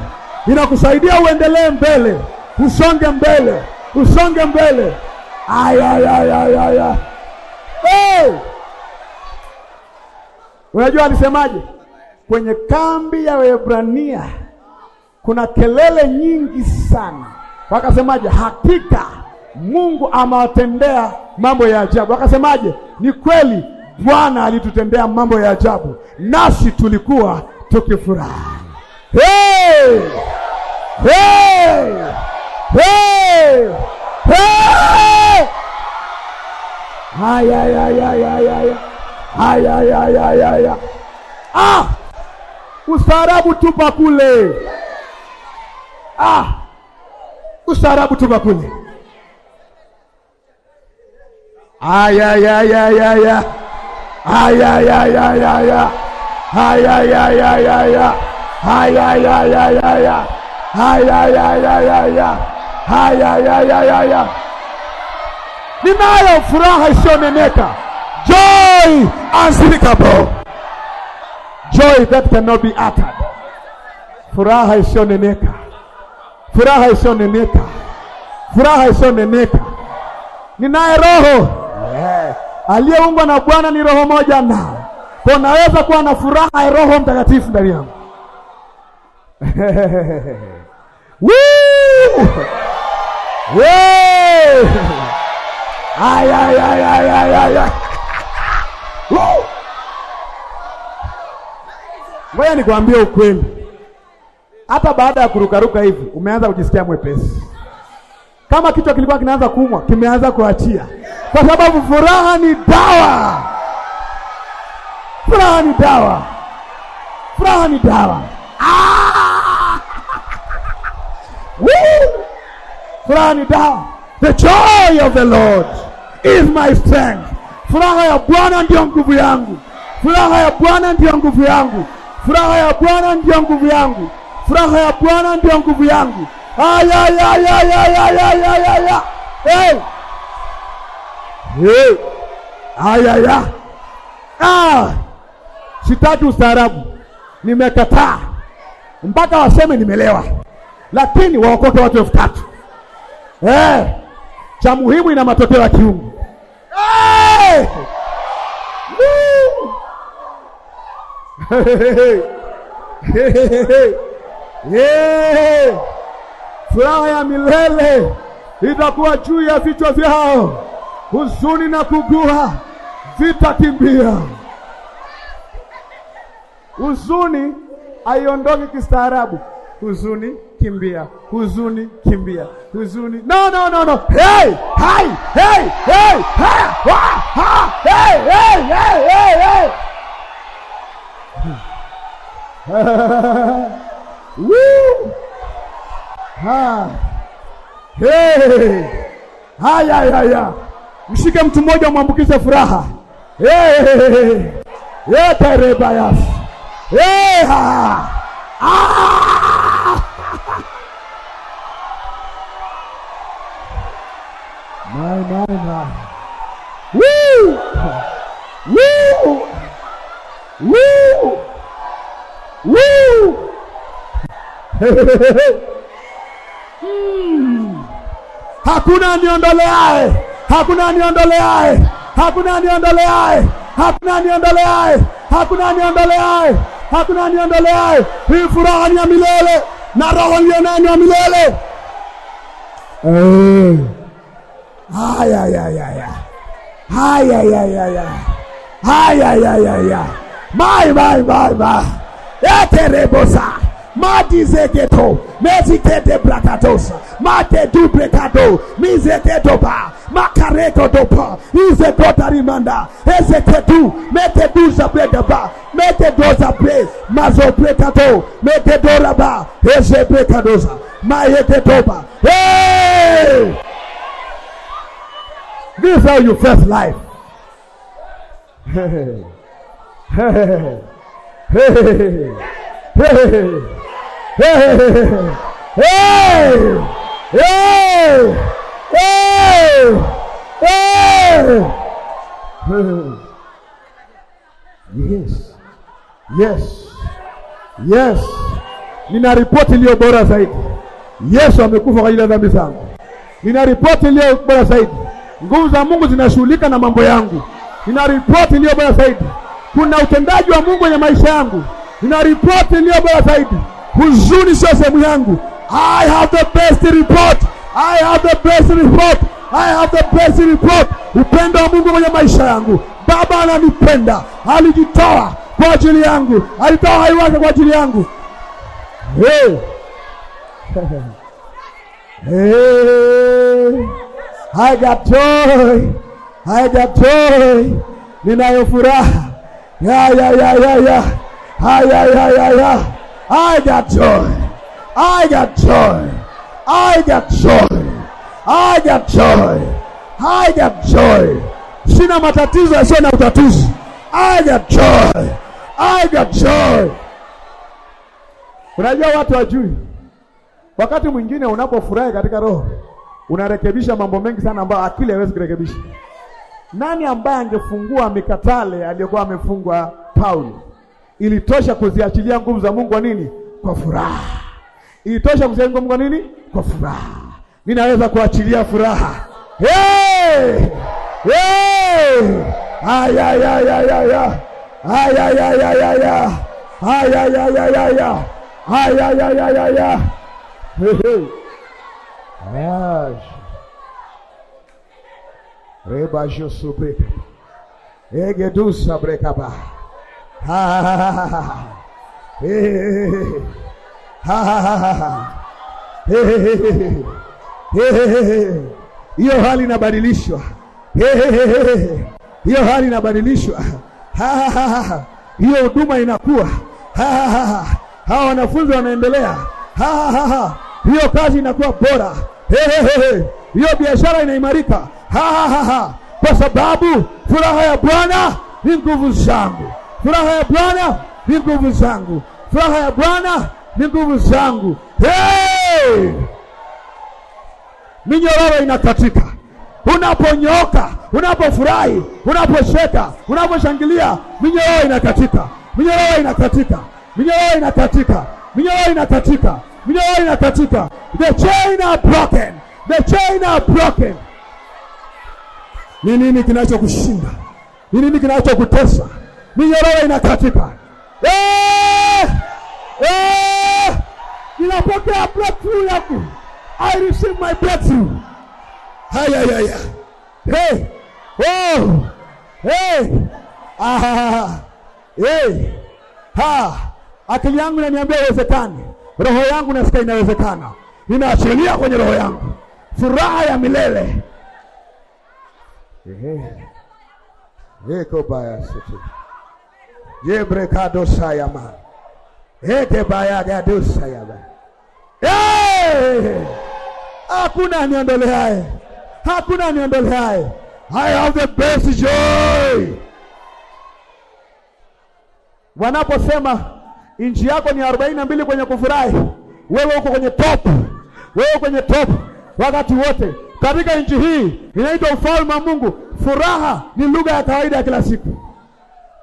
inakusaidia uendelee mbele, usonge mbele, usonge mbele. Ayayayayaya, hey! Unajua alisemaje? Kwenye kambi ya Waebrania kuna kelele nyingi sana, wakasemaje? Hakika Mungu amewatendea mambo ya ajabu. Wakasemaje? Ni kweli Bwana alitutendea mambo ya ajabu, nasi tulikuwa tukifurahi. Hey! Hey! Hey! Hey! Ah! tupa kule. Ah! Ustaarabu tupa kule ninayo furaha isiyoneneka joy unspeakable joy that cannot be uttered furaha isiyoneneka furaha isiyoneneka furaha isiyoneneka ninaye roho aliyeungwa na Bwana ni roho moja na kwa naweza kuwa na furaha ya Roho Mtakatifu ndani yangu Ngoja nikwambie ukweli, hata baada ya kurukaruka hivi umeanza kujisikia mwepesi. Kama kichwa kilikuwa kinaanza kuumwa, kimeanza kuachia, kwa sababu furaha ni dawa. Furaha ni dawa. Furaha ni dawa. Ah! Woo! Fulani down. The joy of the Lord is my strength. Furaha ya Bwana ndiyo nguvu yangu. Furaha ya Bwana ndiyo nguvu yangu. Furaha ya Bwana ndiyo nguvu yangu. Furaha ya Bwana ndiyo nguvu yangu. Aya ya ya ya ya ya ya ya ya. Hey. Hey. Aya ya. Ah. Sitaki ustaarabu. Nimekataa. Mpaka waseme nimelewa lakini waokoke watu elfu tatu. Eh, cha muhimu ina matokeo ya kiungu hey! Eh! [laughs] Yeah. Furaha ya milele itakuwa juu ya vichwa vyao, huzuni na kugua vitakimbia. Huzuni haiondoki kistaarabu. Huzuni kimbia, huzuni kimbia, huzuni no, no, no, no. Hey, hey, hey, hey, hey, ha, ha, hey, hey, hey, hey, hey. [laughs] Woo! Ha. Hey. Ha, ya, ya, ya. Mshike mtu mmoja mwambukize furaha. Hey. Yetereba yasi. Hey. Ha. Ah! My, my, my. Woo! Woo! Woo! Woo! Hakuna niondoleaye, hakuna niondoleaye, hakuna niondoleaye, hakuna niondoleaye, hakuna niondoleaye, hakuna niondoleaye. Hii furaha ni ya milele na roho iliyo ndani ya milele. Hey. Eh eterebosa madizegeto mezikedebrakadosa madedubrekado mizegedoba makaregodopa izegodarimanda ezekedu mekeduzabredaba mekedozabre mazobrekado mekedoraba ezebrekatosa mayeketoba hey! This is how you face life. Hey. Hey. Hey. Hey. Hey. Hey. Hey. Hey. Hey. Yes. Yes. Yes. Nina ripoti iliyo bora zaidi. Yesu amekufa kwa ajili ya dhambi zangu. Nina ripoti iliyo bora zaidi. Nguvu za Mungu zinashughulika na mambo yangu. Nina ripoti iliyo bora zaidi. Kuna utendaji wa Mungu kwenye maisha yangu. Nina ripoti iliyo bora zaidi. Huzuni sio sehemu yangu. I have the best report. I have the best report. I have the best report. Upendo wa Mungu kwenye maisha yangu. Baba ananipenda, alijitoa kwa ajili yangu, alitoa hai wake kwa ajili yangu. Hey. [laughs] Hey haijatoi haijatoi, ninayo furaha ya ya ya ya ya haya ya ya ya haijatoi haijatoi haijatoi haijatoi haijatoi, sina matatizo yasiyo na utatuzi, haijatoi haijatoi. Unajua watu wajui, wakati mwingine unapofurahi katika roho unarekebisha mambo mengi sana ambayo akili haiwezi kurekebisha. Nani ambaye angefungua mikatale aliyokuwa amefungwa Paulo? Ilitosha kuziachilia nguvu za Mungu kwa nini? Kwa furaha. Ilitosha kuziachilia nguvu kwa nini? Kwa furaha. Mimi naweza kuachilia furaha. Hey! Hey! Ay ay ay ay ay. Ay ay ay ay ay. Ay ay ay ay ay. Ay ay ay ay ay. Hey, hey. Yes. Reba Josu Breka. Egedusa Breka Ha ha ha ha ha. Ha ha ha ha Hiyo hali inabadilishwa. Hiyo hali inabadilishwa. Hiyo huduma inakuwa. Hawa wanafunzi wanaendelea. Hiyo kazi inakuwa bora hiyo hey, hey, hey. Biashara inaimarika ha, ha, ha, ha. Kwa sababu furaha ya Bwana ni nguvu zangu, furaha ya Bwana ni nguvu zangu, furaha ya Bwana ni nguvu zangu. Hey! Minyororo inakatika unaponyoka, unapofurahi, unaposheka, unaposhangilia, minyororo inakatika, minyororo inakatika, minyororo inakatika, minyororo inakatika. Minyororo inakatika. The chain are broken. The chain are broken. Ni nini kinachokushinda? Ni nini kinachokutesa? Minyororo inakatika. Eh! Eh! Ninapokea breakthrough yangu. I receive my breakthrough. Haya ya ya. Hey! Oh! Hey! Ah! Hey! Ha! Akili yangu inaniambia uwezekani roho yangu nasikia inawezekana, ninaachilia kwenye roho yangu furaha ya milele yebrekadosayama ekebayagadosayaa hakuna aniondoleaye, hakuna aniondoleaye. I have the best joy wanaposema Inchi yako ni arobaini na mbili kwenye kufurahi. Wewe uko kwenye top, wewe kwenye top wakati wote katika nchi hii inaitwa ufalme wa Mungu. Furaha ni lugha ya kawaida ya kila siku,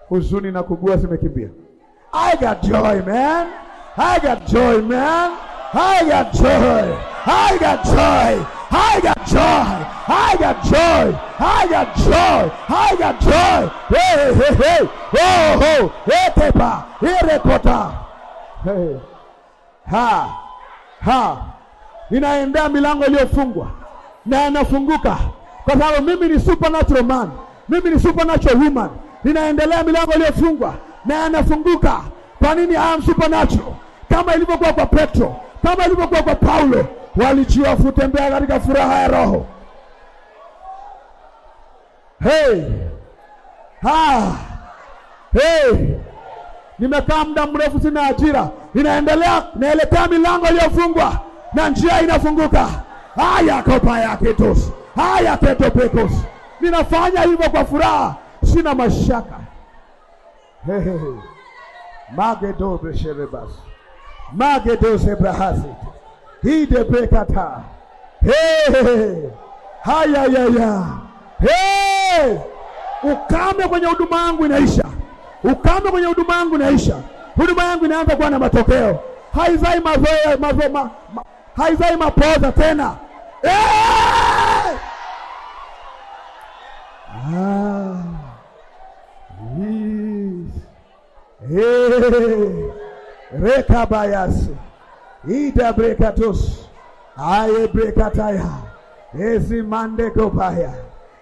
huzuni na kugua zimekimbia. I got joy man, I got joy man, I got joy, I got joy haijajoi, haijajoi, haijajoi, haijajoi Hey, etepa Hey. ha ha, inaendea milango iliyofungwa na inafunguka, kwa sababu mimi ni supernatural man, mimi ni supernatural woman. Ninaendelea milango iliyofungwa na inafunguka. Kwa nini? I am supernatural, kama ilivyokuwa kwa Petro, kama ilivyokuwa kwa Paulo walijiofu kutembea katika furaha ya Roho. Hey. Ha. Hey. Nimekaa muda mrefu, sina ajira, inaendelea naelekea milango iliyofungwa na njia inafunguka. Haya kopa ya ketos, haya pekos, ninafanya hivyo kwa furaha, sina mashaka. Hey, hey, hey. magedo beshebebas magedo sebrahasi hidebekata hey. hayayaya hey. Ukame kwenye huduma yangu inaisha, ukame kwenye huduma yangu inaisha. Huduma yangu inaanza kuwa na matokeo, haizai mazoea mazo, ma, ma, haizai mapoza tena hey. ah. yes. hey. rekabayasi itabrekatosh ayebrekataya ezimandekopaya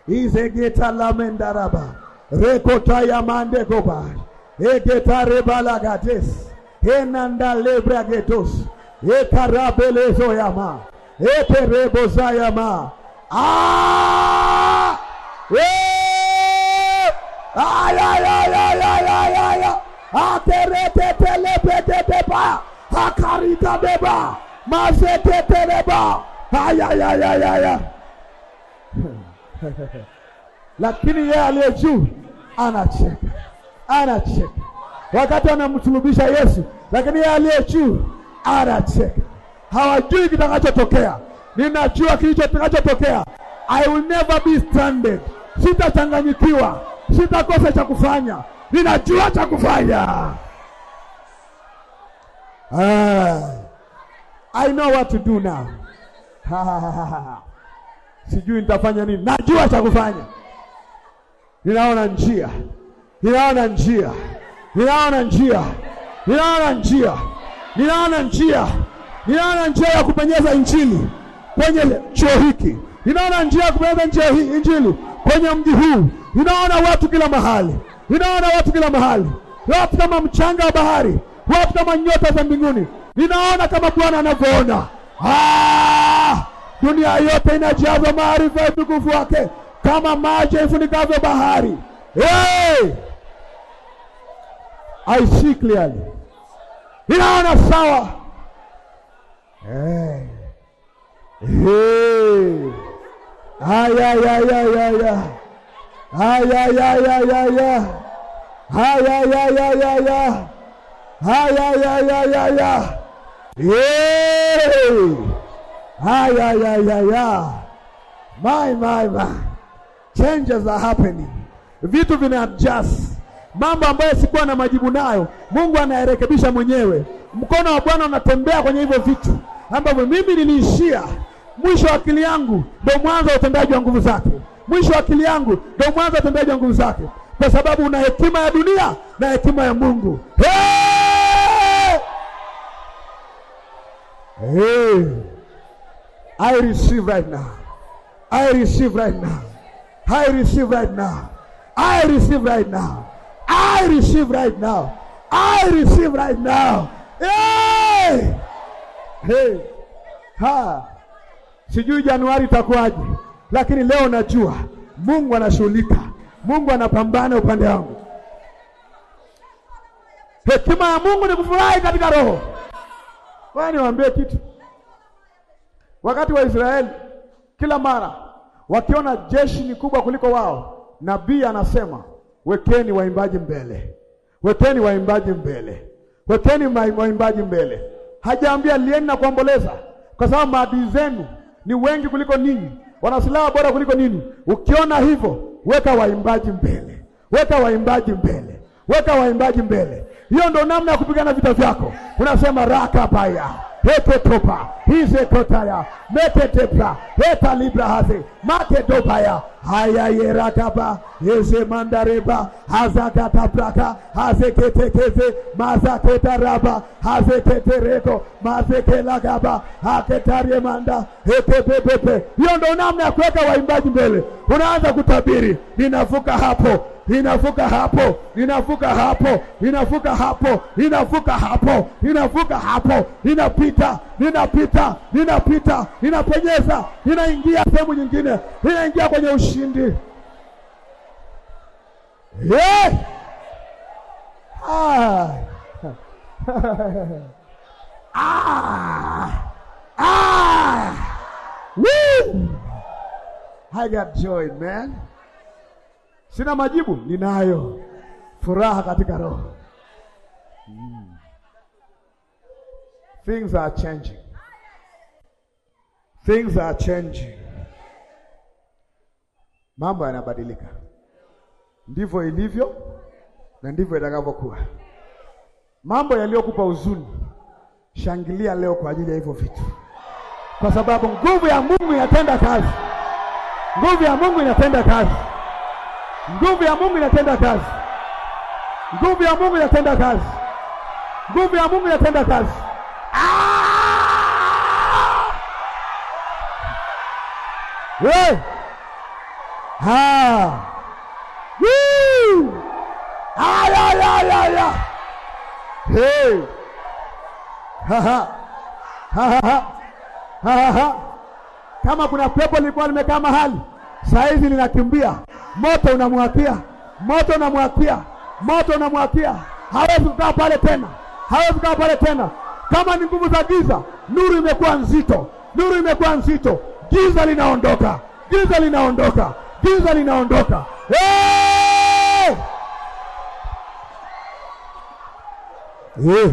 izegeta lamendaraba rekotaya mandekopa egetarebalagates enandalebragetos ekaraberezoyama eterebozayama ee! ateretetelepeketepa hakarigadeba mazeketeleba hayayayayaya [laughs] lakini yeye aliye juu anacheka, anacheka wakati wanamsulubisha Yesu, lakini yeye aliye juu anacheka. Hawajui kitakachotokea, ninajua kilichotokea. I will never be stranded, sitachanganyikiwa, sitakosa cha kufanya, ninajua cha kufanya. Ah, I know what to do now. [laughs] Sijui nitafanya nini, najua cha kufanya. Ninaona njia, ninaona njia, ninaona njia, ninaona njia, ninaona njia, ninaona njia ya kupenyeza Injili kwenye chuo hiki, ninaona njia ya kupenyeza Injili kwenye mji huu, ninaona watu kila mahali, ninaona watu kila mahali, watu kama mchanga wa bahari wapi kama nyota za mbinguni? Ninaona kama Bwana anavyoona. Ah, dunia yote inajazwa maarifa ya utukufu wake kama maji yaifunikavyo bahari. Hey! I see clearly. Ninaona sawa. Hey. Hey. Ay, ay, ay, ay, ay, ay. Ay, ay, ay, ay, ay, ay ya ya. my my my, changes are happening, vitu vina adjust, mambo ambayo sikuwa na majibu nayo Mungu anayarekebisha mwenyewe. Mkono wa Bwana unatembea kwenye hivyo vitu ambavyo mimi niliishia. Mwisho wa akili yangu ndio mwanzo wa utendaji wa nguvu zake. Mwisho wa akili yangu ndio mwanzo wa utendaji wa nguvu zake, kwa sababu una hekima ya dunia na hekima ya Mungu hey! Hey, I receive right now. I receive right now. I receive right now. I receive right now. I receive right now. I receive right now. Hey! Hey. Ha. Sijui Januari itakuwaje, lakini leo najua Mungu anashughulika. Mungu anapambana upande wangu. Hekima ya Mungu ni kufurahi katika roho. Kwa niwaambie kitu, wakati wa Israeli kila mara wakiona jeshi ni kubwa kuliko wao, nabii anasema wekeni waimbaji mbele, wekeni waimbaji mbele, wekeni waimbaji mbele. Hajaambia lieni na kuomboleza, kwa sababu maadui zenu ni wengi kuliko ninyi, wana silaha bora kuliko ninyi. Ukiona hivyo, weka waimbaji mbele, weka waimbaji mbele, weka waimbaji mbele. Hiyo ndo namna ya kupigana vita vyako. Unasema raka rakabaya heketopa hisekotaya metetepra hetalibrahaze makedobaya hayayerakaba hezemandareba hazakatabraka hazeketekeze mazaketaraba hazeketereko mazekelagaba haketariemanda hetepepepe. Hiyo ndo namna ya kuweka waimbaji mbele. Unaanza kutabiri, ninavuka hapo inavuka hapo, inavuka hapo, inavuka hapo, inavuka hapo, inavuka hapo, inapita, inapita, inapita, inapenyeza, inaingia sehemu nyingine, inaingia kwenye ushindi. Yeah. Ah. [laughs] ah. Ah. Woo. I got joy, man. Sina majibu, ninayo furaha katika roho. Mm. Things are changing. Things are changing. Mambo yanabadilika. Ndivyo ilivyo na ndivyo itakavyokuwa. Mambo yaliyokupa huzuni, shangilia leo kwa ajili ya hivyo vitu, kwa sababu nguvu ya Mungu inatenda kazi. Nguvu ya Mungu inatenda kazi. Nguvu ya Mungu inatenda kazi, nguvu ya Mungu inatenda kazi, nguvu ya Mungu inatenda kazi. Ah! Hey! Ha! Ah! Woo! Ah, hey! Ha ha. Ha ha ha. Ha ha ha. Kama kuna pepo lilikuwa limekaa mahali hizi linakimbia, moto unamwakia, moto unamwakia, moto unamwakia. Hawezi kukaa pale tena, hawezi kukaa pale tena. Kama ni nguvu za giza, nuru imekuwa nzito, nuru imekuwa nzito. Giza linaondoka, giza linaondoka, giza linaondoka. Hey! Hey!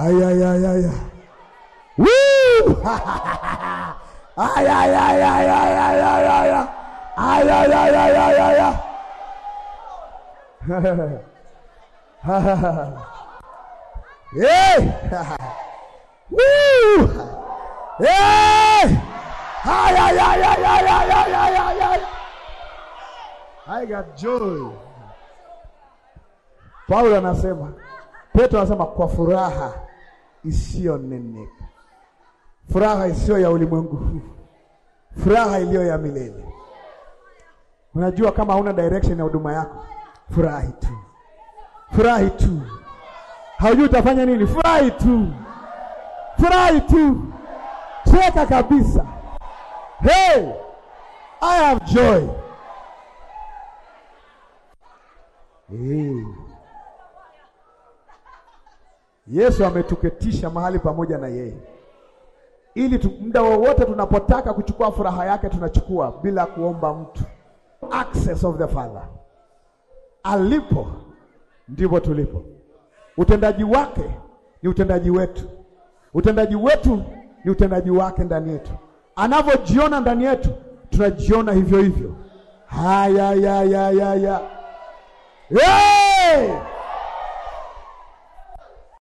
Ay, ay, ay, ay. Woo! [laughs] I got joy. Paulo anasema, Petro anasema kwa furaha isiyoneneka furaha isiyo ya ulimwengu huu, furaha iliyo ya milele. Unajua, kama huna direction ya huduma yako, furahi tu, furahi tu, haujui utafanya nini, furahi tu, furahi tu, cheka kabisa. Hey, I have joy. Hey. Yesu ametuketisha mahali pamoja na yeye ili muda wowote tunapotaka kuchukua furaha yake tunachukua bila kuomba mtu. Access of the Father, alipo ndipo tulipo. Utendaji wake ni utendaji wetu, utendaji wetu ni utendaji wake ndani yetu. Anavyojiona ndani yetu tunajiona hivyo hivyo. Haya, ya, ya, ya, ya. Hey!